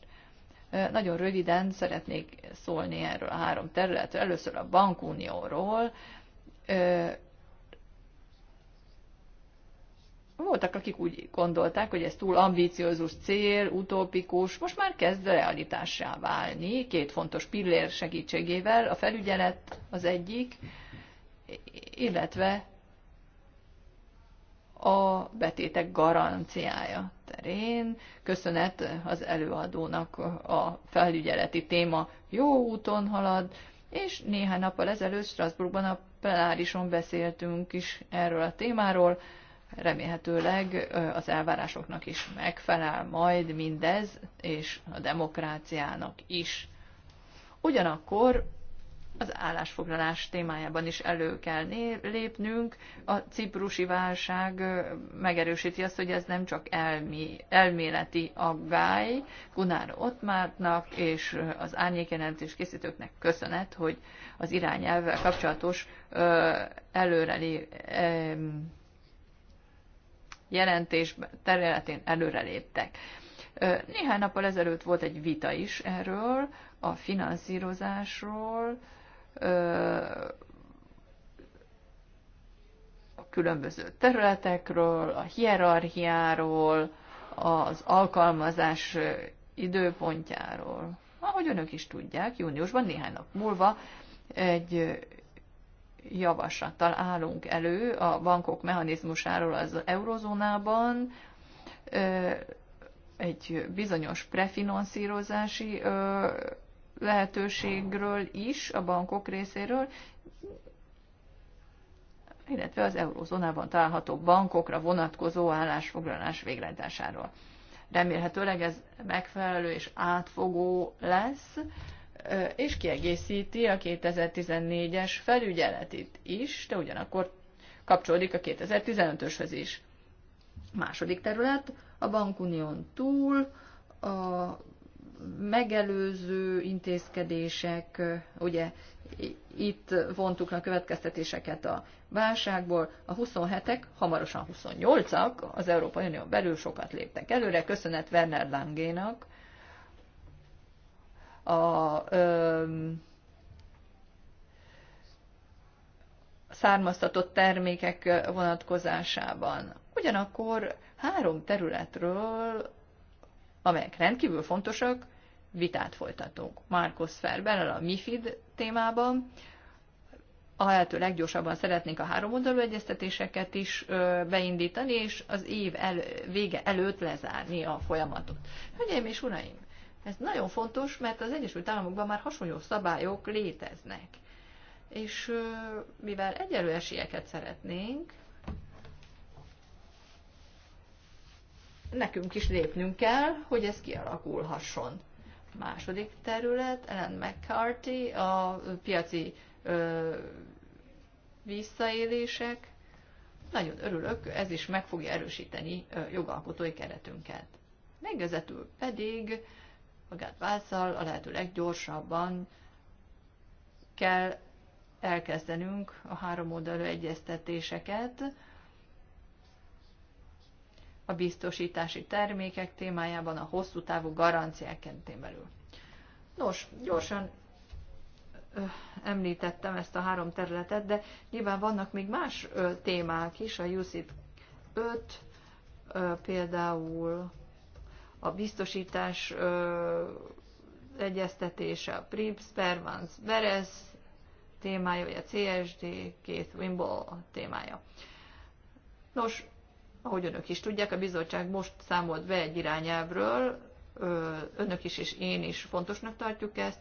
Nagyon röviden szeretnék szólni erről a három területről. Először a bankunióról. Voltak, akik úgy gondolták, hogy ez túl ambíciózus cél, utópikus, most már kezd realitássá válni. Két fontos pillér segítségével, a felügyelet az egyik, illetve a betétek garanciája terén. Köszönet az előadónak a felügyeleti téma jó úton halad, és néhány nappal ezelőtt Strasbourgban a plenárison beszéltünk is erről a témáról. Remélhetőleg az elvárásoknak is megfelel majd mindez, és a demokráciának is. Ugyanakkor az állásfoglalás témájában is elő kell lépnünk. A ciprusi válság megerősíti azt, hogy ez nem csak elmi, elméleti aggály. Gunár Ottmártnak és az árnyékjelentés készítőknek köszönet, hogy az irányelvvel kapcsolatos előreli jelentés területén előreléptek. Néhány nappal ezelőtt volt egy vita is erről, a finanszírozásról, a különböző területekről, a hierarchiáról, az alkalmazás időpontjáról. Ahogy önök is tudják, júniusban néhány nap múlva egy javaslattal állunk elő a bankok mechanizmusáról az eurozónában, egy bizonyos prefinanszírozási lehetőségről is a bankok részéről, illetve az eurózónában található bankokra vonatkozó állásfoglalás végrehajtásáról. Remélhetőleg ez megfelelő és átfogó lesz, és kiegészíti a 2014-es felügyeletit is, de ugyanakkor kapcsolódik a 2015-öshöz is. Második terület, a bankunión túl a megelőző intézkedések, ugye itt vontuk a következtetéseket a válságból, a 27-ek, hamarosan 28-ak az Európai Unió belül sokat léptek előre, köszönet Werner Langénak, a származtatott termékek vonatkozásában. Ugyanakkor három területről amelyek rendkívül fontosak, vitát folytatunk. Markus Ferber a MIFID témában. A lehető leggyorsabban szeretnénk a három oldalú egyeztetéseket is beindítani, és az év el, vége előtt lezárni a folyamatot. Hölgyeim és uraim, ez nagyon fontos, mert az Egyesült Államokban már hasonló szabályok léteznek. És mivel egyelő esélyeket szeretnénk, nekünk is lépnünk kell, hogy ez kialakulhasson. Második terület, Ellen McCarthy, a piaci ö, visszaélések. Nagyon örülök, ez is meg fogja erősíteni ö, jogalkotói keretünket. Megvezetül pedig magát vászal a lehető leggyorsabban kell elkezdenünk a három oldalú egyeztetéseket, a biztosítási termékek témájában, a hosszú távú garanciák kentén belül. Nos, gyorsan ö, említettem ezt a három területet, de nyilván vannak még más ö, témák is, a UCIT 5 ö, például, a biztosítás ö, egyeztetése, a PRIPS, Pervans, Beres témája, vagy a CSD, két Wimble témája. Nos, ahogy önök is tudják, a bizottság most számolt be egy irányelvről, önök is és én is fontosnak tartjuk ezt.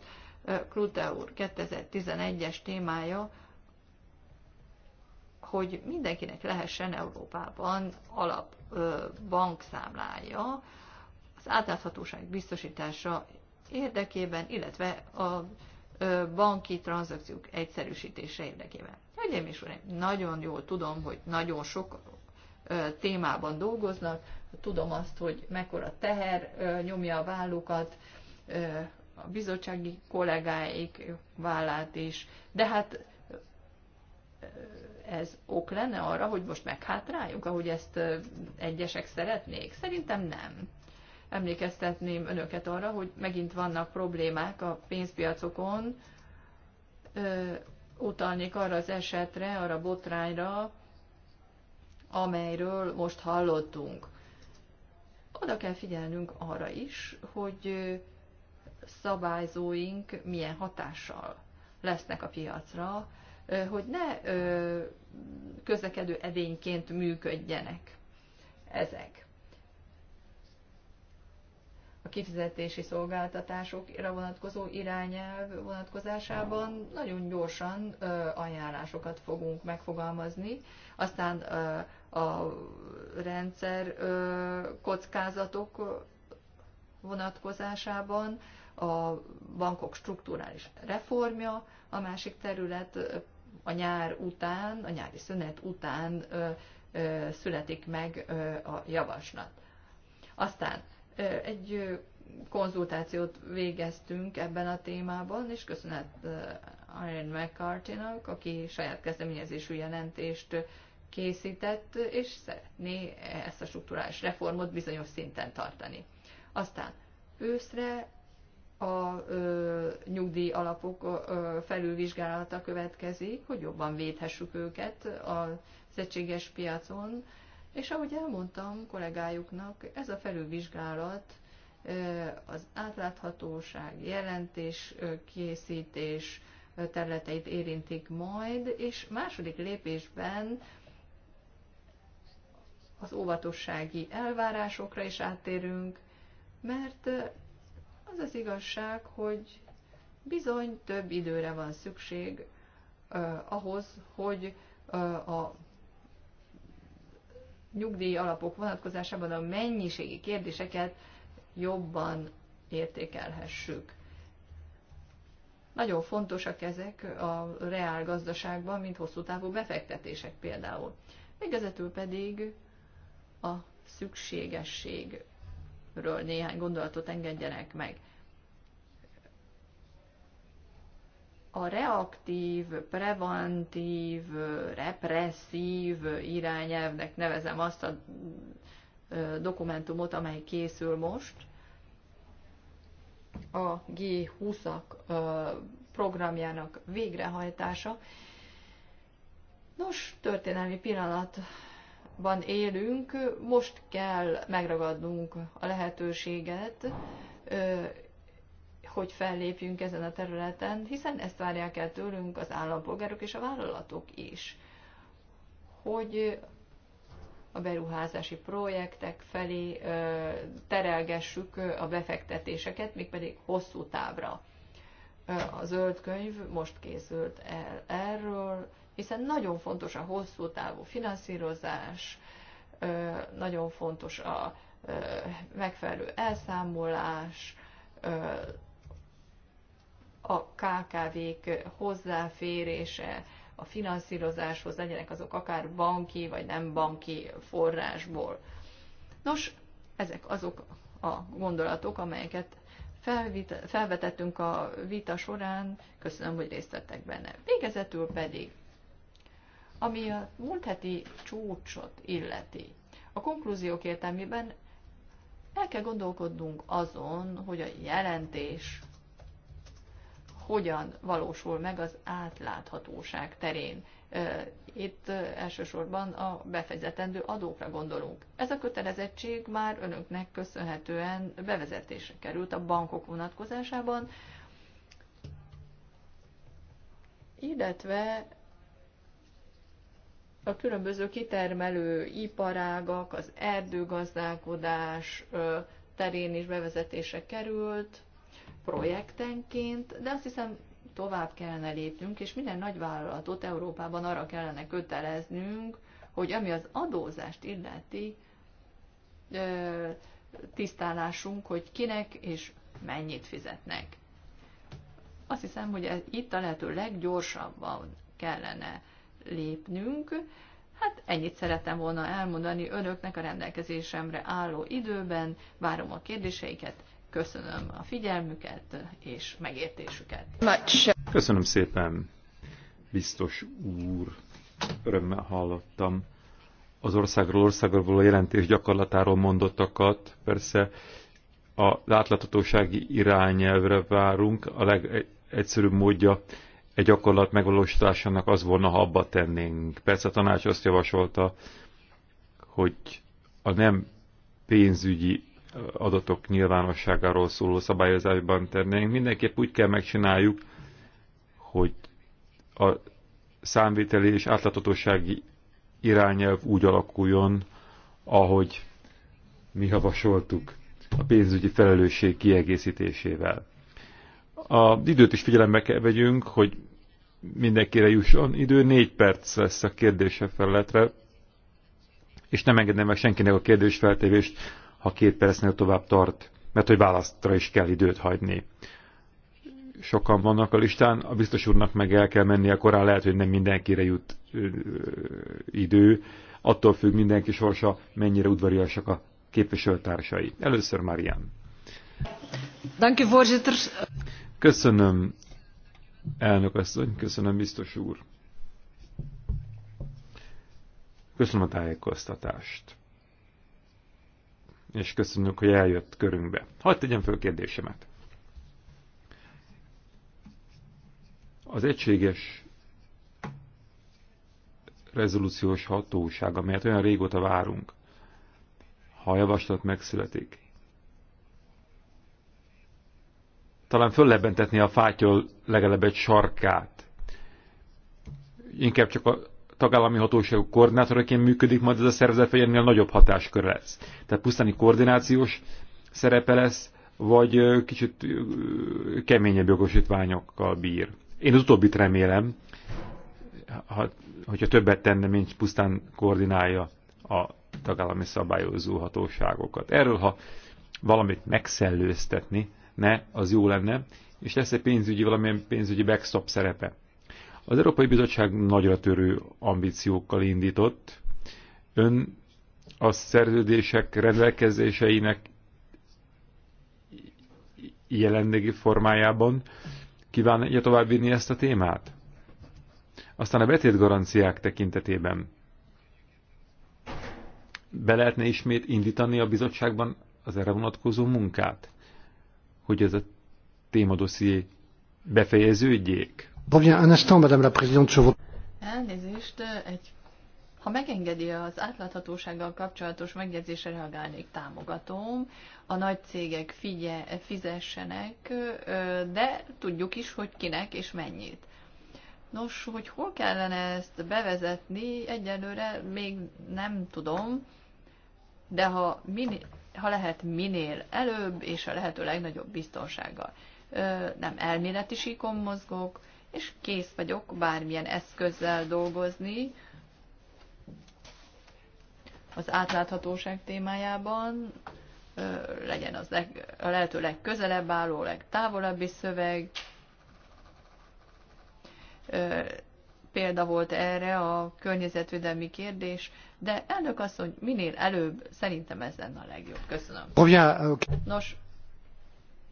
Klute úr 2011-es témája, hogy mindenkinek lehessen Európában alap bankszámlája, az átláthatóság biztosítása érdekében, illetve a banki tranzakciók egyszerűsítése érdekében. Hölgyeim és uraim, nagyon jól tudom, hogy nagyon sok témában dolgoznak. Tudom azt, hogy mekkora teher nyomja a vállukat, a bizottsági kollégáik vállát is, de hát ez ok lenne arra, hogy most meghátráljuk, ahogy ezt egyesek szeretnék? Szerintem nem. Emlékeztetném önöket arra, hogy megint vannak problémák a pénzpiacokon, utalnék arra az esetre, arra botrányra, amelyről most hallottunk. Oda kell figyelnünk arra is, hogy szabályzóink milyen hatással lesznek a piacra, hogy ne közlekedő edényként működjenek ezek. A kifizetési szolgáltatásokra vonatkozó irányelv vonatkozásában nagyon gyorsan ajánlásokat fogunk megfogalmazni, aztán a rendszer kockázatok vonatkozásában, a bankok strukturális reformja, a másik terület a nyár után, a nyári szünet után születik meg a javaslat. Aztán egy konzultációt végeztünk ebben a témában, és köszönet Irene mccarthy aki saját kezdeményezésű jelentést készített, és szeretné ezt a strukturális reformot bizonyos szinten tartani. Aztán őszre a ö, nyugdíj alapok ö, felülvizsgálata következik, hogy jobban védhessük őket a egységes piacon, és ahogy elmondtam kollégájuknak, ez a felülvizsgálat az átláthatóság, jelentés készítés területeit érintik majd, és második lépésben az óvatossági elvárásokra is áttérünk, mert az az igazság, hogy bizony több időre van szükség eh, ahhoz, hogy eh, a nyugdíj alapok vonatkozásában a mennyiségi kérdéseket jobban értékelhessük. Nagyon fontosak ezek a reál gazdaságban, mint hosszú távú befektetések például. Végezetül pedig a szükségességről néhány gondolatot engedjenek meg. A reaktív, preventív, represszív irányelvnek nevezem azt a dokumentumot, amely készül most, a G20-ak programjának végrehajtása. Nos, történelmi pillanat ban élünk, most kell megragadnunk a lehetőséget, hogy fellépjünk ezen a területen, hiszen ezt várják el tőlünk az állampolgárok és a vállalatok is, hogy a beruházási projektek felé terelgessük a befektetéseket, mégpedig hosszú távra. A zöld könyv most készült el erről, hiszen nagyon fontos a hosszú távú finanszírozás, nagyon fontos a megfelelő elszámolás, a KKV-k hozzáférése a finanszírozáshoz, legyenek azok akár banki vagy nem banki forrásból. Nos, ezek azok a gondolatok, amelyeket felvetettünk a vita során. Köszönöm, hogy részt vettek benne. Végezetül pedig ami a múlt heti csúcsot illeti, a konklúziók értelmében el kell gondolkodnunk azon, hogy a jelentés hogyan valósul meg az átláthatóság terén. Itt elsősorban a befejezetendő adókra gondolunk. Ez a kötelezettség már önöknek köszönhetően bevezetésre került a bankok vonatkozásában, illetve a különböző kitermelő iparágak, az erdőgazdálkodás terén is bevezetése került, projektenként, de azt hiszem tovább kellene lépnünk, és minden nagyvállalatot Európában arra kellene köteleznünk, hogy ami az adózást illeti, tisztálásunk, hogy kinek és mennyit fizetnek. Azt hiszem, hogy ez itt a lehető leggyorsabban kellene lépnünk. Hát ennyit szeretem volna elmondani önöknek a rendelkezésemre álló időben. Várom a kérdéseiket, köszönöm a figyelmüket és megértésüket. Köszönöm szépen, biztos úr. Örömmel hallottam az országról országról való jelentés gyakorlatáról mondottakat. Persze a látlathatósági irányelvre várunk, a legegyszerűbb módja egy gyakorlat megvalósításának az volna, ha abba tennénk. Persze a tanács azt javasolta, hogy a nem pénzügyi adatok nyilvánosságáról szóló szabályozásban tennénk. Mindenképp úgy kell megcsináljuk, hogy a számviteli és átláthatósági irányelv úgy alakuljon, ahogy mi javasoltuk a pénzügyi felelősség kiegészítésével. A időt is figyelembe kell vegyünk, hogy mindenkire jusson idő. Négy perc lesz a kérdése felletre, és nem engedem meg senkinek a kérdés ha két percnél tovább tart, mert hogy választra is kell időt hagyni. Sokan vannak a listán, a biztos úrnak meg el kell mennie korán, lehet, hogy nem mindenkire jut idő, attól függ mindenki sorsa, mennyire udvariasak a képviselőtársai. Először Marian. Köszönöm, elnök asszony, köszönöm, biztos úr. Köszönöm a tájékoztatást. És köszönjük, hogy eljött körünkbe. Hadd tegyem föl kérdésemet. Az egységes rezolúciós hatóság, amelyet olyan régóta várunk, ha a javaslat megszületik, talán föllebentetni a fátyol legalább egy sarkát. Inkább csak a tagállami hatóságok koordinátoraként működik, majd ez a szervezet, vagy ennél nagyobb hatáskör lesz. Tehát pusztán koordinációs szerepe lesz, vagy kicsit keményebb jogosítványokkal bír. Én az utóbbit remélem, ha, hogyha többet tenne, mint pusztán koordinálja a tagállami szabályozó hatóságokat. Erről, ha valamit megszellőztetni, ne, az jó lenne, és lesz egy pénzügyi, valamilyen pénzügyi backstop szerepe. Az Európai Bizottság nagyra törő ambíciókkal indított. Ön a szerződések rendelkezéseinek jelenlegi formájában kívánja továbbvinni ezt a témát? Aztán a betétgaranciák tekintetében be lehetne ismét indítani a bizottságban az erre vonatkozó munkát? hogy ez a témadosszié befejeződjék. Elnézést, egy, ha megengedi az átláthatósággal kapcsolatos megjegyzésre reagálnék, támogatom. A nagy cégek figye, fizessenek, de tudjuk is, hogy kinek és mennyit. Nos, hogy hol kellene ezt bevezetni, egyelőre még nem tudom, de ha mini, ha lehet minél előbb, és a lehető legnagyobb biztonsággal. Nem elméleti síkon mozgok, és kész vagyok bármilyen eszközzel dolgozni az átláthatóság témájában, legyen az leg, a lehető legközelebb álló, legtávolabbi szöveg. Példa volt erre a környezetvédelmi kérdés, de elnök asszony, minél előbb szerintem ez lenne a legjobb. Köszönöm. Oh, yeah, okay. Nos,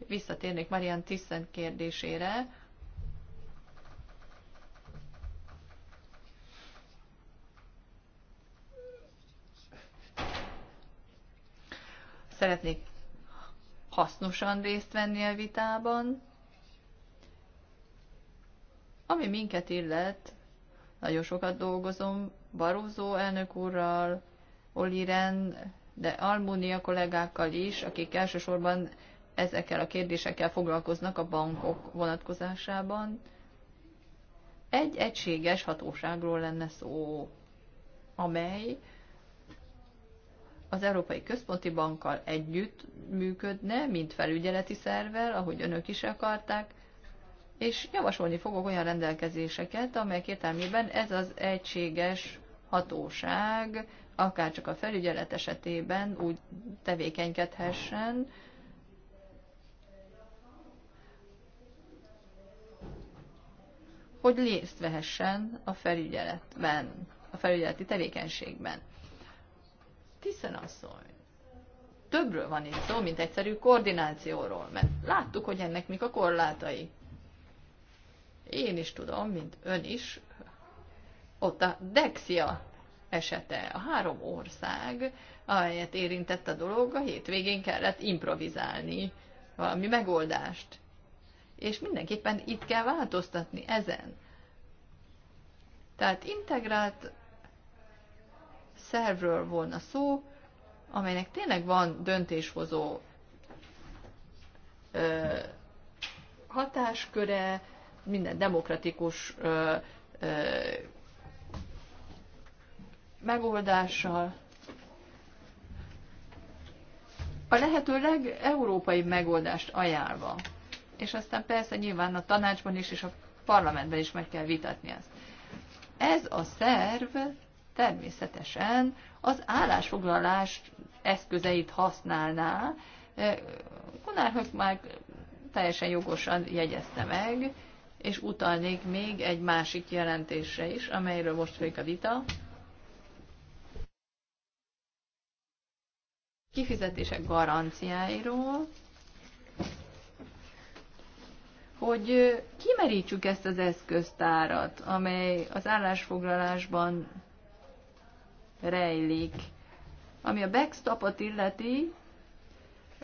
visszatérnék Marian Tiszen kérdésére. Szeretnék hasznosan részt venni a vitában. Ami minket illet, nagyon sokat dolgozom Barózó elnök úrral, Ren, de Almunia kollégákkal is, akik elsősorban ezekkel a kérdésekkel foglalkoznak a bankok vonatkozásában. Egy egységes hatóságról lenne szó, amely az Európai Központi Bankkal együtt működne, mint felügyeleti szervvel, ahogy önök is akarták, és javasolni fogok olyan rendelkezéseket, amelyek értelmében ez az egységes hatóság, akár csak a felügyelet esetében úgy tevékenykedhessen, hogy részt vehessen a felügyeletben, a felügyeleti tevékenységben. Tiszen asszony, többről van itt szó, mint egyszerű koordinációról, mert láttuk, hogy ennek mik a korlátai. Én is tudom, mint ön is, ott a Dexia esete. A három ország, amelyet érintett a dolog, a hétvégén kellett improvizálni valami megoldást. És mindenképpen itt kell változtatni ezen. Tehát integrált szervről volna szó, amelynek tényleg van döntéshozó ö, hatásköre, minden demokratikus ö, ö, megoldással. A lehető európai megoldást ajánlva. És aztán persze nyilván a tanácsban is és a parlamentben is meg kell vitatni ezt. Ez a szerv természetesen az állásfoglalás eszközeit használná. E, Gunnar már teljesen jogosan jegyezte meg, és utalnék még egy másik jelentésre is, amelyről most folyik a vita, kifizetések garanciáiról, hogy kimerítsük ezt az eszköztárat, amely az állásfoglalásban rejlik. Ami a backstopot illeti,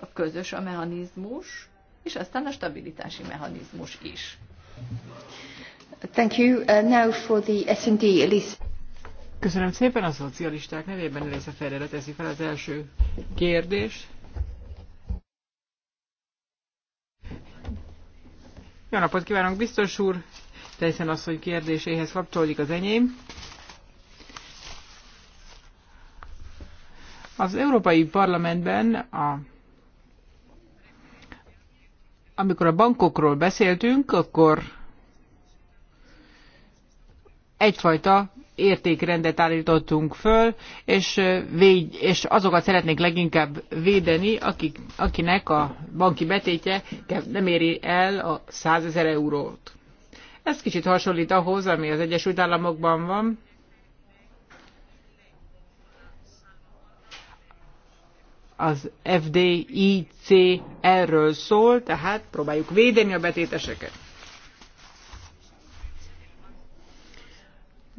a közös a mechanizmus, és aztán a stabilitási mechanizmus is. Thank you. Uh, now for the S&D, Elise. Köszönöm szépen a szocialisták nevében, Elisa Ferreira teszi fel az első kérdést. Jó napot kívánok, biztos úr! az, hogy kérdéséhez kapcsolódik az enyém. Az Európai Parlamentben a amikor a bankokról beszéltünk, akkor egyfajta értékrendet állítottunk föl, és, véd, és azokat szeretnék leginkább védeni, akik, akinek a banki betétje nem éri el a 100 ezer eurót. Ez kicsit hasonlít ahhoz, ami az Egyesült Államokban van. Az FDIC erről szól, tehát próbáljuk védeni a betéteseket.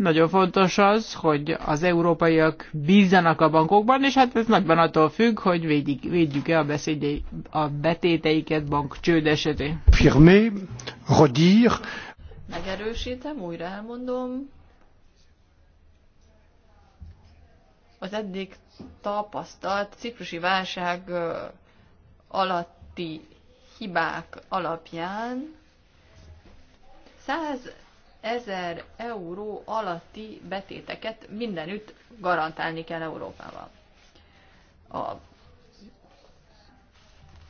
Nagyon fontos az, hogy az európaiak bízzanak a bankokban, és hát ez nagyban attól függ, hogy védjük, védjük e a, beszédjei, a betéteiket bank csőd esetén. Firmé, redire. Megerősítem, újra elmondom. Az eddig tapasztalt ciprusi válság alatti hibák alapján 100 ezer euró alatti betéteket mindenütt garantálni kell Európában. A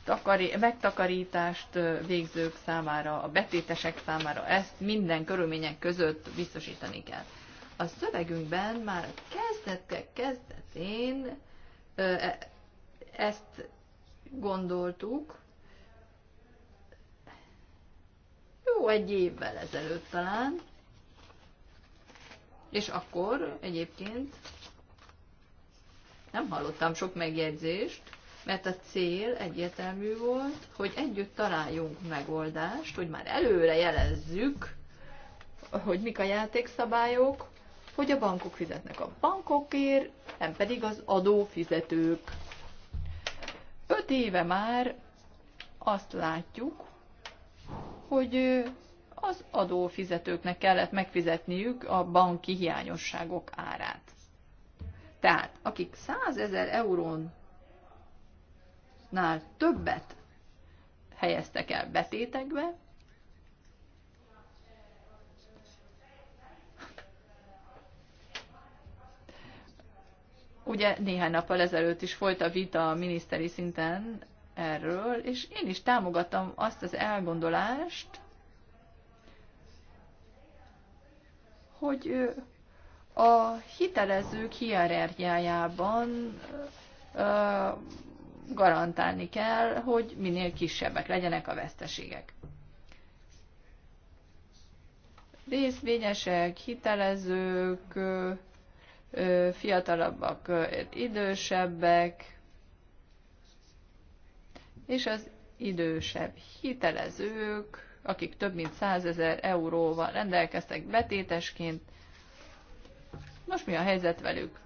takari, megtakarítást végzők számára, a betétesek számára ezt minden körülmények között biztosítani kell. A szövegünkben már a kezdetek kezdetén e, ezt gondoltuk, jó egy évvel ezelőtt talán, és akkor egyébként nem hallottam sok megjegyzést, mert a cél egyértelmű volt, hogy együtt találjunk megoldást, hogy már előre jelezzük, hogy mik a játékszabályok, hogy a bankok fizetnek a bankokért, nem pedig az adófizetők. Öt éve már azt látjuk, hogy az adófizetőknek kellett megfizetniük a banki hiányosságok árát. Tehát, akik 100 ezer eurónál többet helyeztek el betétekbe, Ugye néhány nappal ezelőtt is folyt a vita a miniszteri szinten erről, és én is támogatom azt az elgondolást, hogy a hitelezők hierarchiájában garantálni kell, hogy minél kisebbek legyenek a veszteségek. Részvényesek, hitelezők, fiatalabbak, idősebbek, és az idősebb hitelezők, akik több mint 100 ezer euróval rendelkeztek betétesként. Most mi a helyzet velük?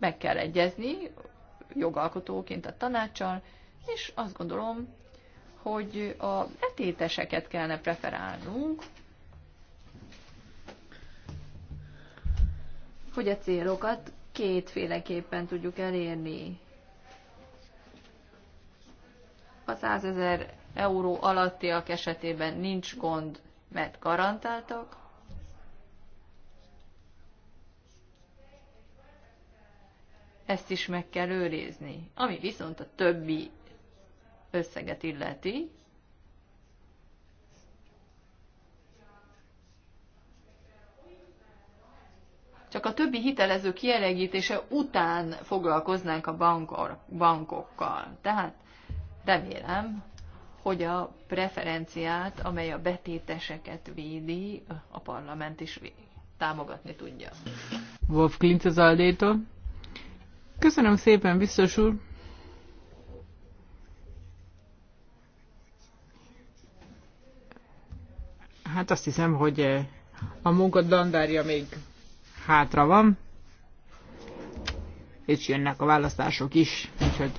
Meg kell egyezni jogalkotóként a tanácssal, és azt gondolom, hogy a betéteseket kellene preferálnunk, hogy a célokat kétféleképpen tudjuk elérni a 100 ezer euró alattiak esetében nincs gond, mert garantáltak. Ezt is meg kell őrizni. Ami viszont a többi összeget illeti, csak a többi hitelező kielégítése után foglalkoznánk a bankor, bankokkal. Tehát Remélem, hogy a preferenciát, amely a betéteseket védi, a parlament is támogatni tudja. Wolf Klintz az Aldétól. Köszönöm szépen, biztos úr. Hát azt hiszem, hogy eh, a munka dandárja még hátra van, és jönnek a választások is, úgyhogy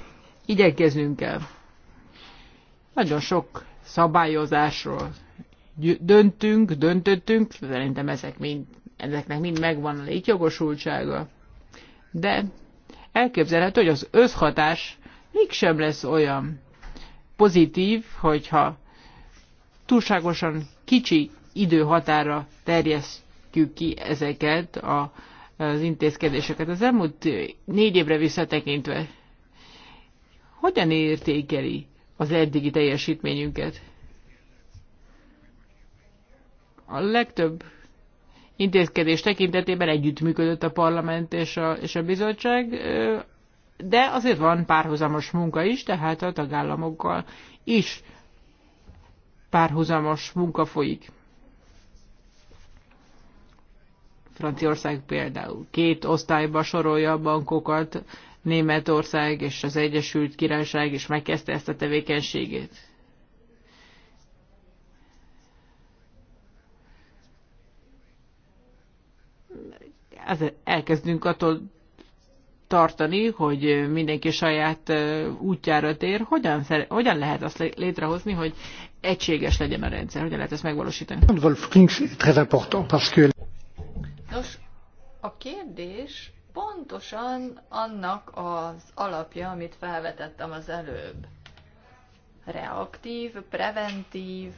igyekezünk kell. Nagyon sok szabályozásról döntünk, döntöttünk, szerintem ezek mind, ezeknek mind megvan a létjogosultsága, De elképzelhető, hogy az összhatás mégsem lesz olyan pozitív, hogyha túlságosan kicsi időhatára terjesztjük ki ezeket a, az intézkedéseket. Az elmúlt négy évre visszatekintve hogyan értékeli az eddigi teljesítményünket. A legtöbb intézkedés tekintetében együttműködött a parlament és a, és a bizottság, de azért van párhuzamos munka is, tehát a tagállamokkal is párhuzamos munka folyik. Franciaország például két osztályba sorolja a bankokat, Németország és az Egyesült Királyság is megkezdte ezt a tevékenységét. Elkezdünk attól tartani, hogy mindenki saját útjára tér. Hogyan, hogyan lehet azt létrehozni, hogy egységes legyen a rendszer? Hogyan lehet ezt megvalósítani? Nos, a kérdés pontosan annak az alapja, amit felvetettem az előbb. Reaktív, preventív,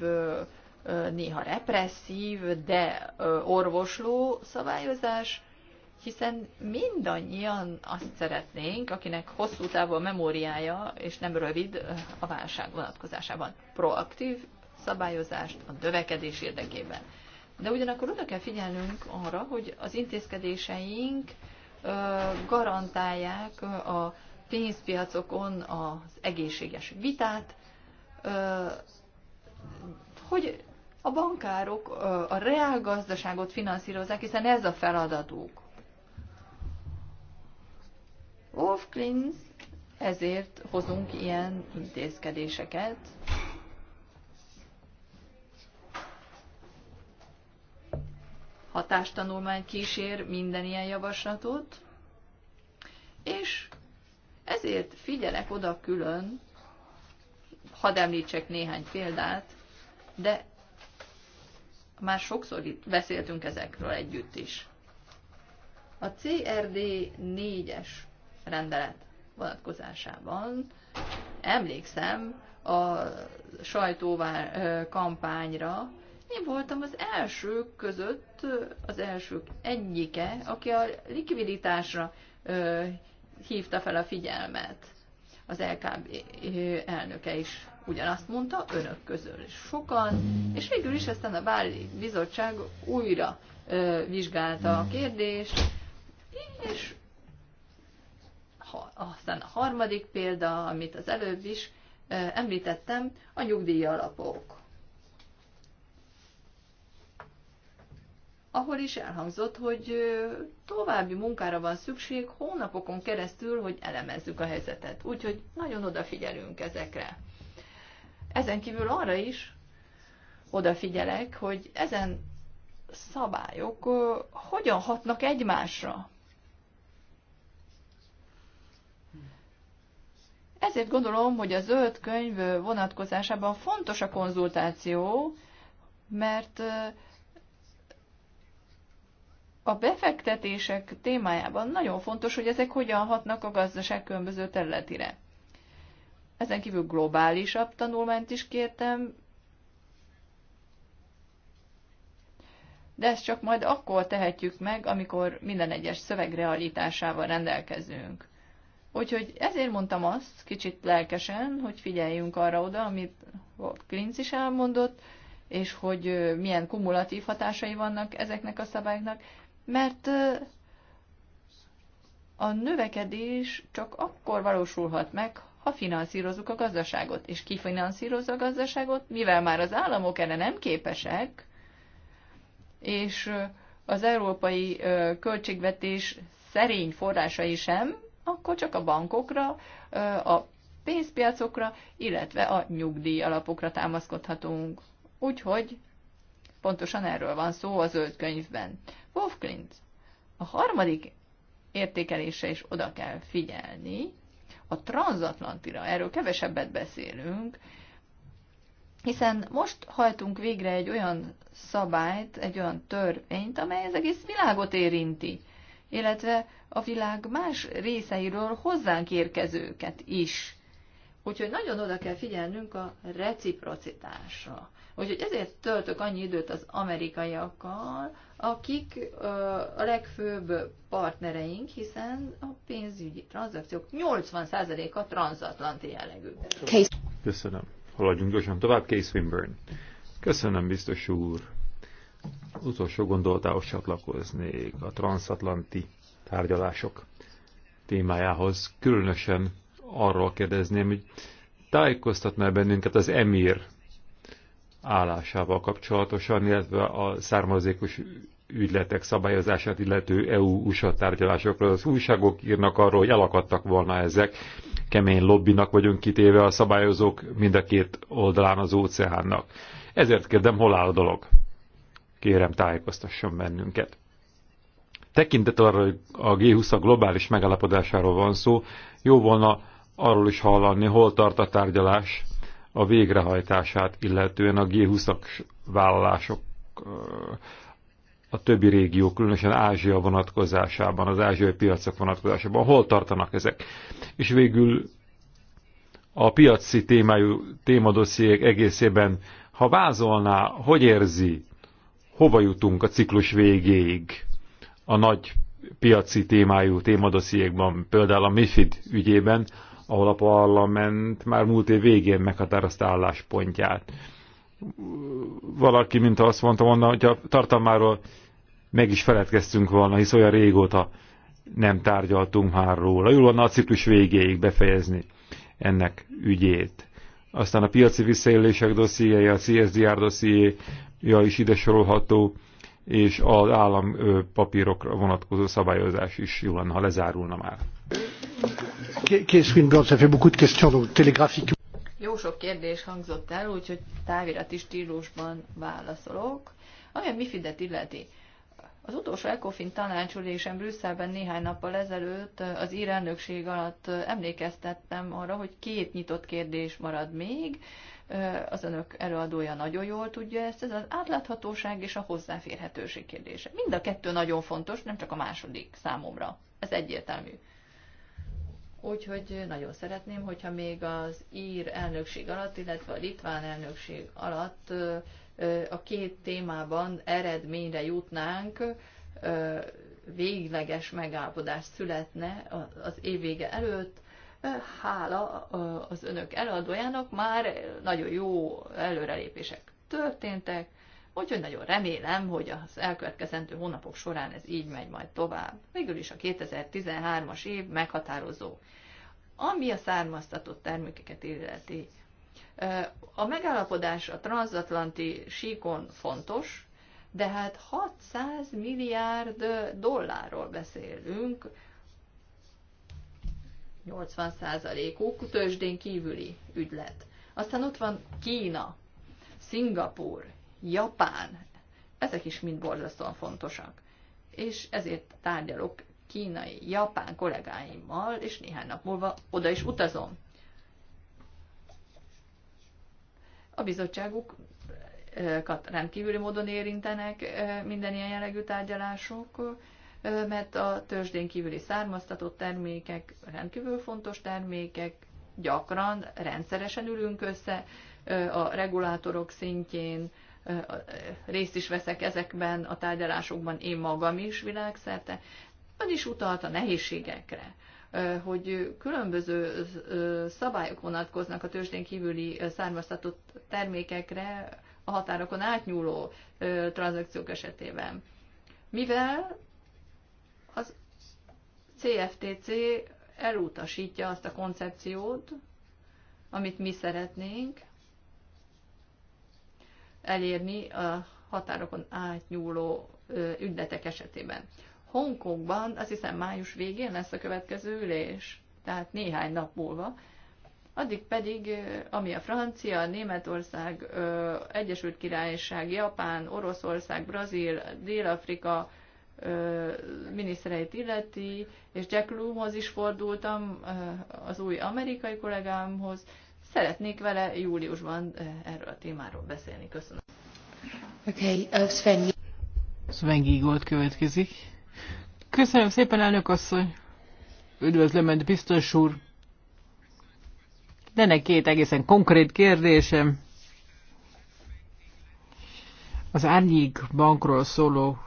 néha represszív, de orvosló szabályozás, hiszen mindannyian azt szeretnénk, akinek hosszú távú memóriája, és nem rövid a válság vonatkozásában, proaktív szabályozást a növekedés érdekében. De ugyanakkor oda kell figyelnünk arra, hogy az intézkedéseink garantálják a pénzpiacokon az egészséges vitát, hogy a bankárok a reál gazdaságot finanszírozzák, hiszen ez a feladatuk. Wolf Klins, ezért hozunk ilyen intézkedéseket. Hatástanulmány kísér minden ilyen javaslatot. És ezért figyelek oda külön, hadd említsek néhány példát, de már sokszor itt beszéltünk ezekről együtt is. A CRD 4-es rendelet vonatkozásában emlékszem a sajtóvár kampányra, én voltam az elsők között, az elsők egyike, aki a likviditásra hívta fel a figyelmet. Az LKB elnöke is ugyanazt mondta, önök közül is sokan, és végül is aztán a Báli Bizottság újra ö, vizsgálta a kérdést, és ha, aztán a harmadik példa, amit az előbb is ö, említettem, a nyugdíj alapok. ahol is elhangzott, hogy további munkára van szükség hónapokon keresztül, hogy elemezzük a helyzetet. Úgyhogy nagyon odafigyelünk ezekre. Ezen kívül arra is odafigyelek, hogy ezen szabályok hogyan hatnak egymásra. Ezért gondolom, hogy a zöld könyv vonatkozásában fontos a konzultáció, mert a befektetések témájában nagyon fontos, hogy ezek hogyan hatnak a gazdaság különböző területére. Ezen kívül globálisabb tanulmányt is kértem, de ezt csak majd akkor tehetjük meg, amikor minden egyes szöveg realitásával rendelkezünk. Úgyhogy ezért mondtam azt, kicsit lelkesen, hogy figyeljünk arra oda, amit Klinc is elmondott, és hogy milyen kumulatív hatásai vannak ezeknek a szabályoknak, mert a növekedés csak akkor valósulhat meg, ha finanszírozzuk a gazdaságot. És ki finanszírozza a gazdaságot? Mivel már az államok erre nem képesek, és az európai költségvetés szerény forrásai sem, akkor csak a bankokra, a pénzpiacokra, illetve a nyugdíj alapokra támaszkodhatunk. Úgyhogy pontosan erről van szó az zöld könyvben. Wolf A harmadik értékelése is oda kell figyelni, a transatlantira, erről kevesebbet beszélünk, hiszen most hajtunk végre egy olyan szabályt, egy olyan törvényt, amely az egész világot érinti, illetve a világ más részeiről hozzánk érkezőket is. Úgyhogy nagyon oda kell figyelnünk a reciprocitásra. Úgyhogy ezért töltök annyi időt az amerikaiakkal, akik a legfőbb partnereink, hiszen a pénzügyi tranzakciók 80%-a transatlanti jellegű. Köszönöm. Haladjunk gyorsan tovább, Case Swinburne. Köszönöm, biztos úr. Utolsó gondolatához csatlakoznék a transatlanti tárgyalások témájához. Különösen arról kérdezném, hogy tájékoztatná bennünket az emír állásával kapcsolatosan, illetve a származékos ügyletek szabályozását illető EU-USA tárgyalásokról. Az újságok írnak arról, hogy elakadtak volna ezek. Kemény lobbinak vagyunk kitéve a szabályozók mind a két oldalán az óceánnak. Ezért kérdem, hol áll a dolog? Kérem, tájékoztasson bennünket. Tekintet arra, hogy a G20 globális megállapodásáról van szó, jó volna arról is hallani, hol tart a tárgyalás, a végrehajtását illetően a g 20 vállalások a többi régió, különösen Ázsia vonatkozásában, az ázsiai piacok vonatkozásában, hol tartanak ezek. És végül a piaci témájú témadossziék egészében, ha vázolná, hogy érzi, hova jutunk a ciklus végéig a nagy piaci témájú témadossziékban, például a MIFID ügyében, ahol a parlament már múlt év végén meghatározta álláspontját. Valaki, mint azt mondta volna, hogy a tartalmáról meg is feledkeztünk volna, hisz olyan régóta nem tárgyaltunk már róla. Jól van a ciklus végéig befejezni ennek ügyét. Aztán a piaci visszaélések dossziéje, a CSDR dossziéja is ide sorolható és az állampapírokra vonatkozó szabályozás is jó lenne, ha lezárulna már. Jó sok kérdés hangzott el, úgyhogy távirati stílusban válaszolok. Ami a Mifidet illeti, az utolsó ECOFIN tanácsülésen Brüsszelben néhány nappal ezelőtt az ír elnökség alatt emlékeztettem arra, hogy két nyitott kérdés marad még az önök előadója nagyon jól tudja ezt, ez az átláthatóság és a hozzáférhetőség kérdése. Mind a kettő nagyon fontos, nem csak a második számomra. Ez egyértelmű. Úgyhogy nagyon szeretném, hogyha még az ír elnökség alatt, illetve a litván elnökség alatt a két témában eredményre jutnánk, végleges megállapodás születne az évvége előtt, hála az önök előadójának már nagyon jó előrelépések történtek, úgyhogy nagyon remélem, hogy az elkövetkezendő hónapok során ez így megy majd tovább. Végül is a 2013-as év meghatározó. Ami a származtatott termékeket illeti, a megállapodás a transatlanti síkon fontos, de hát 600 milliárd dollárról beszélünk, 80%-uk tőzsdén kívüli ügylet. Aztán ott van Kína, Szingapur, Japán, ezek is mind borzasztóan fontosak. És ezért tárgyalok kínai, japán kollégáimmal, és néhány nap múlva oda is utazom. A bizottságukat eh, rendkívüli módon érintenek eh, minden ilyen jellegű tárgyalások, mert a törzsdén kívüli származtatott termékek rendkívül fontos termékek, gyakran, rendszeresen ülünk össze a regulátorok szintjén, részt is veszek ezekben a tárgyalásokban, én magam is világszerte, az is utalt a nehézségekre hogy különböző szabályok vonatkoznak a tőzsdén kívüli származtatott termékekre a határokon átnyúló tranzakciók esetében. Mivel az CFTC elutasítja azt a koncepciót, amit mi szeretnénk elérni a határokon átnyúló ügyletek esetében. Hongkongban azt hiszem május végén lesz a következő ülés, tehát néhány nap múlva, addig pedig, ami a francia, Németország, Egyesült Királyság, Japán, Oroszország, Brazil, Dél-Afrika, minisztereit illeti, és Jack Lumhoz is fordultam, az új amerikai kollégámhoz. Szeretnék vele júliusban erről a témáról beszélni. Köszönöm. Oké, okay, uh, Sven. Sven következik. Köszönöm szépen, elnök asszony. Üdvözlöm, mert biztos úr. Lenne két egészen konkrét kérdésem. Az árnyék bankról szóló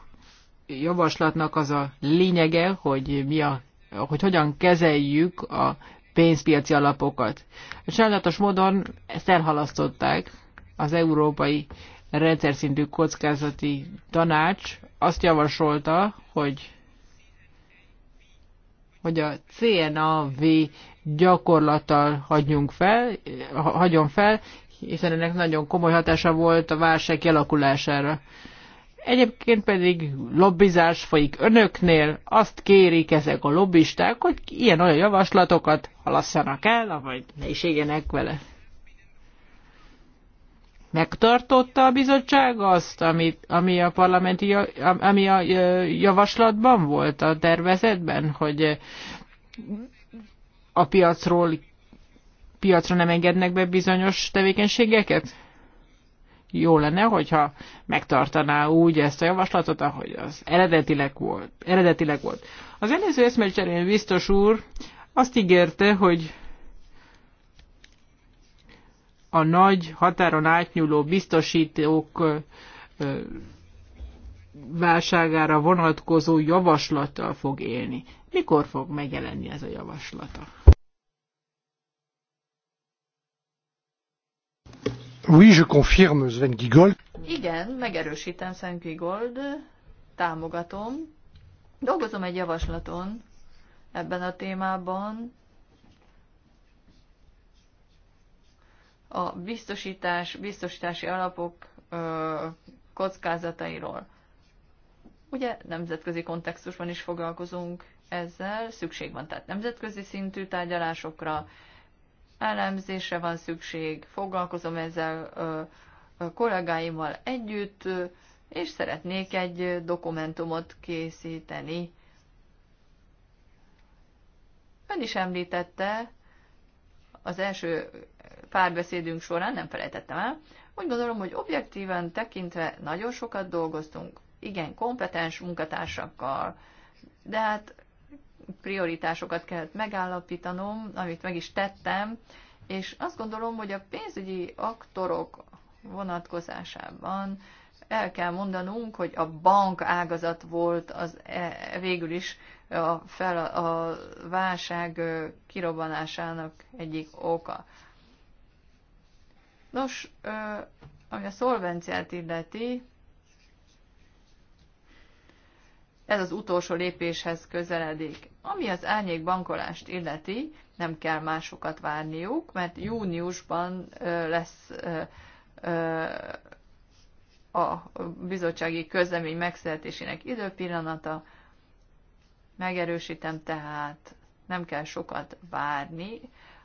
javaslatnak az a lényege, hogy, mi a, hogy hogyan kezeljük a pénzpiaci alapokat. Sajnálatos módon ezt elhalasztották az Európai Rendszer szintű kockázati tanács. Azt javasolta, hogy, hogy a CNAV gyakorlattal hagyjunk fel, hagyjon fel, hiszen ennek nagyon komoly hatása volt a válság kialakulására. Egyébként pedig lobbizás folyik önöknél, azt kérik ezek a lobbisták, hogy ilyen-olyan javaslatokat halasszanak el, vagy ne is égjenek vele. Megtartotta a bizottság azt, ami, ami a parlamenti ami a javaslatban volt a tervezetben, hogy a piacról piacra nem engednek be bizonyos tevékenységeket? jó lenne, hogyha megtartaná úgy ezt a javaslatot, ahogy az eredetileg volt. Eredetileg volt. Az előző eszmecserén biztos úr azt ígérte, hogy a nagy határon átnyúló biztosítók válságára vonatkozó javaslattal fog élni. Mikor fog megjelenni ez a javaslata? Oui, je confirme Sven Giegold. Igen, megerősítem Sven Giegold, támogatom. Dolgozom egy javaslaton ebben a témában. A biztosítás, biztosítási alapok ö, kockázatairól. Ugye nemzetközi kontextusban is foglalkozunk ezzel, szükség van tehát nemzetközi szintű tárgyalásokra, elemzésre van szükség, foglalkozom ezzel ö, kollégáimmal együtt, és szeretnék egy dokumentumot készíteni. Ön is említette az első párbeszédünk során, nem felejtettem el, úgy gondolom, hogy objektíven tekintve nagyon sokat dolgoztunk, igen, kompetens munkatársakkal, de hát prioritásokat kellett megállapítanom, amit meg is tettem, és azt gondolom, hogy a pénzügyi aktorok vonatkozásában el kell mondanunk, hogy a bank ágazat volt az e, végül is a, fel, a válság kirobbanásának egyik oka. Nos, ami a szolvenciát illeti, ez az utolsó lépéshez közeledik. Ami az árnyék bankolást illeti, nem kell másokat várniuk, mert júniusban lesz a bizottsági közlemény megszületésének időpillanata. Megerősítem tehát, nem kell sokat várni.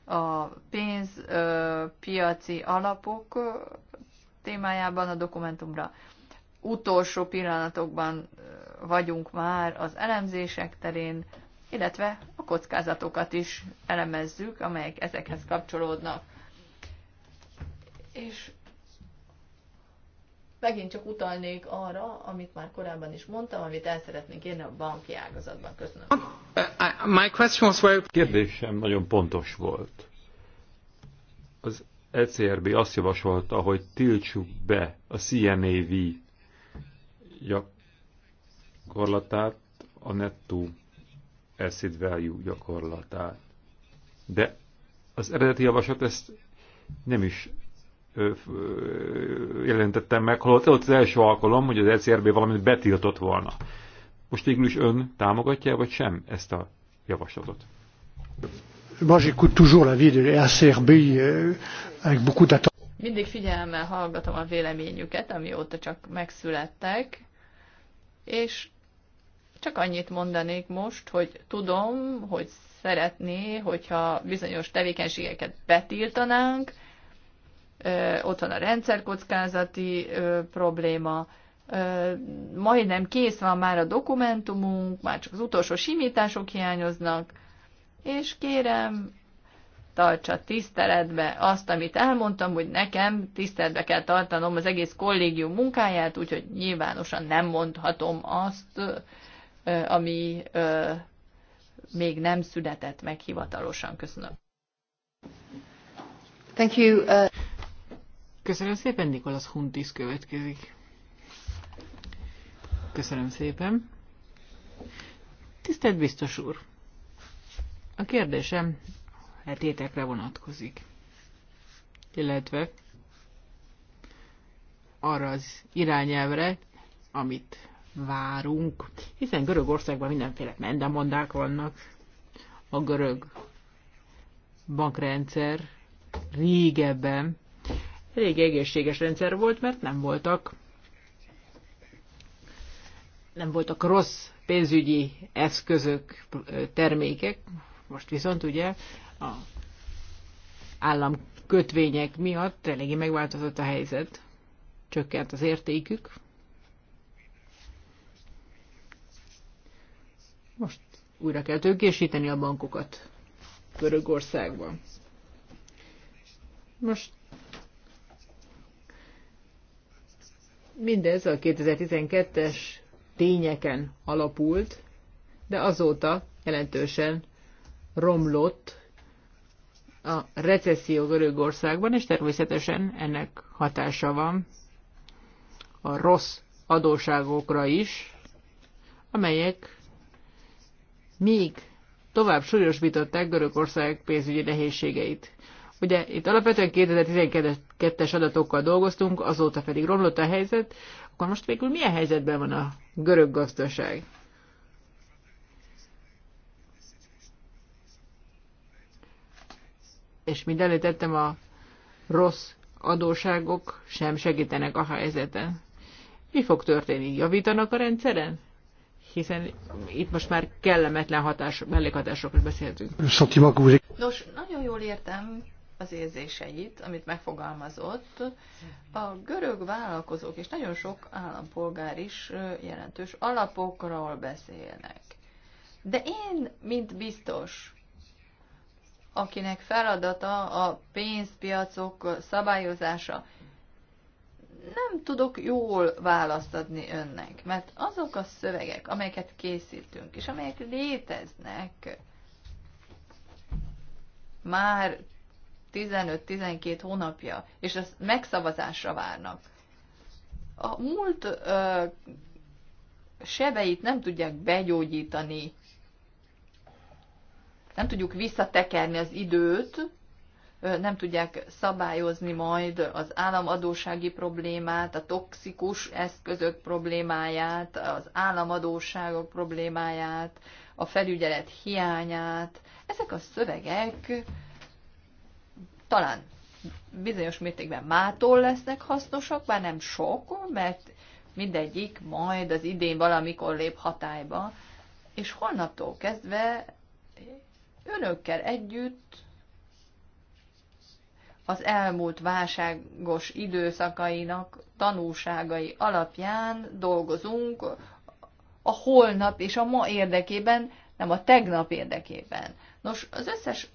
A pénzpiaci alapok témájában a dokumentumra utolsó pillanatokban vagyunk már az elemzések terén, illetve a kockázatokat is elemezzük, amelyek ezekhez kapcsolódnak. És megint csak utalnék arra, amit már korábban is mondtam, amit el szeretnénk érni a banki ágazatban. Köszönöm. Um, uh, my question was very... Kérdésem nagyon pontos volt. Az ECRB azt javasolta, hogy tiltsuk be a CNAV gyakorlatát a nettó acid value gyakorlatát. De az eredeti javaslat ezt nem is jelentettem meg, holott ott az első alkalom, hogy az ECRB valamit betiltott volna. Most végül is ön támogatja, vagy sem ezt a javaslatot? Moi, toujours e euh, avec beaucoup Mindig figyelemmel hallgatom a véleményüket, amióta csak megszülettek, és csak annyit mondanék most, hogy tudom, hogy szeretné, hogyha bizonyos tevékenységeket betiltanánk, ott van a rendszerkockázati probléma, majdnem kész van már a dokumentumunk, már csak az utolsó simítások hiányoznak, és kérem, tartsa tiszteletbe azt, amit elmondtam, hogy nekem tiszteletbe kell tartanom az egész kollégium munkáját, úgyhogy nyilvánosan nem mondhatom azt, ami még nem született meg hivatalosan. Köszönöm. Thank you. Uh... Köszönöm szépen, Nikolas Huntis következik. Köszönöm szépen. Tisztelt biztos úr! A kérdésem hetétekre vonatkozik. Illetve arra az irányelvre, amit várunk, hiszen Görögországban mindenféle mendemondák vannak. A görög bankrendszer régebben elég egészséges rendszer volt, mert nem voltak nem voltak rossz pénzügyi eszközök, termékek. Most viszont ugye a állam kötvények miatt eléggé megváltozott a helyzet, csökkent az értékük. Most újra kell tőkésíteni a bankokat Görögországban. Most mindez a 2012-es tényeken alapult, de azóta jelentősen romlott a recesszió Görögországban, és természetesen ennek hatása van a rossz adóságokra is, amelyek még tovább súlyosbították Görögország pénzügyi nehézségeit. Ugye itt alapvetően 2012-es adatokkal dolgoztunk, azóta pedig romlott a helyzet, akkor most végül milyen helyzetben van a görög gazdaság? És mint előtettem, a rossz adóságok sem segítenek a helyzeten. Mi fog történni? Javítanak a rendszeren? hiszen itt most már kellemetlen hatás, mellékhatásokról beszéltünk. Nos, nagyon jól értem az érzéseit, amit megfogalmazott. A görög vállalkozók és nagyon sok állampolgár is jelentős alapokról beszélnek. De én, mint biztos, akinek feladata a pénzpiacok szabályozása, nem tudok jól választ adni önnek, mert azok a szövegek, amelyeket készítünk, és amelyek léteznek már 15-12 hónapja, és ezt megszavazásra várnak. A múlt ö, sebeit nem tudják begyógyítani, nem tudjuk visszatekerni az időt, nem tudják szabályozni majd az államadósági problémát, a toxikus eszközök problémáját, az államadóságok problémáját, a felügyelet hiányát. Ezek a szövegek talán bizonyos mértékben mától lesznek hasznosak, bár nem sok, mert mindegyik majd az idén valamikor lép hatályba, és holnaptól kezdve önökkel együtt az elmúlt válságos időszakainak tanulságai alapján dolgozunk a holnap és a ma érdekében, nem a tegnap érdekében. Nos, az összes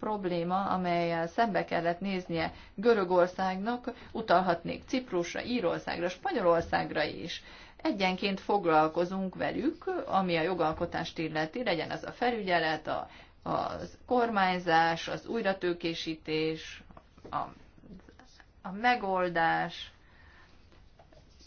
probléma, amelyel szembe kellett néznie Görögországnak, utalhatnék Ciprusra, Írországra, Spanyolországra is. Egyenként foglalkozunk velük, ami a jogalkotást illeti, legyen az a felügyelet, a, a kormányzás, az újratőkésítés, a, a megoldás,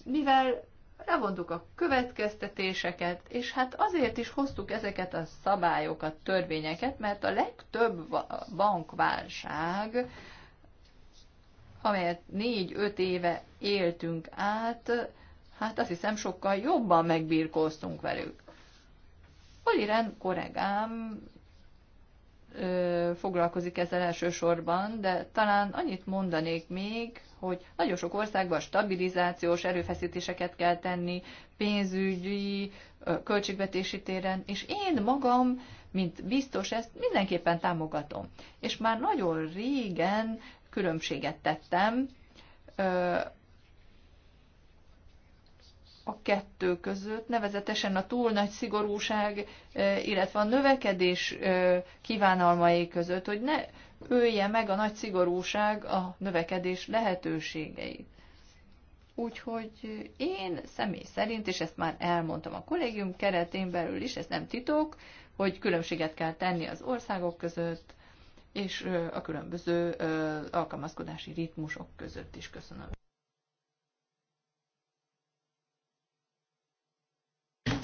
mivel levontuk a következtetéseket, és hát azért is hoztuk ezeket a szabályokat, törvényeket, mert a legtöbb bankválság, amelyet négy-öt éve éltünk át, hát azt hiszem sokkal jobban megbírkoztunk velük. Oliren kollégám foglalkozik ezzel elsősorban, de talán annyit mondanék még, hogy nagyon sok országban stabilizációs erőfeszítéseket kell tenni, pénzügyi, költségvetési téren, és én magam, mint biztos, ezt mindenképpen támogatom. És már nagyon régen különbséget tettem a kettő között, nevezetesen a túl nagy szigorúság, e, illetve a növekedés e, kívánalmai között, hogy ne ölje meg a nagy szigorúság a növekedés lehetőségeit. Úgyhogy én személy szerint, és ezt már elmondtam a kollégium keretén belül is, ez nem titok, hogy különbséget kell tenni az országok között, és e, a különböző alkalmazkodási ritmusok között is. Köszönöm.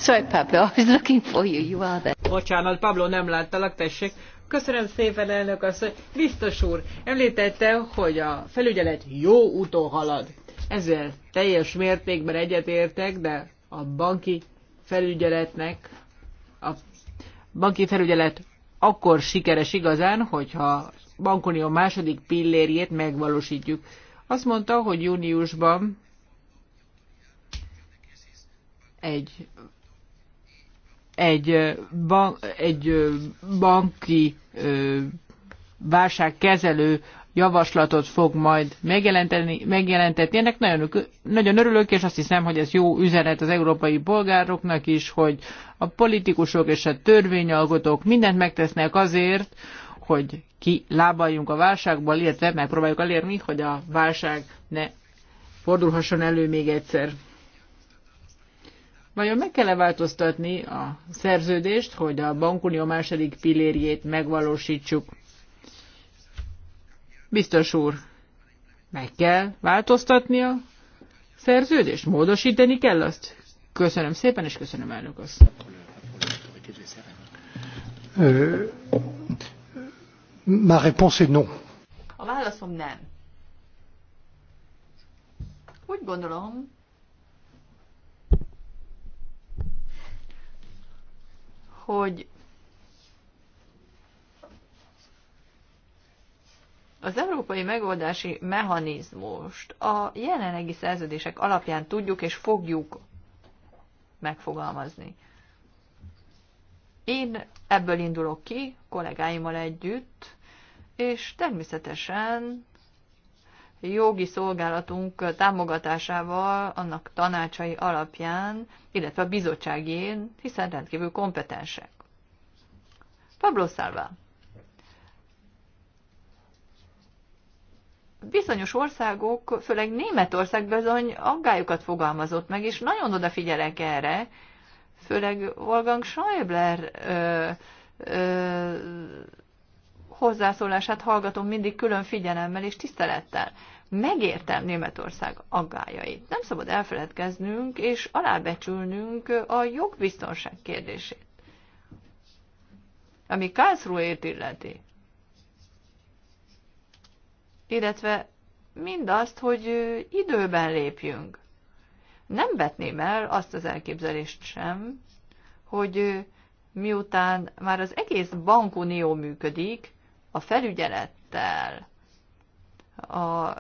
Sorry, Pablo, I was looking for you, you are there. Bocsánat, Pablo, nem láttalak, tessék. Köszönöm szépen, elnök asszony. Biztos úr, említette, hogy a felügyelet jó úton halad. Ezzel teljes mértékben egyetértek, de a banki felügyeletnek, a banki felügyelet akkor sikeres igazán, hogyha bankunió második pillérjét megvalósítjuk. Azt mondta, hogy júniusban egy egy, bank, egy banki válságkezelő javaslatot fog majd megjelenteni, megjelentetni. Ennek nagyon, nagyon örülök, és azt hiszem, hogy ez jó üzenet az európai polgároknak is, hogy a politikusok és a törvényalkotók mindent megtesznek azért, hogy ki lábaljunk a válságból, illetve megpróbáljuk elérni, hogy a válság ne fordulhasson elő még egyszer. Vajon meg kell-e változtatni a szerződést, hogy a bankunió második pillérjét megvalósítsuk? Biztos úr, meg kell változtatni a szerződést? Módosítani kell azt? Köszönöm szépen, és köszönöm elnök azt. Ma réponse non. A válaszom nem. Úgy gondolom, hogy az európai megoldási mechanizmust a jelenlegi szerződések alapján tudjuk és fogjuk megfogalmazni. Én ebből indulok ki kollégáimmal együtt, és természetesen jogi szolgálatunk támogatásával, annak tanácsai alapján, illetve a bizottságén, hiszen rendkívül kompetensek. Pablo Szálvá. Bizonyos országok, főleg Németország bizony aggályokat fogalmazott meg, és nagyon odafigyelek erre, főleg Wolfgang Schäuble ö, ö, hozzászólását hallgatom mindig külön figyelemmel és tisztelettel. Megértem Németország aggájait. Nem szabad elfeledkeznünk és alábecsülnünk a jogbiztonság kérdését. Ami Karlsruhe-ét illeti. Illetve mindazt, hogy időben lépjünk. Nem vetném el azt az elképzelést sem, hogy miután már az egész bankunió működik, a felügyelettel, a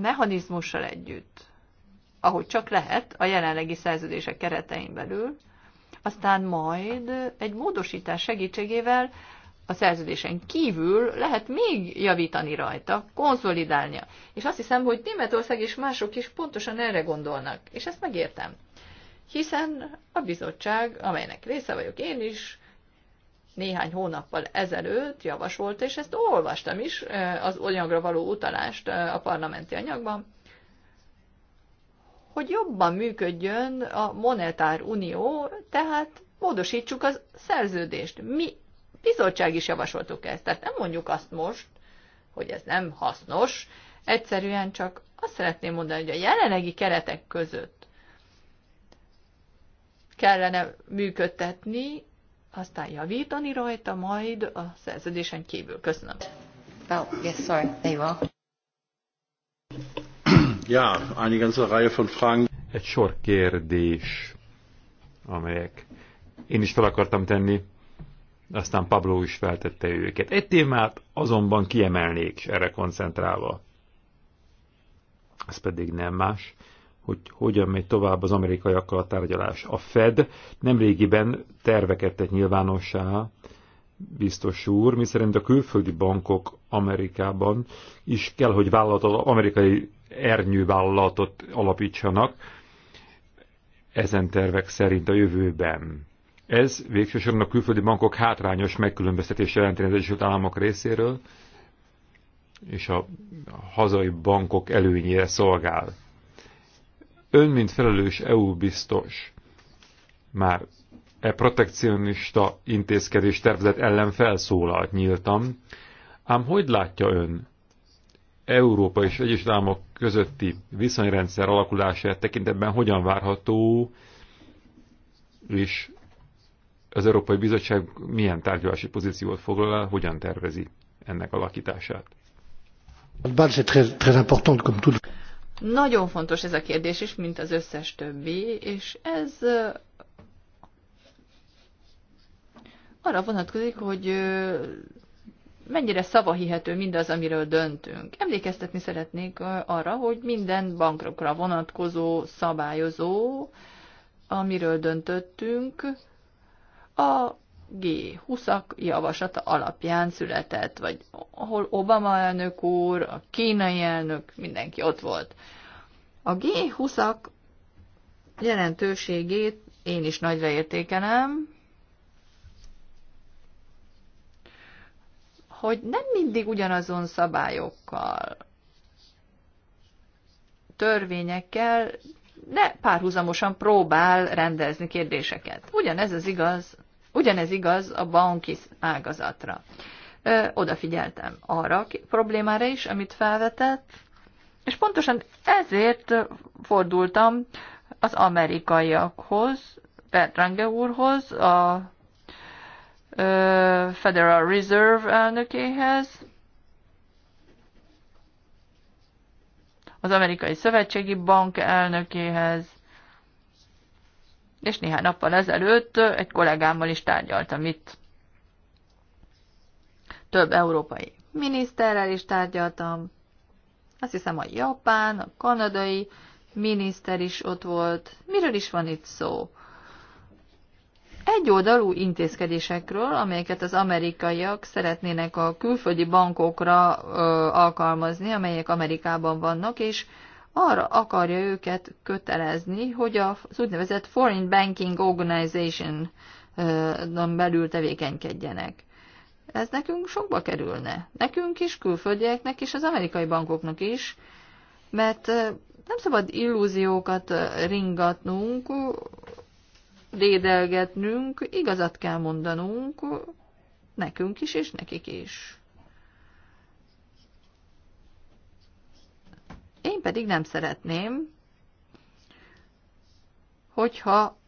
mechanizmussal együtt, ahogy csak lehet, a jelenlegi szerződések keretein belül, aztán majd egy módosítás segítségével a szerződésen kívül lehet még javítani rajta, konszolidálnia. És azt hiszem, hogy Németország és mások is pontosan erre gondolnak, és ezt megértem. Hiszen a bizottság, amelynek része vagyok én is, néhány hónappal ezelőtt javasolt, és ezt olvastam is, az anyagra való utalást a parlamenti anyagban, hogy jobban működjön a monetár unió, tehát módosítsuk a szerződést. Mi bizottság is javasoltuk ezt, tehát nem mondjuk azt most, hogy ez nem hasznos, egyszerűen csak azt szeretném mondani, hogy a jelenlegi keretek között kellene működtetni aztán javítani rajta majd a szerződésen kívül. Köszönöm. Well, yes, sorry, there you are. Ja, eine ganze Reihe von Fragen. Egy sor kérdés, amelyek én is fel akartam tenni, aztán Pablo is feltette őket. Egy témát azonban kiemelnék, és erre koncentrálva. Ez pedig nem más, hogy hogyan megy tovább az amerikaiakkal a tárgyalás. A Fed nemrégiben terveket tett nyilvánossá, biztos úr, miszerint a külföldi bankok Amerikában is kell, hogy az amerikai ernyővállalatot alapítsanak ezen tervek szerint a jövőben. Ez végsősorban a külföldi bankok hátrányos megkülönböztetés jelenti az Egyesült Államok részéről, és a hazai bankok előnyére szolgál. Ön, mint felelős EU biztos, már e protekcionista intézkedés tervezet ellen felszólalt nyíltam, ám hogy látja ön Európa és Egyesült Államok közötti viszonyrendszer alakulását? tekintetben hogyan várható, és az Európai Bizottság milyen tárgyalási pozíciót foglal el, hogyan tervezi ennek alakítását? Nagyon fontos ez a kérdés is, mint az összes többi, és ez arra vonatkozik, hogy mennyire szavahihető mindaz, amiről döntünk. Emlékeztetni szeretnék arra, hogy minden bankokra vonatkozó szabályozó, amiről döntöttünk, a G20-ak javaslata alapján született, vagy ahol Obama elnök úr, a kínai elnök, mindenki ott volt. A G20-ak jelentőségét én is nagyra értékelem, hogy nem mindig ugyanazon szabályokkal, törvényekkel, de párhuzamosan próbál rendezni kérdéseket. Ugyanez az igaz Ugyanez igaz a banki ágazatra. Odafigyeltem arra a problémára is, amit felvetett, és pontosan ezért fordultam az amerikaiakhoz, Bertrange úrhoz, a Federal Reserve elnökéhez, az amerikai szövetségi bank elnökéhez, és néhány nappal ezelőtt egy kollégámmal is tárgyaltam itt. Több európai miniszterrel is tárgyaltam. Azt hiszem a japán, a kanadai miniszter is ott volt. Miről is van itt szó? egyoldalú intézkedésekről, amelyeket az amerikaiak szeretnének a külföldi bankokra ö, alkalmazni, amelyek Amerikában vannak, és arra akarja őket kötelezni, hogy az úgynevezett Foreign Banking organization belül tevékenykedjenek. Ez nekünk sokba kerülne. Nekünk is, külföldieknek is, az amerikai bankoknak is, mert nem szabad illúziókat ringatnunk, dédelgetnünk, igazat kell mondanunk, nekünk is és nekik is. Én pedig nem szeretném, hogyha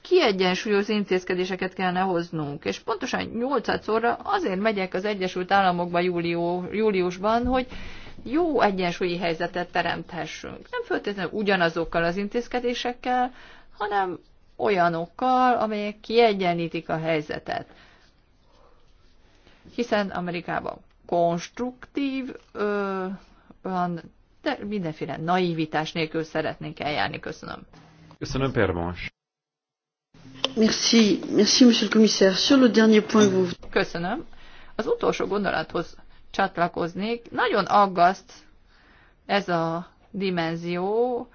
kiegyensúlyoz intézkedéseket kellene hoznunk. És pontosan 8 szorra azért megyek az Egyesült Államokba júlió, júliusban, hogy jó egyensúlyi helyzetet teremthessünk. Nem feltétlenül ugyanazokkal az intézkedésekkel, hanem olyanokkal, amelyek kiegyenlítik a helyzetet. Hiszen Amerikában konstruktív, ö, olyan de mindenféle naivitás nélkül szeretnénk eljárni. Köszönöm. Köszönöm, Permans. Merci, merci, monsieur le commissaire. Sur le dernier point, vous... Köszönöm. Az utolsó gondolathoz csatlakoznék. Nagyon aggaszt ez a dimenzió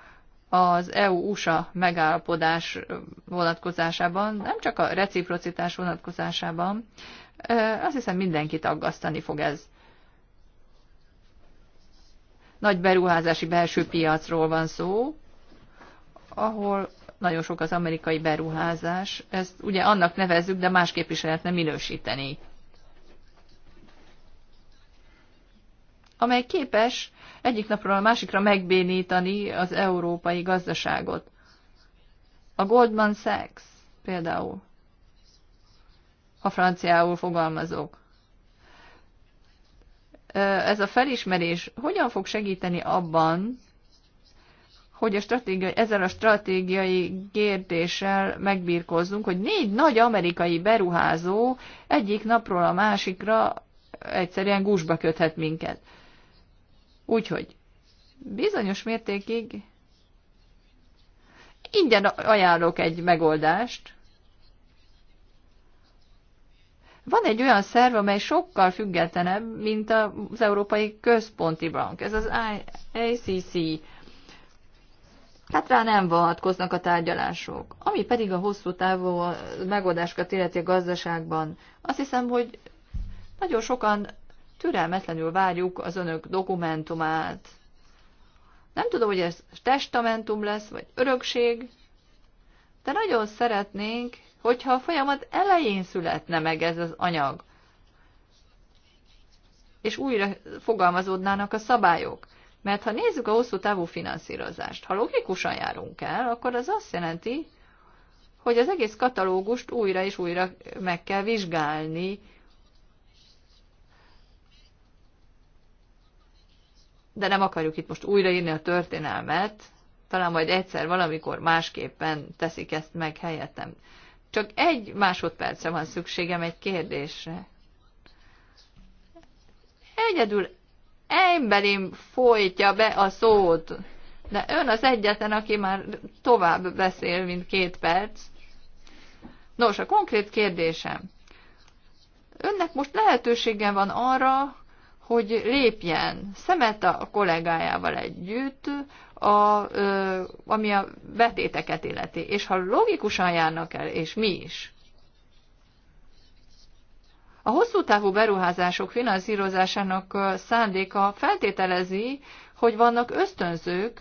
az EU-USA megállapodás vonatkozásában, nem csak a reciprocitás vonatkozásában, azt hiszem mindenkit aggasztani fog ez. Nagy beruházási belső piacról van szó, ahol nagyon sok az amerikai beruházás. Ezt ugye annak nevezzük, de másképp is lehetne minősíteni. amely képes egyik napról a másikra megbénítani az európai gazdaságot. A Goldman Sachs például ha franciául fogalmazok. Ez a felismerés hogyan fog segíteni abban, hogy a stratégiai, ezzel a stratégiai kérdéssel megbírkozzunk, hogy négy nagy amerikai beruházó egyik napról a másikra egyszerűen gúzsba köthet minket. Úgyhogy bizonyos mértékig ingyen ajánlok egy megoldást, Van egy olyan szerv, amely sokkal függetlenebb, mint az Európai Központi Bank, ez az ICC. Tehát rá nem vonatkoznak a tárgyalások. Ami pedig a hosszú távú megoldásokat illeti a gazdaságban, azt hiszem, hogy nagyon sokan türelmetlenül várjuk az önök dokumentumát. Nem tudom, hogy ez testamentum lesz, vagy örökség, de nagyon szeretnénk hogyha a folyamat elején születne meg ez az anyag, és újra fogalmazódnának a szabályok. Mert ha nézzük a hosszú távú finanszírozást, ha logikusan járunk el, akkor az azt jelenti, hogy az egész katalógust újra és újra meg kell vizsgálni, de nem akarjuk itt most újraírni a történelmet, talán majd egyszer valamikor másképpen teszik ezt meg helyettem. Csak egy másodperce van szükségem egy kérdésre. Egyedül emberim folytja be a szót, de ön az egyetlen, aki már tovább beszél, mint két perc. Nos, a konkrét kérdésem. Önnek most lehetősége van arra, hogy lépjen szemet a kollégájával együtt, a, ami a betéteket illeti. És ha logikusan járnak el, és mi is, a hosszú távú beruházások finanszírozásának szándéka feltételezi, hogy vannak ösztönzők,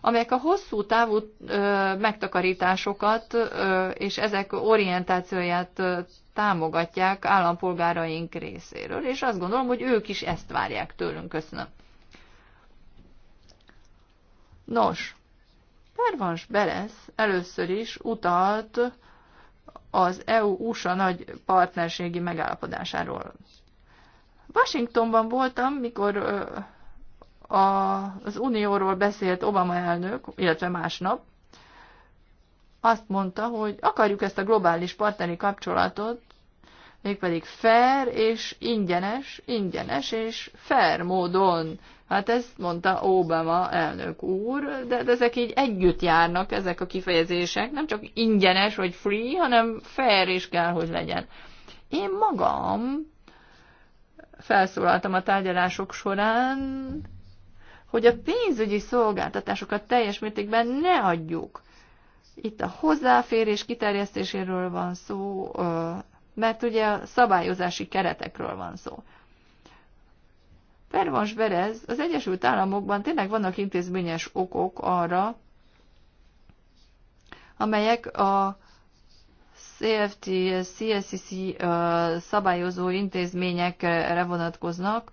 amelyek a hosszú távú ö, megtakarításokat ö, és ezek orientációját ö, támogatják állampolgáraink részéről, és azt gondolom, hogy ők is ezt várják tőlünk. Köszönöm. Nos, Pervans Beresz először is utalt az EU-USA nagy partnerségi megállapodásáról. Washingtonban voltam, mikor az Unióról beszélt Obama elnök, illetve másnap, azt mondta, hogy akarjuk ezt a globális partneri kapcsolatot, mégpedig fair és ingyenes, ingyenes és fair módon Hát ezt mondta Obama elnök úr, de, de ezek így együtt járnak, ezek a kifejezések, nem csak ingyenes vagy free, hanem fair is kell, hogy legyen. Én magam felszólaltam a tárgyalások során, hogy a pénzügyi szolgáltatásokat teljes mértékben ne adjuk. Itt a hozzáférés kiterjesztéséről van szó, mert ugye a szabályozási keretekről van szó. Pervans Berez, az Egyesült Államokban tényleg vannak intézményes okok arra, amelyek a CFT, CSCC szabályozó intézményekre vonatkoznak,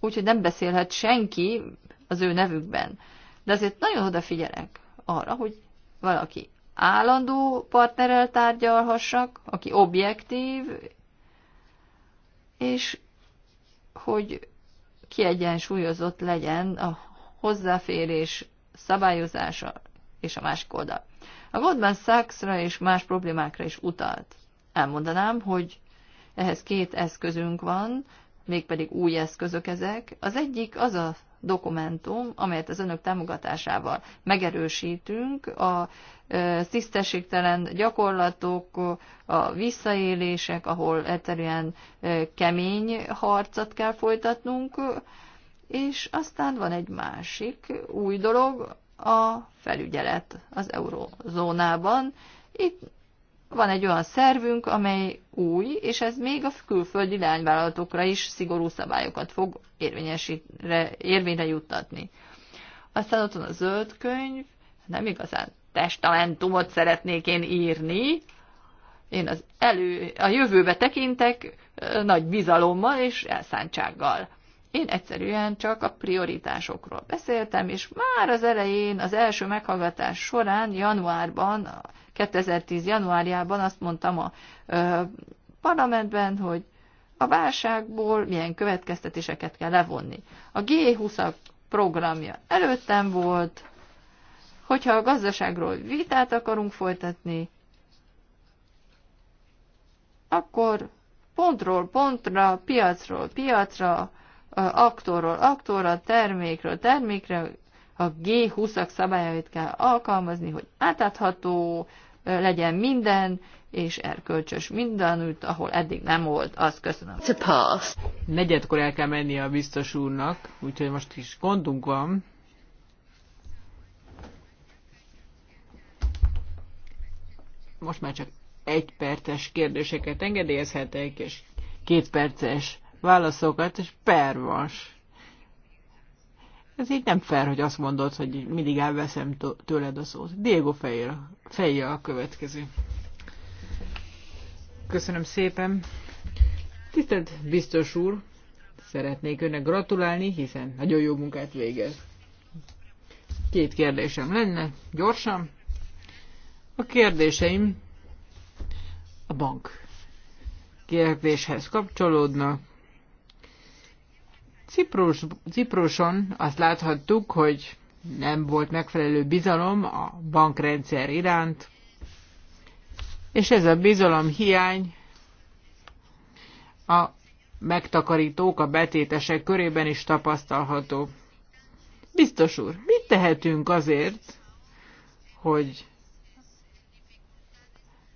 úgyhogy nem beszélhet senki az ő nevükben. De azért nagyon odafigyelek arra, hogy valaki állandó partnerrel tárgyalhassak, aki objektív és hogy kiegyensúlyozott legyen a hozzáférés szabályozása és a másik oldal. A Goldman sachs és más problémákra is utalt. Elmondanám, hogy ehhez két eszközünk van, mégpedig új eszközök ezek. Az egyik az a dokumentum, amelyet az önök támogatásával megerősítünk, a tisztességtelen gyakorlatok, a visszaélések, ahol egyszerűen kemény harcot kell folytatnunk, és aztán van egy másik új dolog, a felügyelet az eurozónában. Itt van egy olyan szervünk, amely új, és ez még a külföldi lányvállalatokra is szigorú szabályokat fog érvényre juttatni. Aztán ott van a zöld könyv, nem igazán testamentumot szeretnék én írni, én az elő, a jövőbe tekintek nagy bizalommal és elszántsággal. Én egyszerűen csak a prioritásokról beszéltem, és már az elején, az első meghallgatás során, januárban, 2010 januárjában azt mondtam a ö, parlamentben, hogy a válságból milyen következtetéseket kell levonni. A G20-ak programja előttem volt, hogyha a gazdaságról vitát akarunk folytatni, akkor pontról pontra, piacról piacra, aktorról aktorra, termékről termékre, a G20-ak szabályait kell alkalmazni, hogy átadható legyen minden, és erkölcsös mindenütt, ahol eddig nem volt, azt köszönöm. It's a pass. Negyedkor el kell menni a biztos úrnak, úgyhogy most is gondunk van. Most már csak egy perces kérdéseket engedélyezhetek, és két perces válaszokat, és pervas. Ez így nem fair, hogy azt mondod, hogy mindig elveszem tőled a szót. Diego Feira, Feira a következő. Köszönöm szépen. Tisztelt biztos úr, szeretnék önnek gratulálni, hiszen nagyon jó munkát végez. Két kérdésem lenne, gyorsan. A kérdéseim a bank kérdéshez kapcsolódnak. Ciprus, Cipruson azt láthattuk, hogy nem volt megfelelő bizalom a bankrendszer iránt, és ez a bizalom hiány a megtakarítók, a betétesek körében is tapasztalható. Biztos úr, mit tehetünk azért, hogy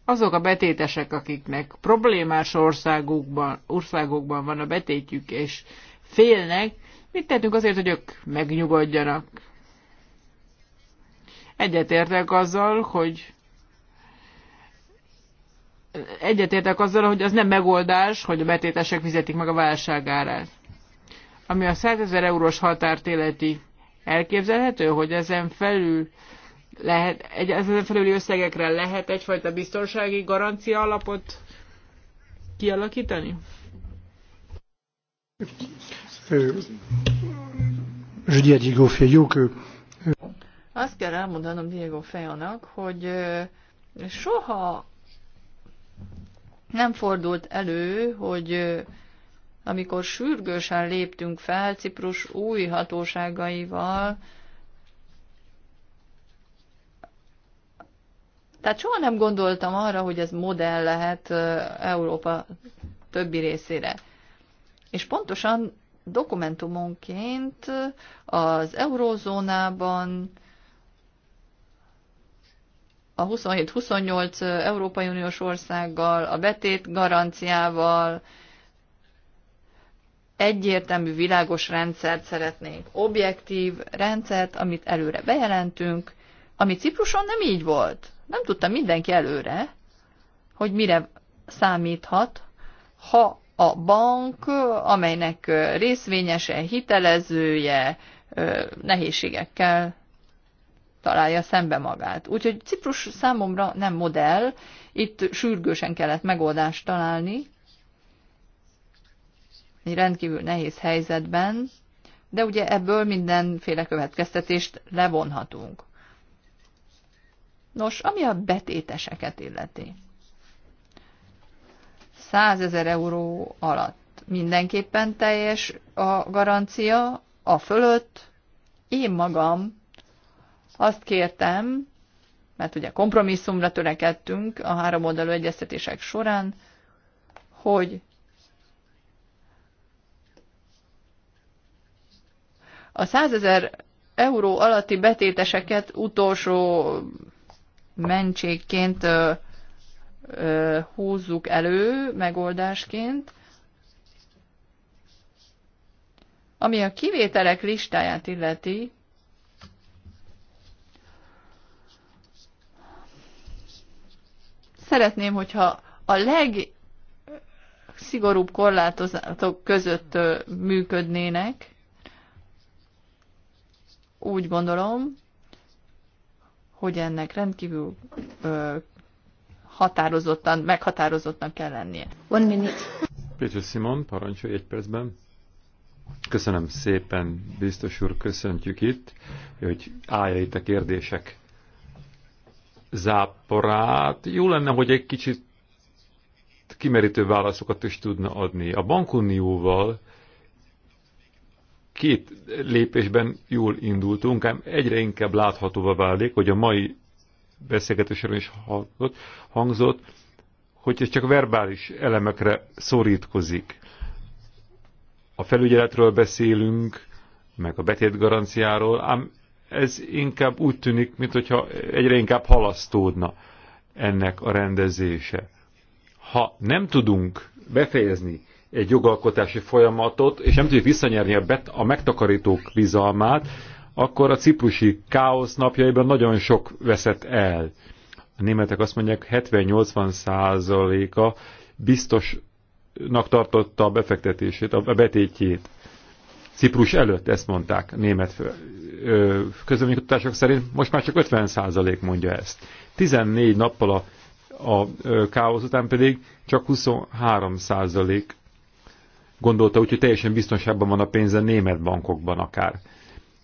azok a betétesek, akiknek problémás országokban, országokban van a betétjük, és félnek, mit tettünk azért, hogy ők megnyugodjanak? Egyetértek azzal, hogy egyetértek azzal, hogy az nem megoldás, hogy a betétesek fizetik meg a válságárát. Ami a 100 ezer eurós határt életi elképzelhető, hogy ezen felül lehet, egy, ezen felüli összegekre lehet egyfajta biztonsági garancia alapot kialakítani? Euh, je dis à Diego Feio que... Euh, Azt kell elmondanom Diego Fejonak, hogy euh, soha nem fordult elő, hogy amikor sürgősen léptünk fel Ciprus új hatóságaival, tehát soha nem gondoltam arra, hogy ez modell lehet Európa többi részére. És pontosan dokumentumonként az eurózónában a 27-28 Európai Uniós országgal, a betét garanciával egyértelmű, világos rendszert szeretnénk. Objektív rendszert, amit előre bejelentünk, ami Cipruson nem így volt. Nem tudta mindenki előre, hogy mire számíthat, ha a bank, amelynek részvényese, hitelezője nehézségekkel találja szembe magát. Úgyhogy Ciprus számomra nem modell, itt sürgősen kellett megoldást találni, egy rendkívül nehéz helyzetben, de ugye ebből mindenféle következtetést levonhatunk. Nos, ami a betéteseket illeti. 100 ezer euró alatt mindenképpen teljes a garancia, a fölött én magam azt kértem, mert ugye kompromisszumra törekedtünk a három oldalú egyeztetések során, hogy a 100 ezer euró alatti betéteseket utolsó mentségként húzzuk elő megoldásként, ami a kivételek listáját illeti, szeretném, hogyha a legszigorúbb korlátozatok között működnének, úgy gondolom, hogy ennek rendkívül határozottan, meghatározottnak kell lennie. One minute. Péter Simon, parancsolj egy percben. Köszönöm szépen, biztos úr, köszöntjük itt, hogy állja itt a kérdések záporát. Jó lenne, hogy egy kicsit kimerítő válaszokat is tudna adni. A bankunióval két lépésben jól indultunk, ám egyre inkább láthatóvá válik, hogy a mai beszélgetésről is hallott, hangzott, hogy ez csak verbális elemekre szorítkozik. A felügyeletről beszélünk, meg a betétgaranciáról, ám ez inkább úgy tűnik, mintha egyre inkább halasztódna ennek a rendezése. Ha nem tudunk befejezni egy jogalkotási folyamatot, és nem tudjuk visszanyerni a, bet, a megtakarítók bizalmát, akkor a ciprusi káosz napjaiban nagyon sok veszett el. A németek azt mondják, 70-80 százaléka biztosnak tartotta a befektetését, a betétjét. Ciprus előtt ezt mondták német közöménykutatások szerint, most már csak 50 százalék mondja ezt. 14 nappal a, a káosz után pedig csak 23 százalék gondolta, úgyhogy teljesen biztonságban van a pénze német bankokban akár.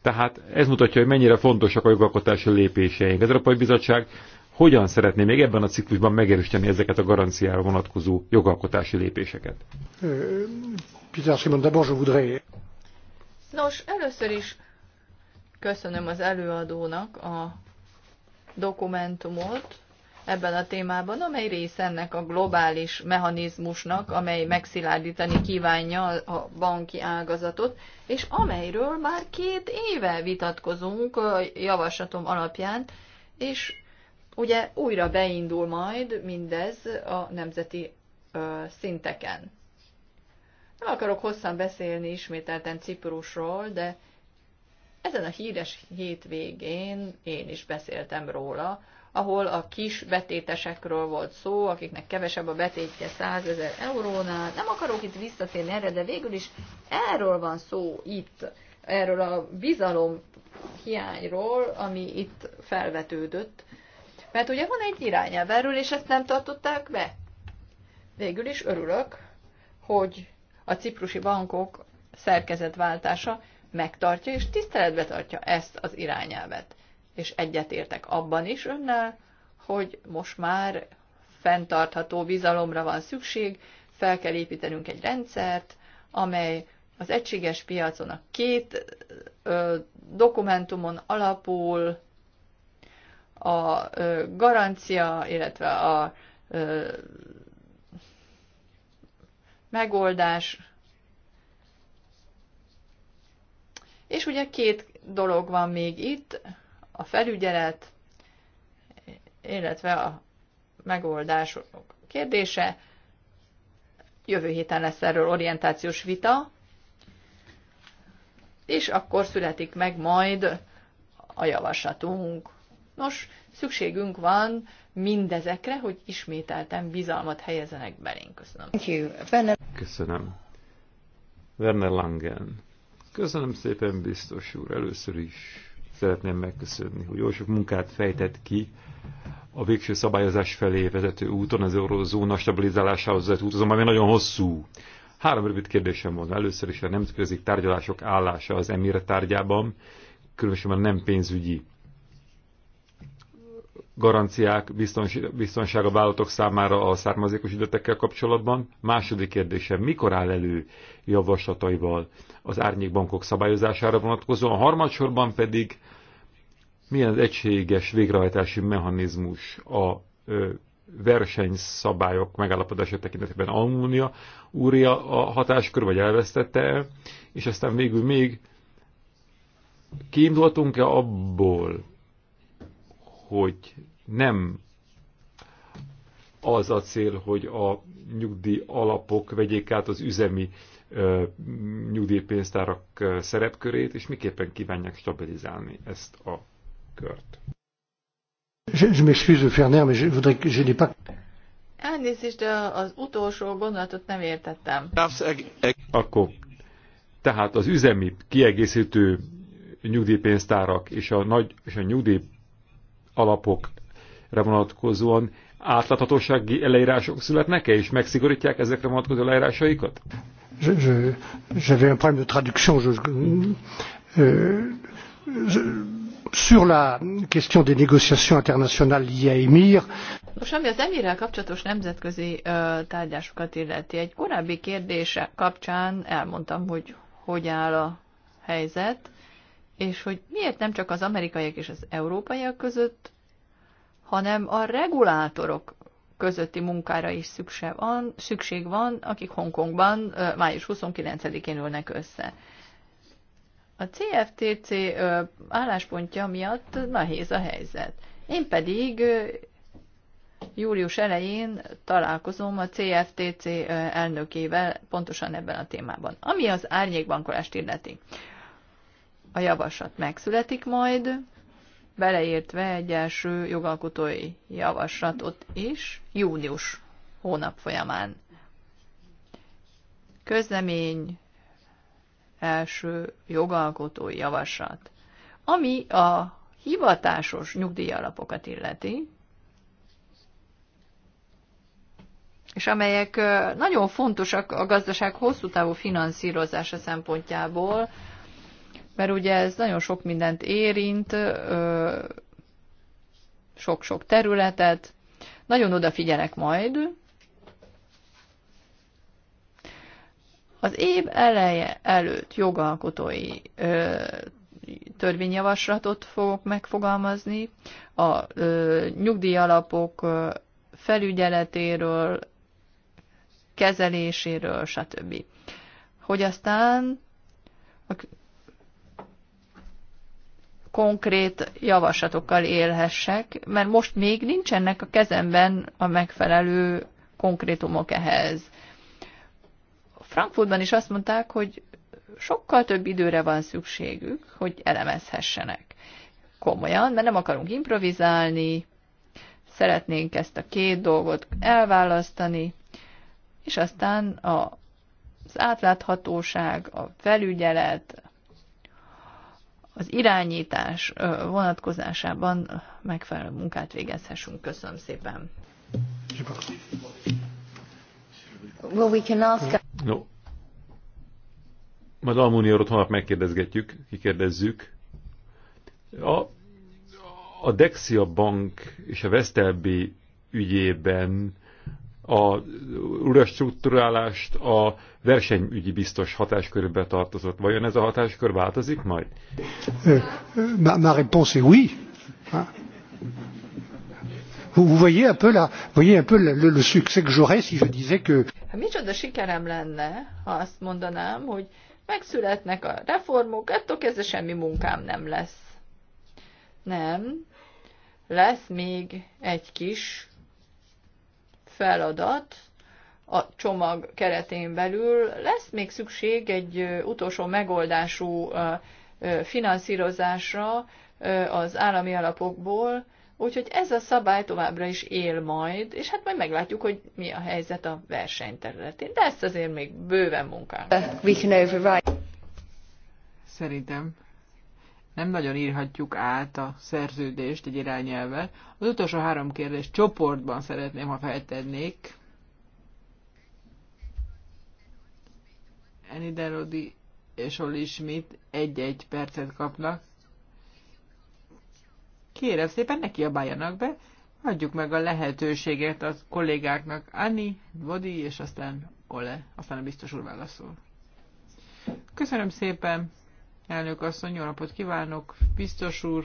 Tehát ez mutatja, hogy mennyire fontosak a jogalkotási lépéseink. Az Európai Bizottság hogyan szeretné még ebben a ciklusban megerősíteni ezeket a garanciára vonatkozó jogalkotási lépéseket? Euh, Nos, először is köszönöm az előadónak a dokumentumot, ebben a témában, amely része ennek a globális mechanizmusnak, amely megszilárdítani kívánja a banki ágazatot, és amelyről már két éve vitatkozunk a javaslatom alapján, és ugye újra beindul majd mindez a nemzeti szinteken. Nem akarok hosszan beszélni ismételten Ciprusról, de ezen a híres hétvégén én is beszéltem róla, ahol a kis betétesekről volt szó, akiknek kevesebb a betétje 100 ezer eurónál. Nem akarok itt visszatérni erre, de végül is erről van szó itt, erről a bizalom hiányról, ami itt felvetődött. Mert ugye van egy irányelv erről, és ezt nem tartották be. Végül is örülök, hogy a ciprusi bankok szerkezetváltása megtartja és tiszteletbe tartja ezt az irányelvet és egyetértek abban is önnel, hogy most már fenntartható bizalomra van szükség, fel kell építenünk egy rendszert, amely az egységes piacon a két ö, dokumentumon alapul, a ö, garancia, illetve a ö, megoldás. És ugye két dolog van még itt, a felügyelet, illetve a megoldások kérdése. Jövő héten lesz erről orientációs vita, és akkor születik meg majd a javaslatunk. Nos, szükségünk van mindezekre, hogy ismételten bizalmat helyezenek belénk. Köszönöm. Thank you. Köszönöm. Werner Langen. Köszönöm szépen, biztos úr, először is szeretném megköszönni, hogy oly sok munkát fejtett ki a végső szabályozás felé vezető úton, az eurozóna stabilizálásához vezető út, azonban nagyon hosszú. Három rövid kérdésem van. Először is a nemzetközi tárgyalások állása az emire tárgyában, különösen a nem pénzügyi garanciák biztonsága vállalatok számára a származékos időtekkel kapcsolatban. Második kérdésem, mikor áll elő javaslataival az árnyékbankok szabályozására vonatkozóan? A harmadsorban pedig milyen az egységes végrehajtási mechanizmus a versenyszabályok megállapodása tekintetében Almunia úrja a hatáskör, vagy elvesztette el, és aztán végül még kiindultunk-e abból, hogy nem az a cél, hogy a nyugdíj alapok vegyék át az üzemi ö, nyugdíjpénztárak szerepkörét, és miképpen kívánják stabilizálni ezt a kört. Elnézést, de az utolsó gondolatot nem értettem. Akkor, tehát az üzemi kiegészítő nyugdíjpénztárak és a, nagy, és a nyugdíj alapokra vonatkozóan átláthatósági leírások születnek-e, és megszigorítják ezekre vonatkozó leírásaikat? J'avais un problème de traduction. Je, euh, je, sur la question des négociations internationales liées à EMIR. Nos, ami az emirrel kapcsolatos nemzetközi ö, tárgyásokat illeti, egy korábbi kérdése kapcsán elmondtam, hogy hogy áll a helyzet és hogy miért nem csak az amerikaiak és az európaiak között, hanem a regulátorok közötti munkára is szükség van, szükség van akik Hongkongban május 29-én ülnek össze. A CFTC álláspontja miatt nehéz a helyzet. Én pedig július elején találkozom a CFTC elnökével pontosan ebben a témában, ami az árnyékbankolást illeti a javaslat megszületik majd, beleértve egy első jogalkotói javaslatot is június hónap folyamán. Közlemény első jogalkotói javaslat. Ami a hivatásos nyugdíjalapokat illeti, és amelyek nagyon fontosak a gazdaság hosszú távú finanszírozása szempontjából, mert ugye ez nagyon sok mindent érint, sok-sok területet. Nagyon odafigyelek majd. Az év eleje előtt jogalkotói törvényjavaslatot fogok megfogalmazni, a nyugdíjalapok felügyeletéről, kezeléséről, stb. Hogy aztán a konkrét javaslatokkal élhessek, mert most még nincsenek a kezemben a megfelelő konkrétumok ehhez. Frankfurtban is azt mondták, hogy sokkal több időre van szükségük, hogy elemezhessenek. Komolyan, mert nem akarunk improvizálni, szeretnénk ezt a két dolgot elválasztani, és aztán a, az átláthatóság, a felügyelet, az irányítás vonatkozásában megfelelő munkát végezhessünk. Köszönöm szépen. Well, we can ask... No. Majd Almuniorot holnap megkérdezgetjük, kikérdezzük. A, a Dexia Bank és a Vestelbi ügyében a struktúrálást a versenyügyi biztos hatáskörbe tartozott. Vajon ez a hatáskör változik majd? Euh, ma, ma réponse est oui. Ah. Vous voyez un peu, la, voyez un peu le, le, succès que j'aurais si je disais que... Hát micsoda sikerem lenne, ha azt mondanám, hogy megszületnek a reformok, ettől kezdve semmi munkám nem lesz. Nem, lesz még egy kis feladat a csomag keretén belül. Lesz még szükség egy utolsó megoldású finanszírozásra az állami alapokból, úgyhogy ez a szabály továbbra is él majd, és hát majd meglátjuk, hogy mi a helyzet a versenyterületén. De ezt azért még bőven munkánk. Szerintem nem nagyon írhatjuk át a szerződést egy irányelve. Az utolsó három kérdést csoportban szeretném, ha feltennék. Annie Derodi és Oli Schmidt egy-egy percet kapnak. Kérem szépen, ne kiabáljanak be, adjuk meg a lehetőséget a kollégáknak. Ani, Vodi, és aztán Ole, aztán a biztos úr válaszol. Köszönöm szépen! Elnök asszony, jó napot kívánok, biztos úr.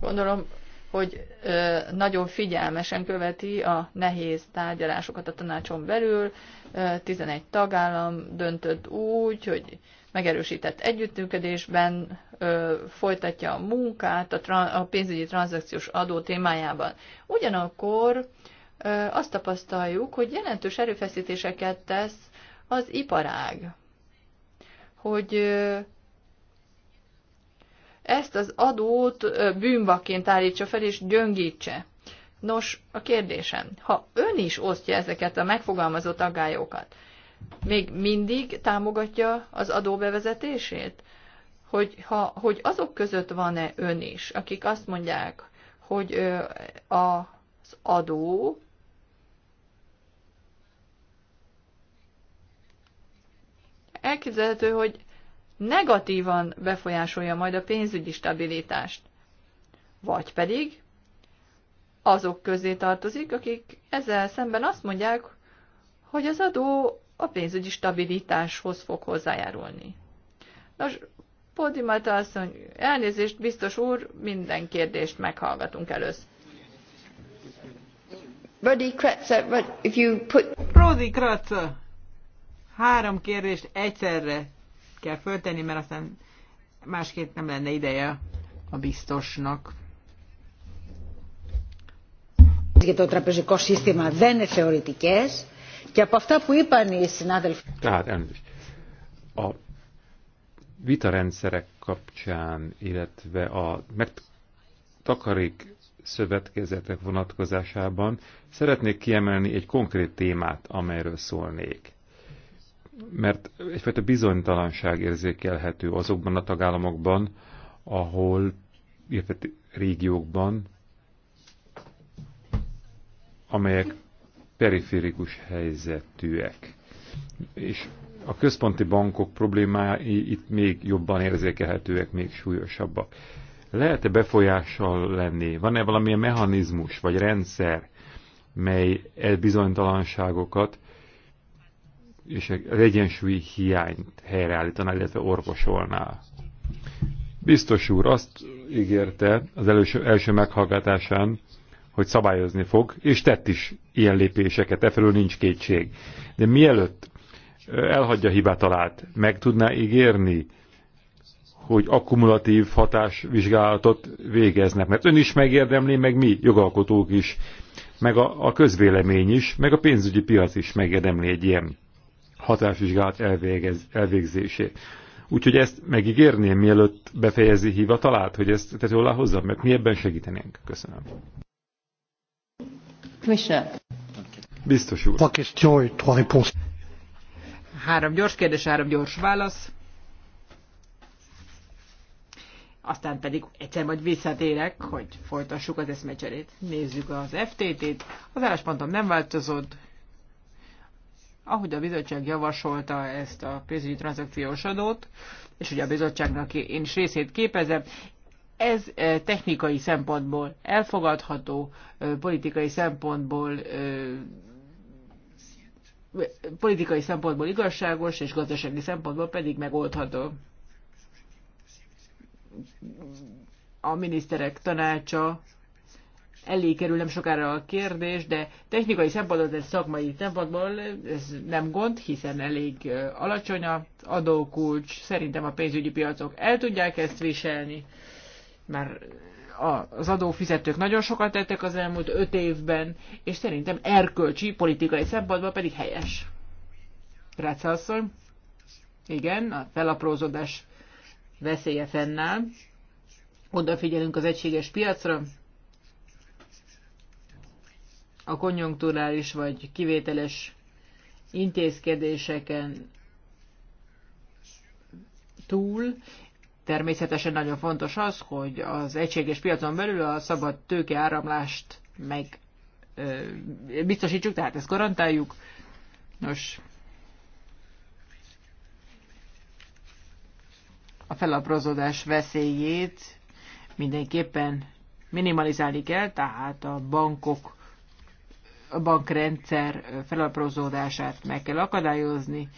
Gondolom, hogy ö, nagyon figyelmesen követi a nehéz tárgyalásokat a tanácson belül. Ö, 11 tagállam döntött úgy, hogy megerősített együttműködésben ö, folytatja a munkát a, a pénzügyi tranzakciós adó témájában. Ugyanakkor ö, azt tapasztaljuk, hogy jelentős erőfeszítéseket tesz az iparág hogy ezt az adót bűnvakként állítsa fel és gyöngítse. Nos, a kérdésem, ha ön is osztja ezeket a megfogalmazott aggályokat, még mindig támogatja az adó bevezetését? Hogy, ha, hogy azok között van-e ön is, akik azt mondják, hogy az adó elképzelhető, hogy negatívan befolyásolja majd a pénzügyi stabilitást. Vagy pedig azok közé tartozik, akik ezzel szemben azt mondják, hogy az adó a pénzügyi stabilitáshoz fog hozzájárulni. Nos, Podimata mondja, elnézést, biztos úr, minden kérdést meghallgatunk először. Rudy Kratzer, if you put... Rodi Kratzer, Három kérdést egyszerre kell föltenni, mert aztán másképp nem lenne ideje a biztosnak. Tehát elnézést. A vitarendszerek kapcsán, illetve a takarék szövetkezetek vonatkozásában szeretnék kiemelni egy konkrét témát, amelyről szólnék mert egyfajta bizonytalanság érzékelhető azokban a tagállamokban, ahol, illetve régiókban, amelyek periférikus helyzetűek. És a központi bankok problémái itt még jobban érzékelhetőek, még súlyosabbak. Lehet-e befolyással lenni? Van-e valamilyen mechanizmus vagy rendszer, mely e bizonytalanságokat és az egyensúly hiányt helyreállítaná, illetve orvosolná. Biztos úr azt ígérte az előső, első meghallgatásán, hogy szabályozni fog, és tett is ilyen lépéseket, efelől nincs kétség. De mielőtt elhagyja hibátalát, meg tudná ígérni, hogy akkumulatív hatásvizsgálatot végeznek, mert ön is megérdemli, meg mi, jogalkotók is, meg a, a közvélemény is, meg a pénzügyi piac is megérdemli egy ilyen hatásvizsgálat elvégez, elvégzését. Úgyhogy ezt megígérném, mielőtt befejezi hivatalát, hogy ezt tető alá hozzam, mert mi ebben segítenénk. Köszönöm. Biztos úr. Három gyors kérdés, három gyors válasz. Aztán pedig egyszer majd visszatérek, hogy folytassuk az eszmecserét. Nézzük az FTT-t. Az álláspontom nem változott, ahogy a bizottság javasolta ezt a pénzügyi tranzakciós adót, és ugye a bizottságnak én is részét képezem, ez e, technikai szempontból elfogadható, e, politikai szempontból e, politikai szempontból igazságos, és gazdasági szempontból pedig megoldható. A miniszterek tanácsa elé kerül nem sokára a kérdés, de technikai szempontból, de szakmai szempontból ez nem gond, hiszen elég alacsony a adókulcs, szerintem a pénzügyi piacok el tudják ezt viselni, mert az adófizetők nagyon sokat tettek az elmúlt öt évben, és szerintem erkölcsi, politikai szempontból pedig helyes. Rácz asszony, igen, a felaprózódás veszélye fennáll. Odafigyelünk az egységes piacra, a konjunkturális vagy kivételes intézkedéseken túl, természetesen nagyon fontos az, hogy az egységes piacon belül a szabad tőke áramlást meg ö, biztosítsuk, tehát ezt garantáljuk. Nos, a felaprozódás veszélyét mindenképpen minimalizálni kell, tehát a bankok bankrendszer felaprózódását meg kell akadályozni.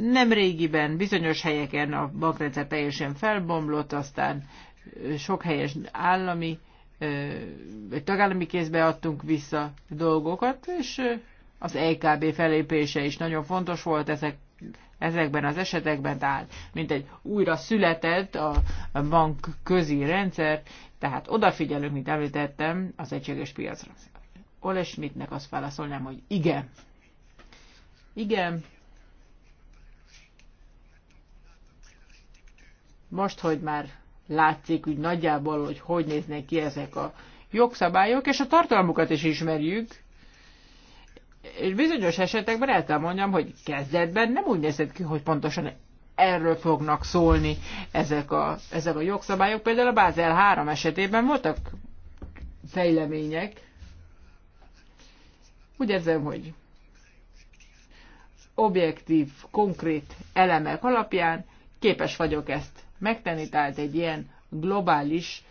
Nem régiben bizonyos helyeken a bankrendszer teljesen felbomlott, aztán sok helyes állami, vagy tagállami kézbe adtunk vissza dolgokat, és az EKB felépése is nagyon fontos volt ezek, ezekben az esetekben, tehát mint egy újra született a bank közi rendszer, tehát odafigyelünk, mint említettem, az egységes piacra. Paul Schmidtnek azt válaszolnám, hogy igen. Igen. Most, hogy már látszik úgy nagyjából, hogy hogy néznek ki ezek a jogszabályok, és a tartalmukat is ismerjük, és bizonyos esetekben el kell mondjam, hogy kezdetben nem úgy nézett ki, hogy pontosan erről fognak szólni ezek a, ezek a jogszabályok. Például a Bázel 3 esetében voltak fejlemények, úgy érzem, hogy objektív, konkrét elemek alapján képes vagyok ezt megtenni, tehát egy ilyen globális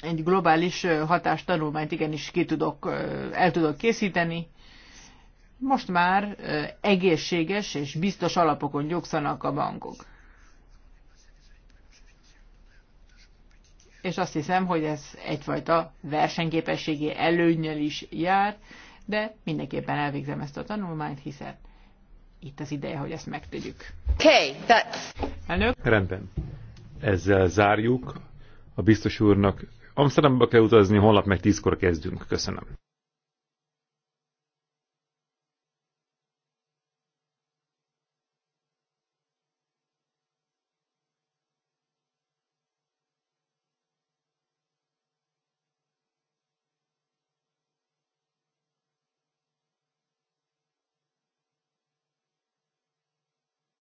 egy globális hatástanulmányt igenis ki tudok, el tudok készíteni. Most már egészséges és biztos alapokon nyugszanak a bankok. és azt hiszem, hogy ez egyfajta versenyképességi előnyel is jár, de mindenképpen elvégzem ezt a tanulmányt, hiszen itt az ideje, hogy ezt megtegyük. Okay, that's... Elnök? Rendben. Ezzel zárjuk. A biztos úrnak Amsterdamba kell utazni, holnap meg tízkor kezdünk. Köszönöm.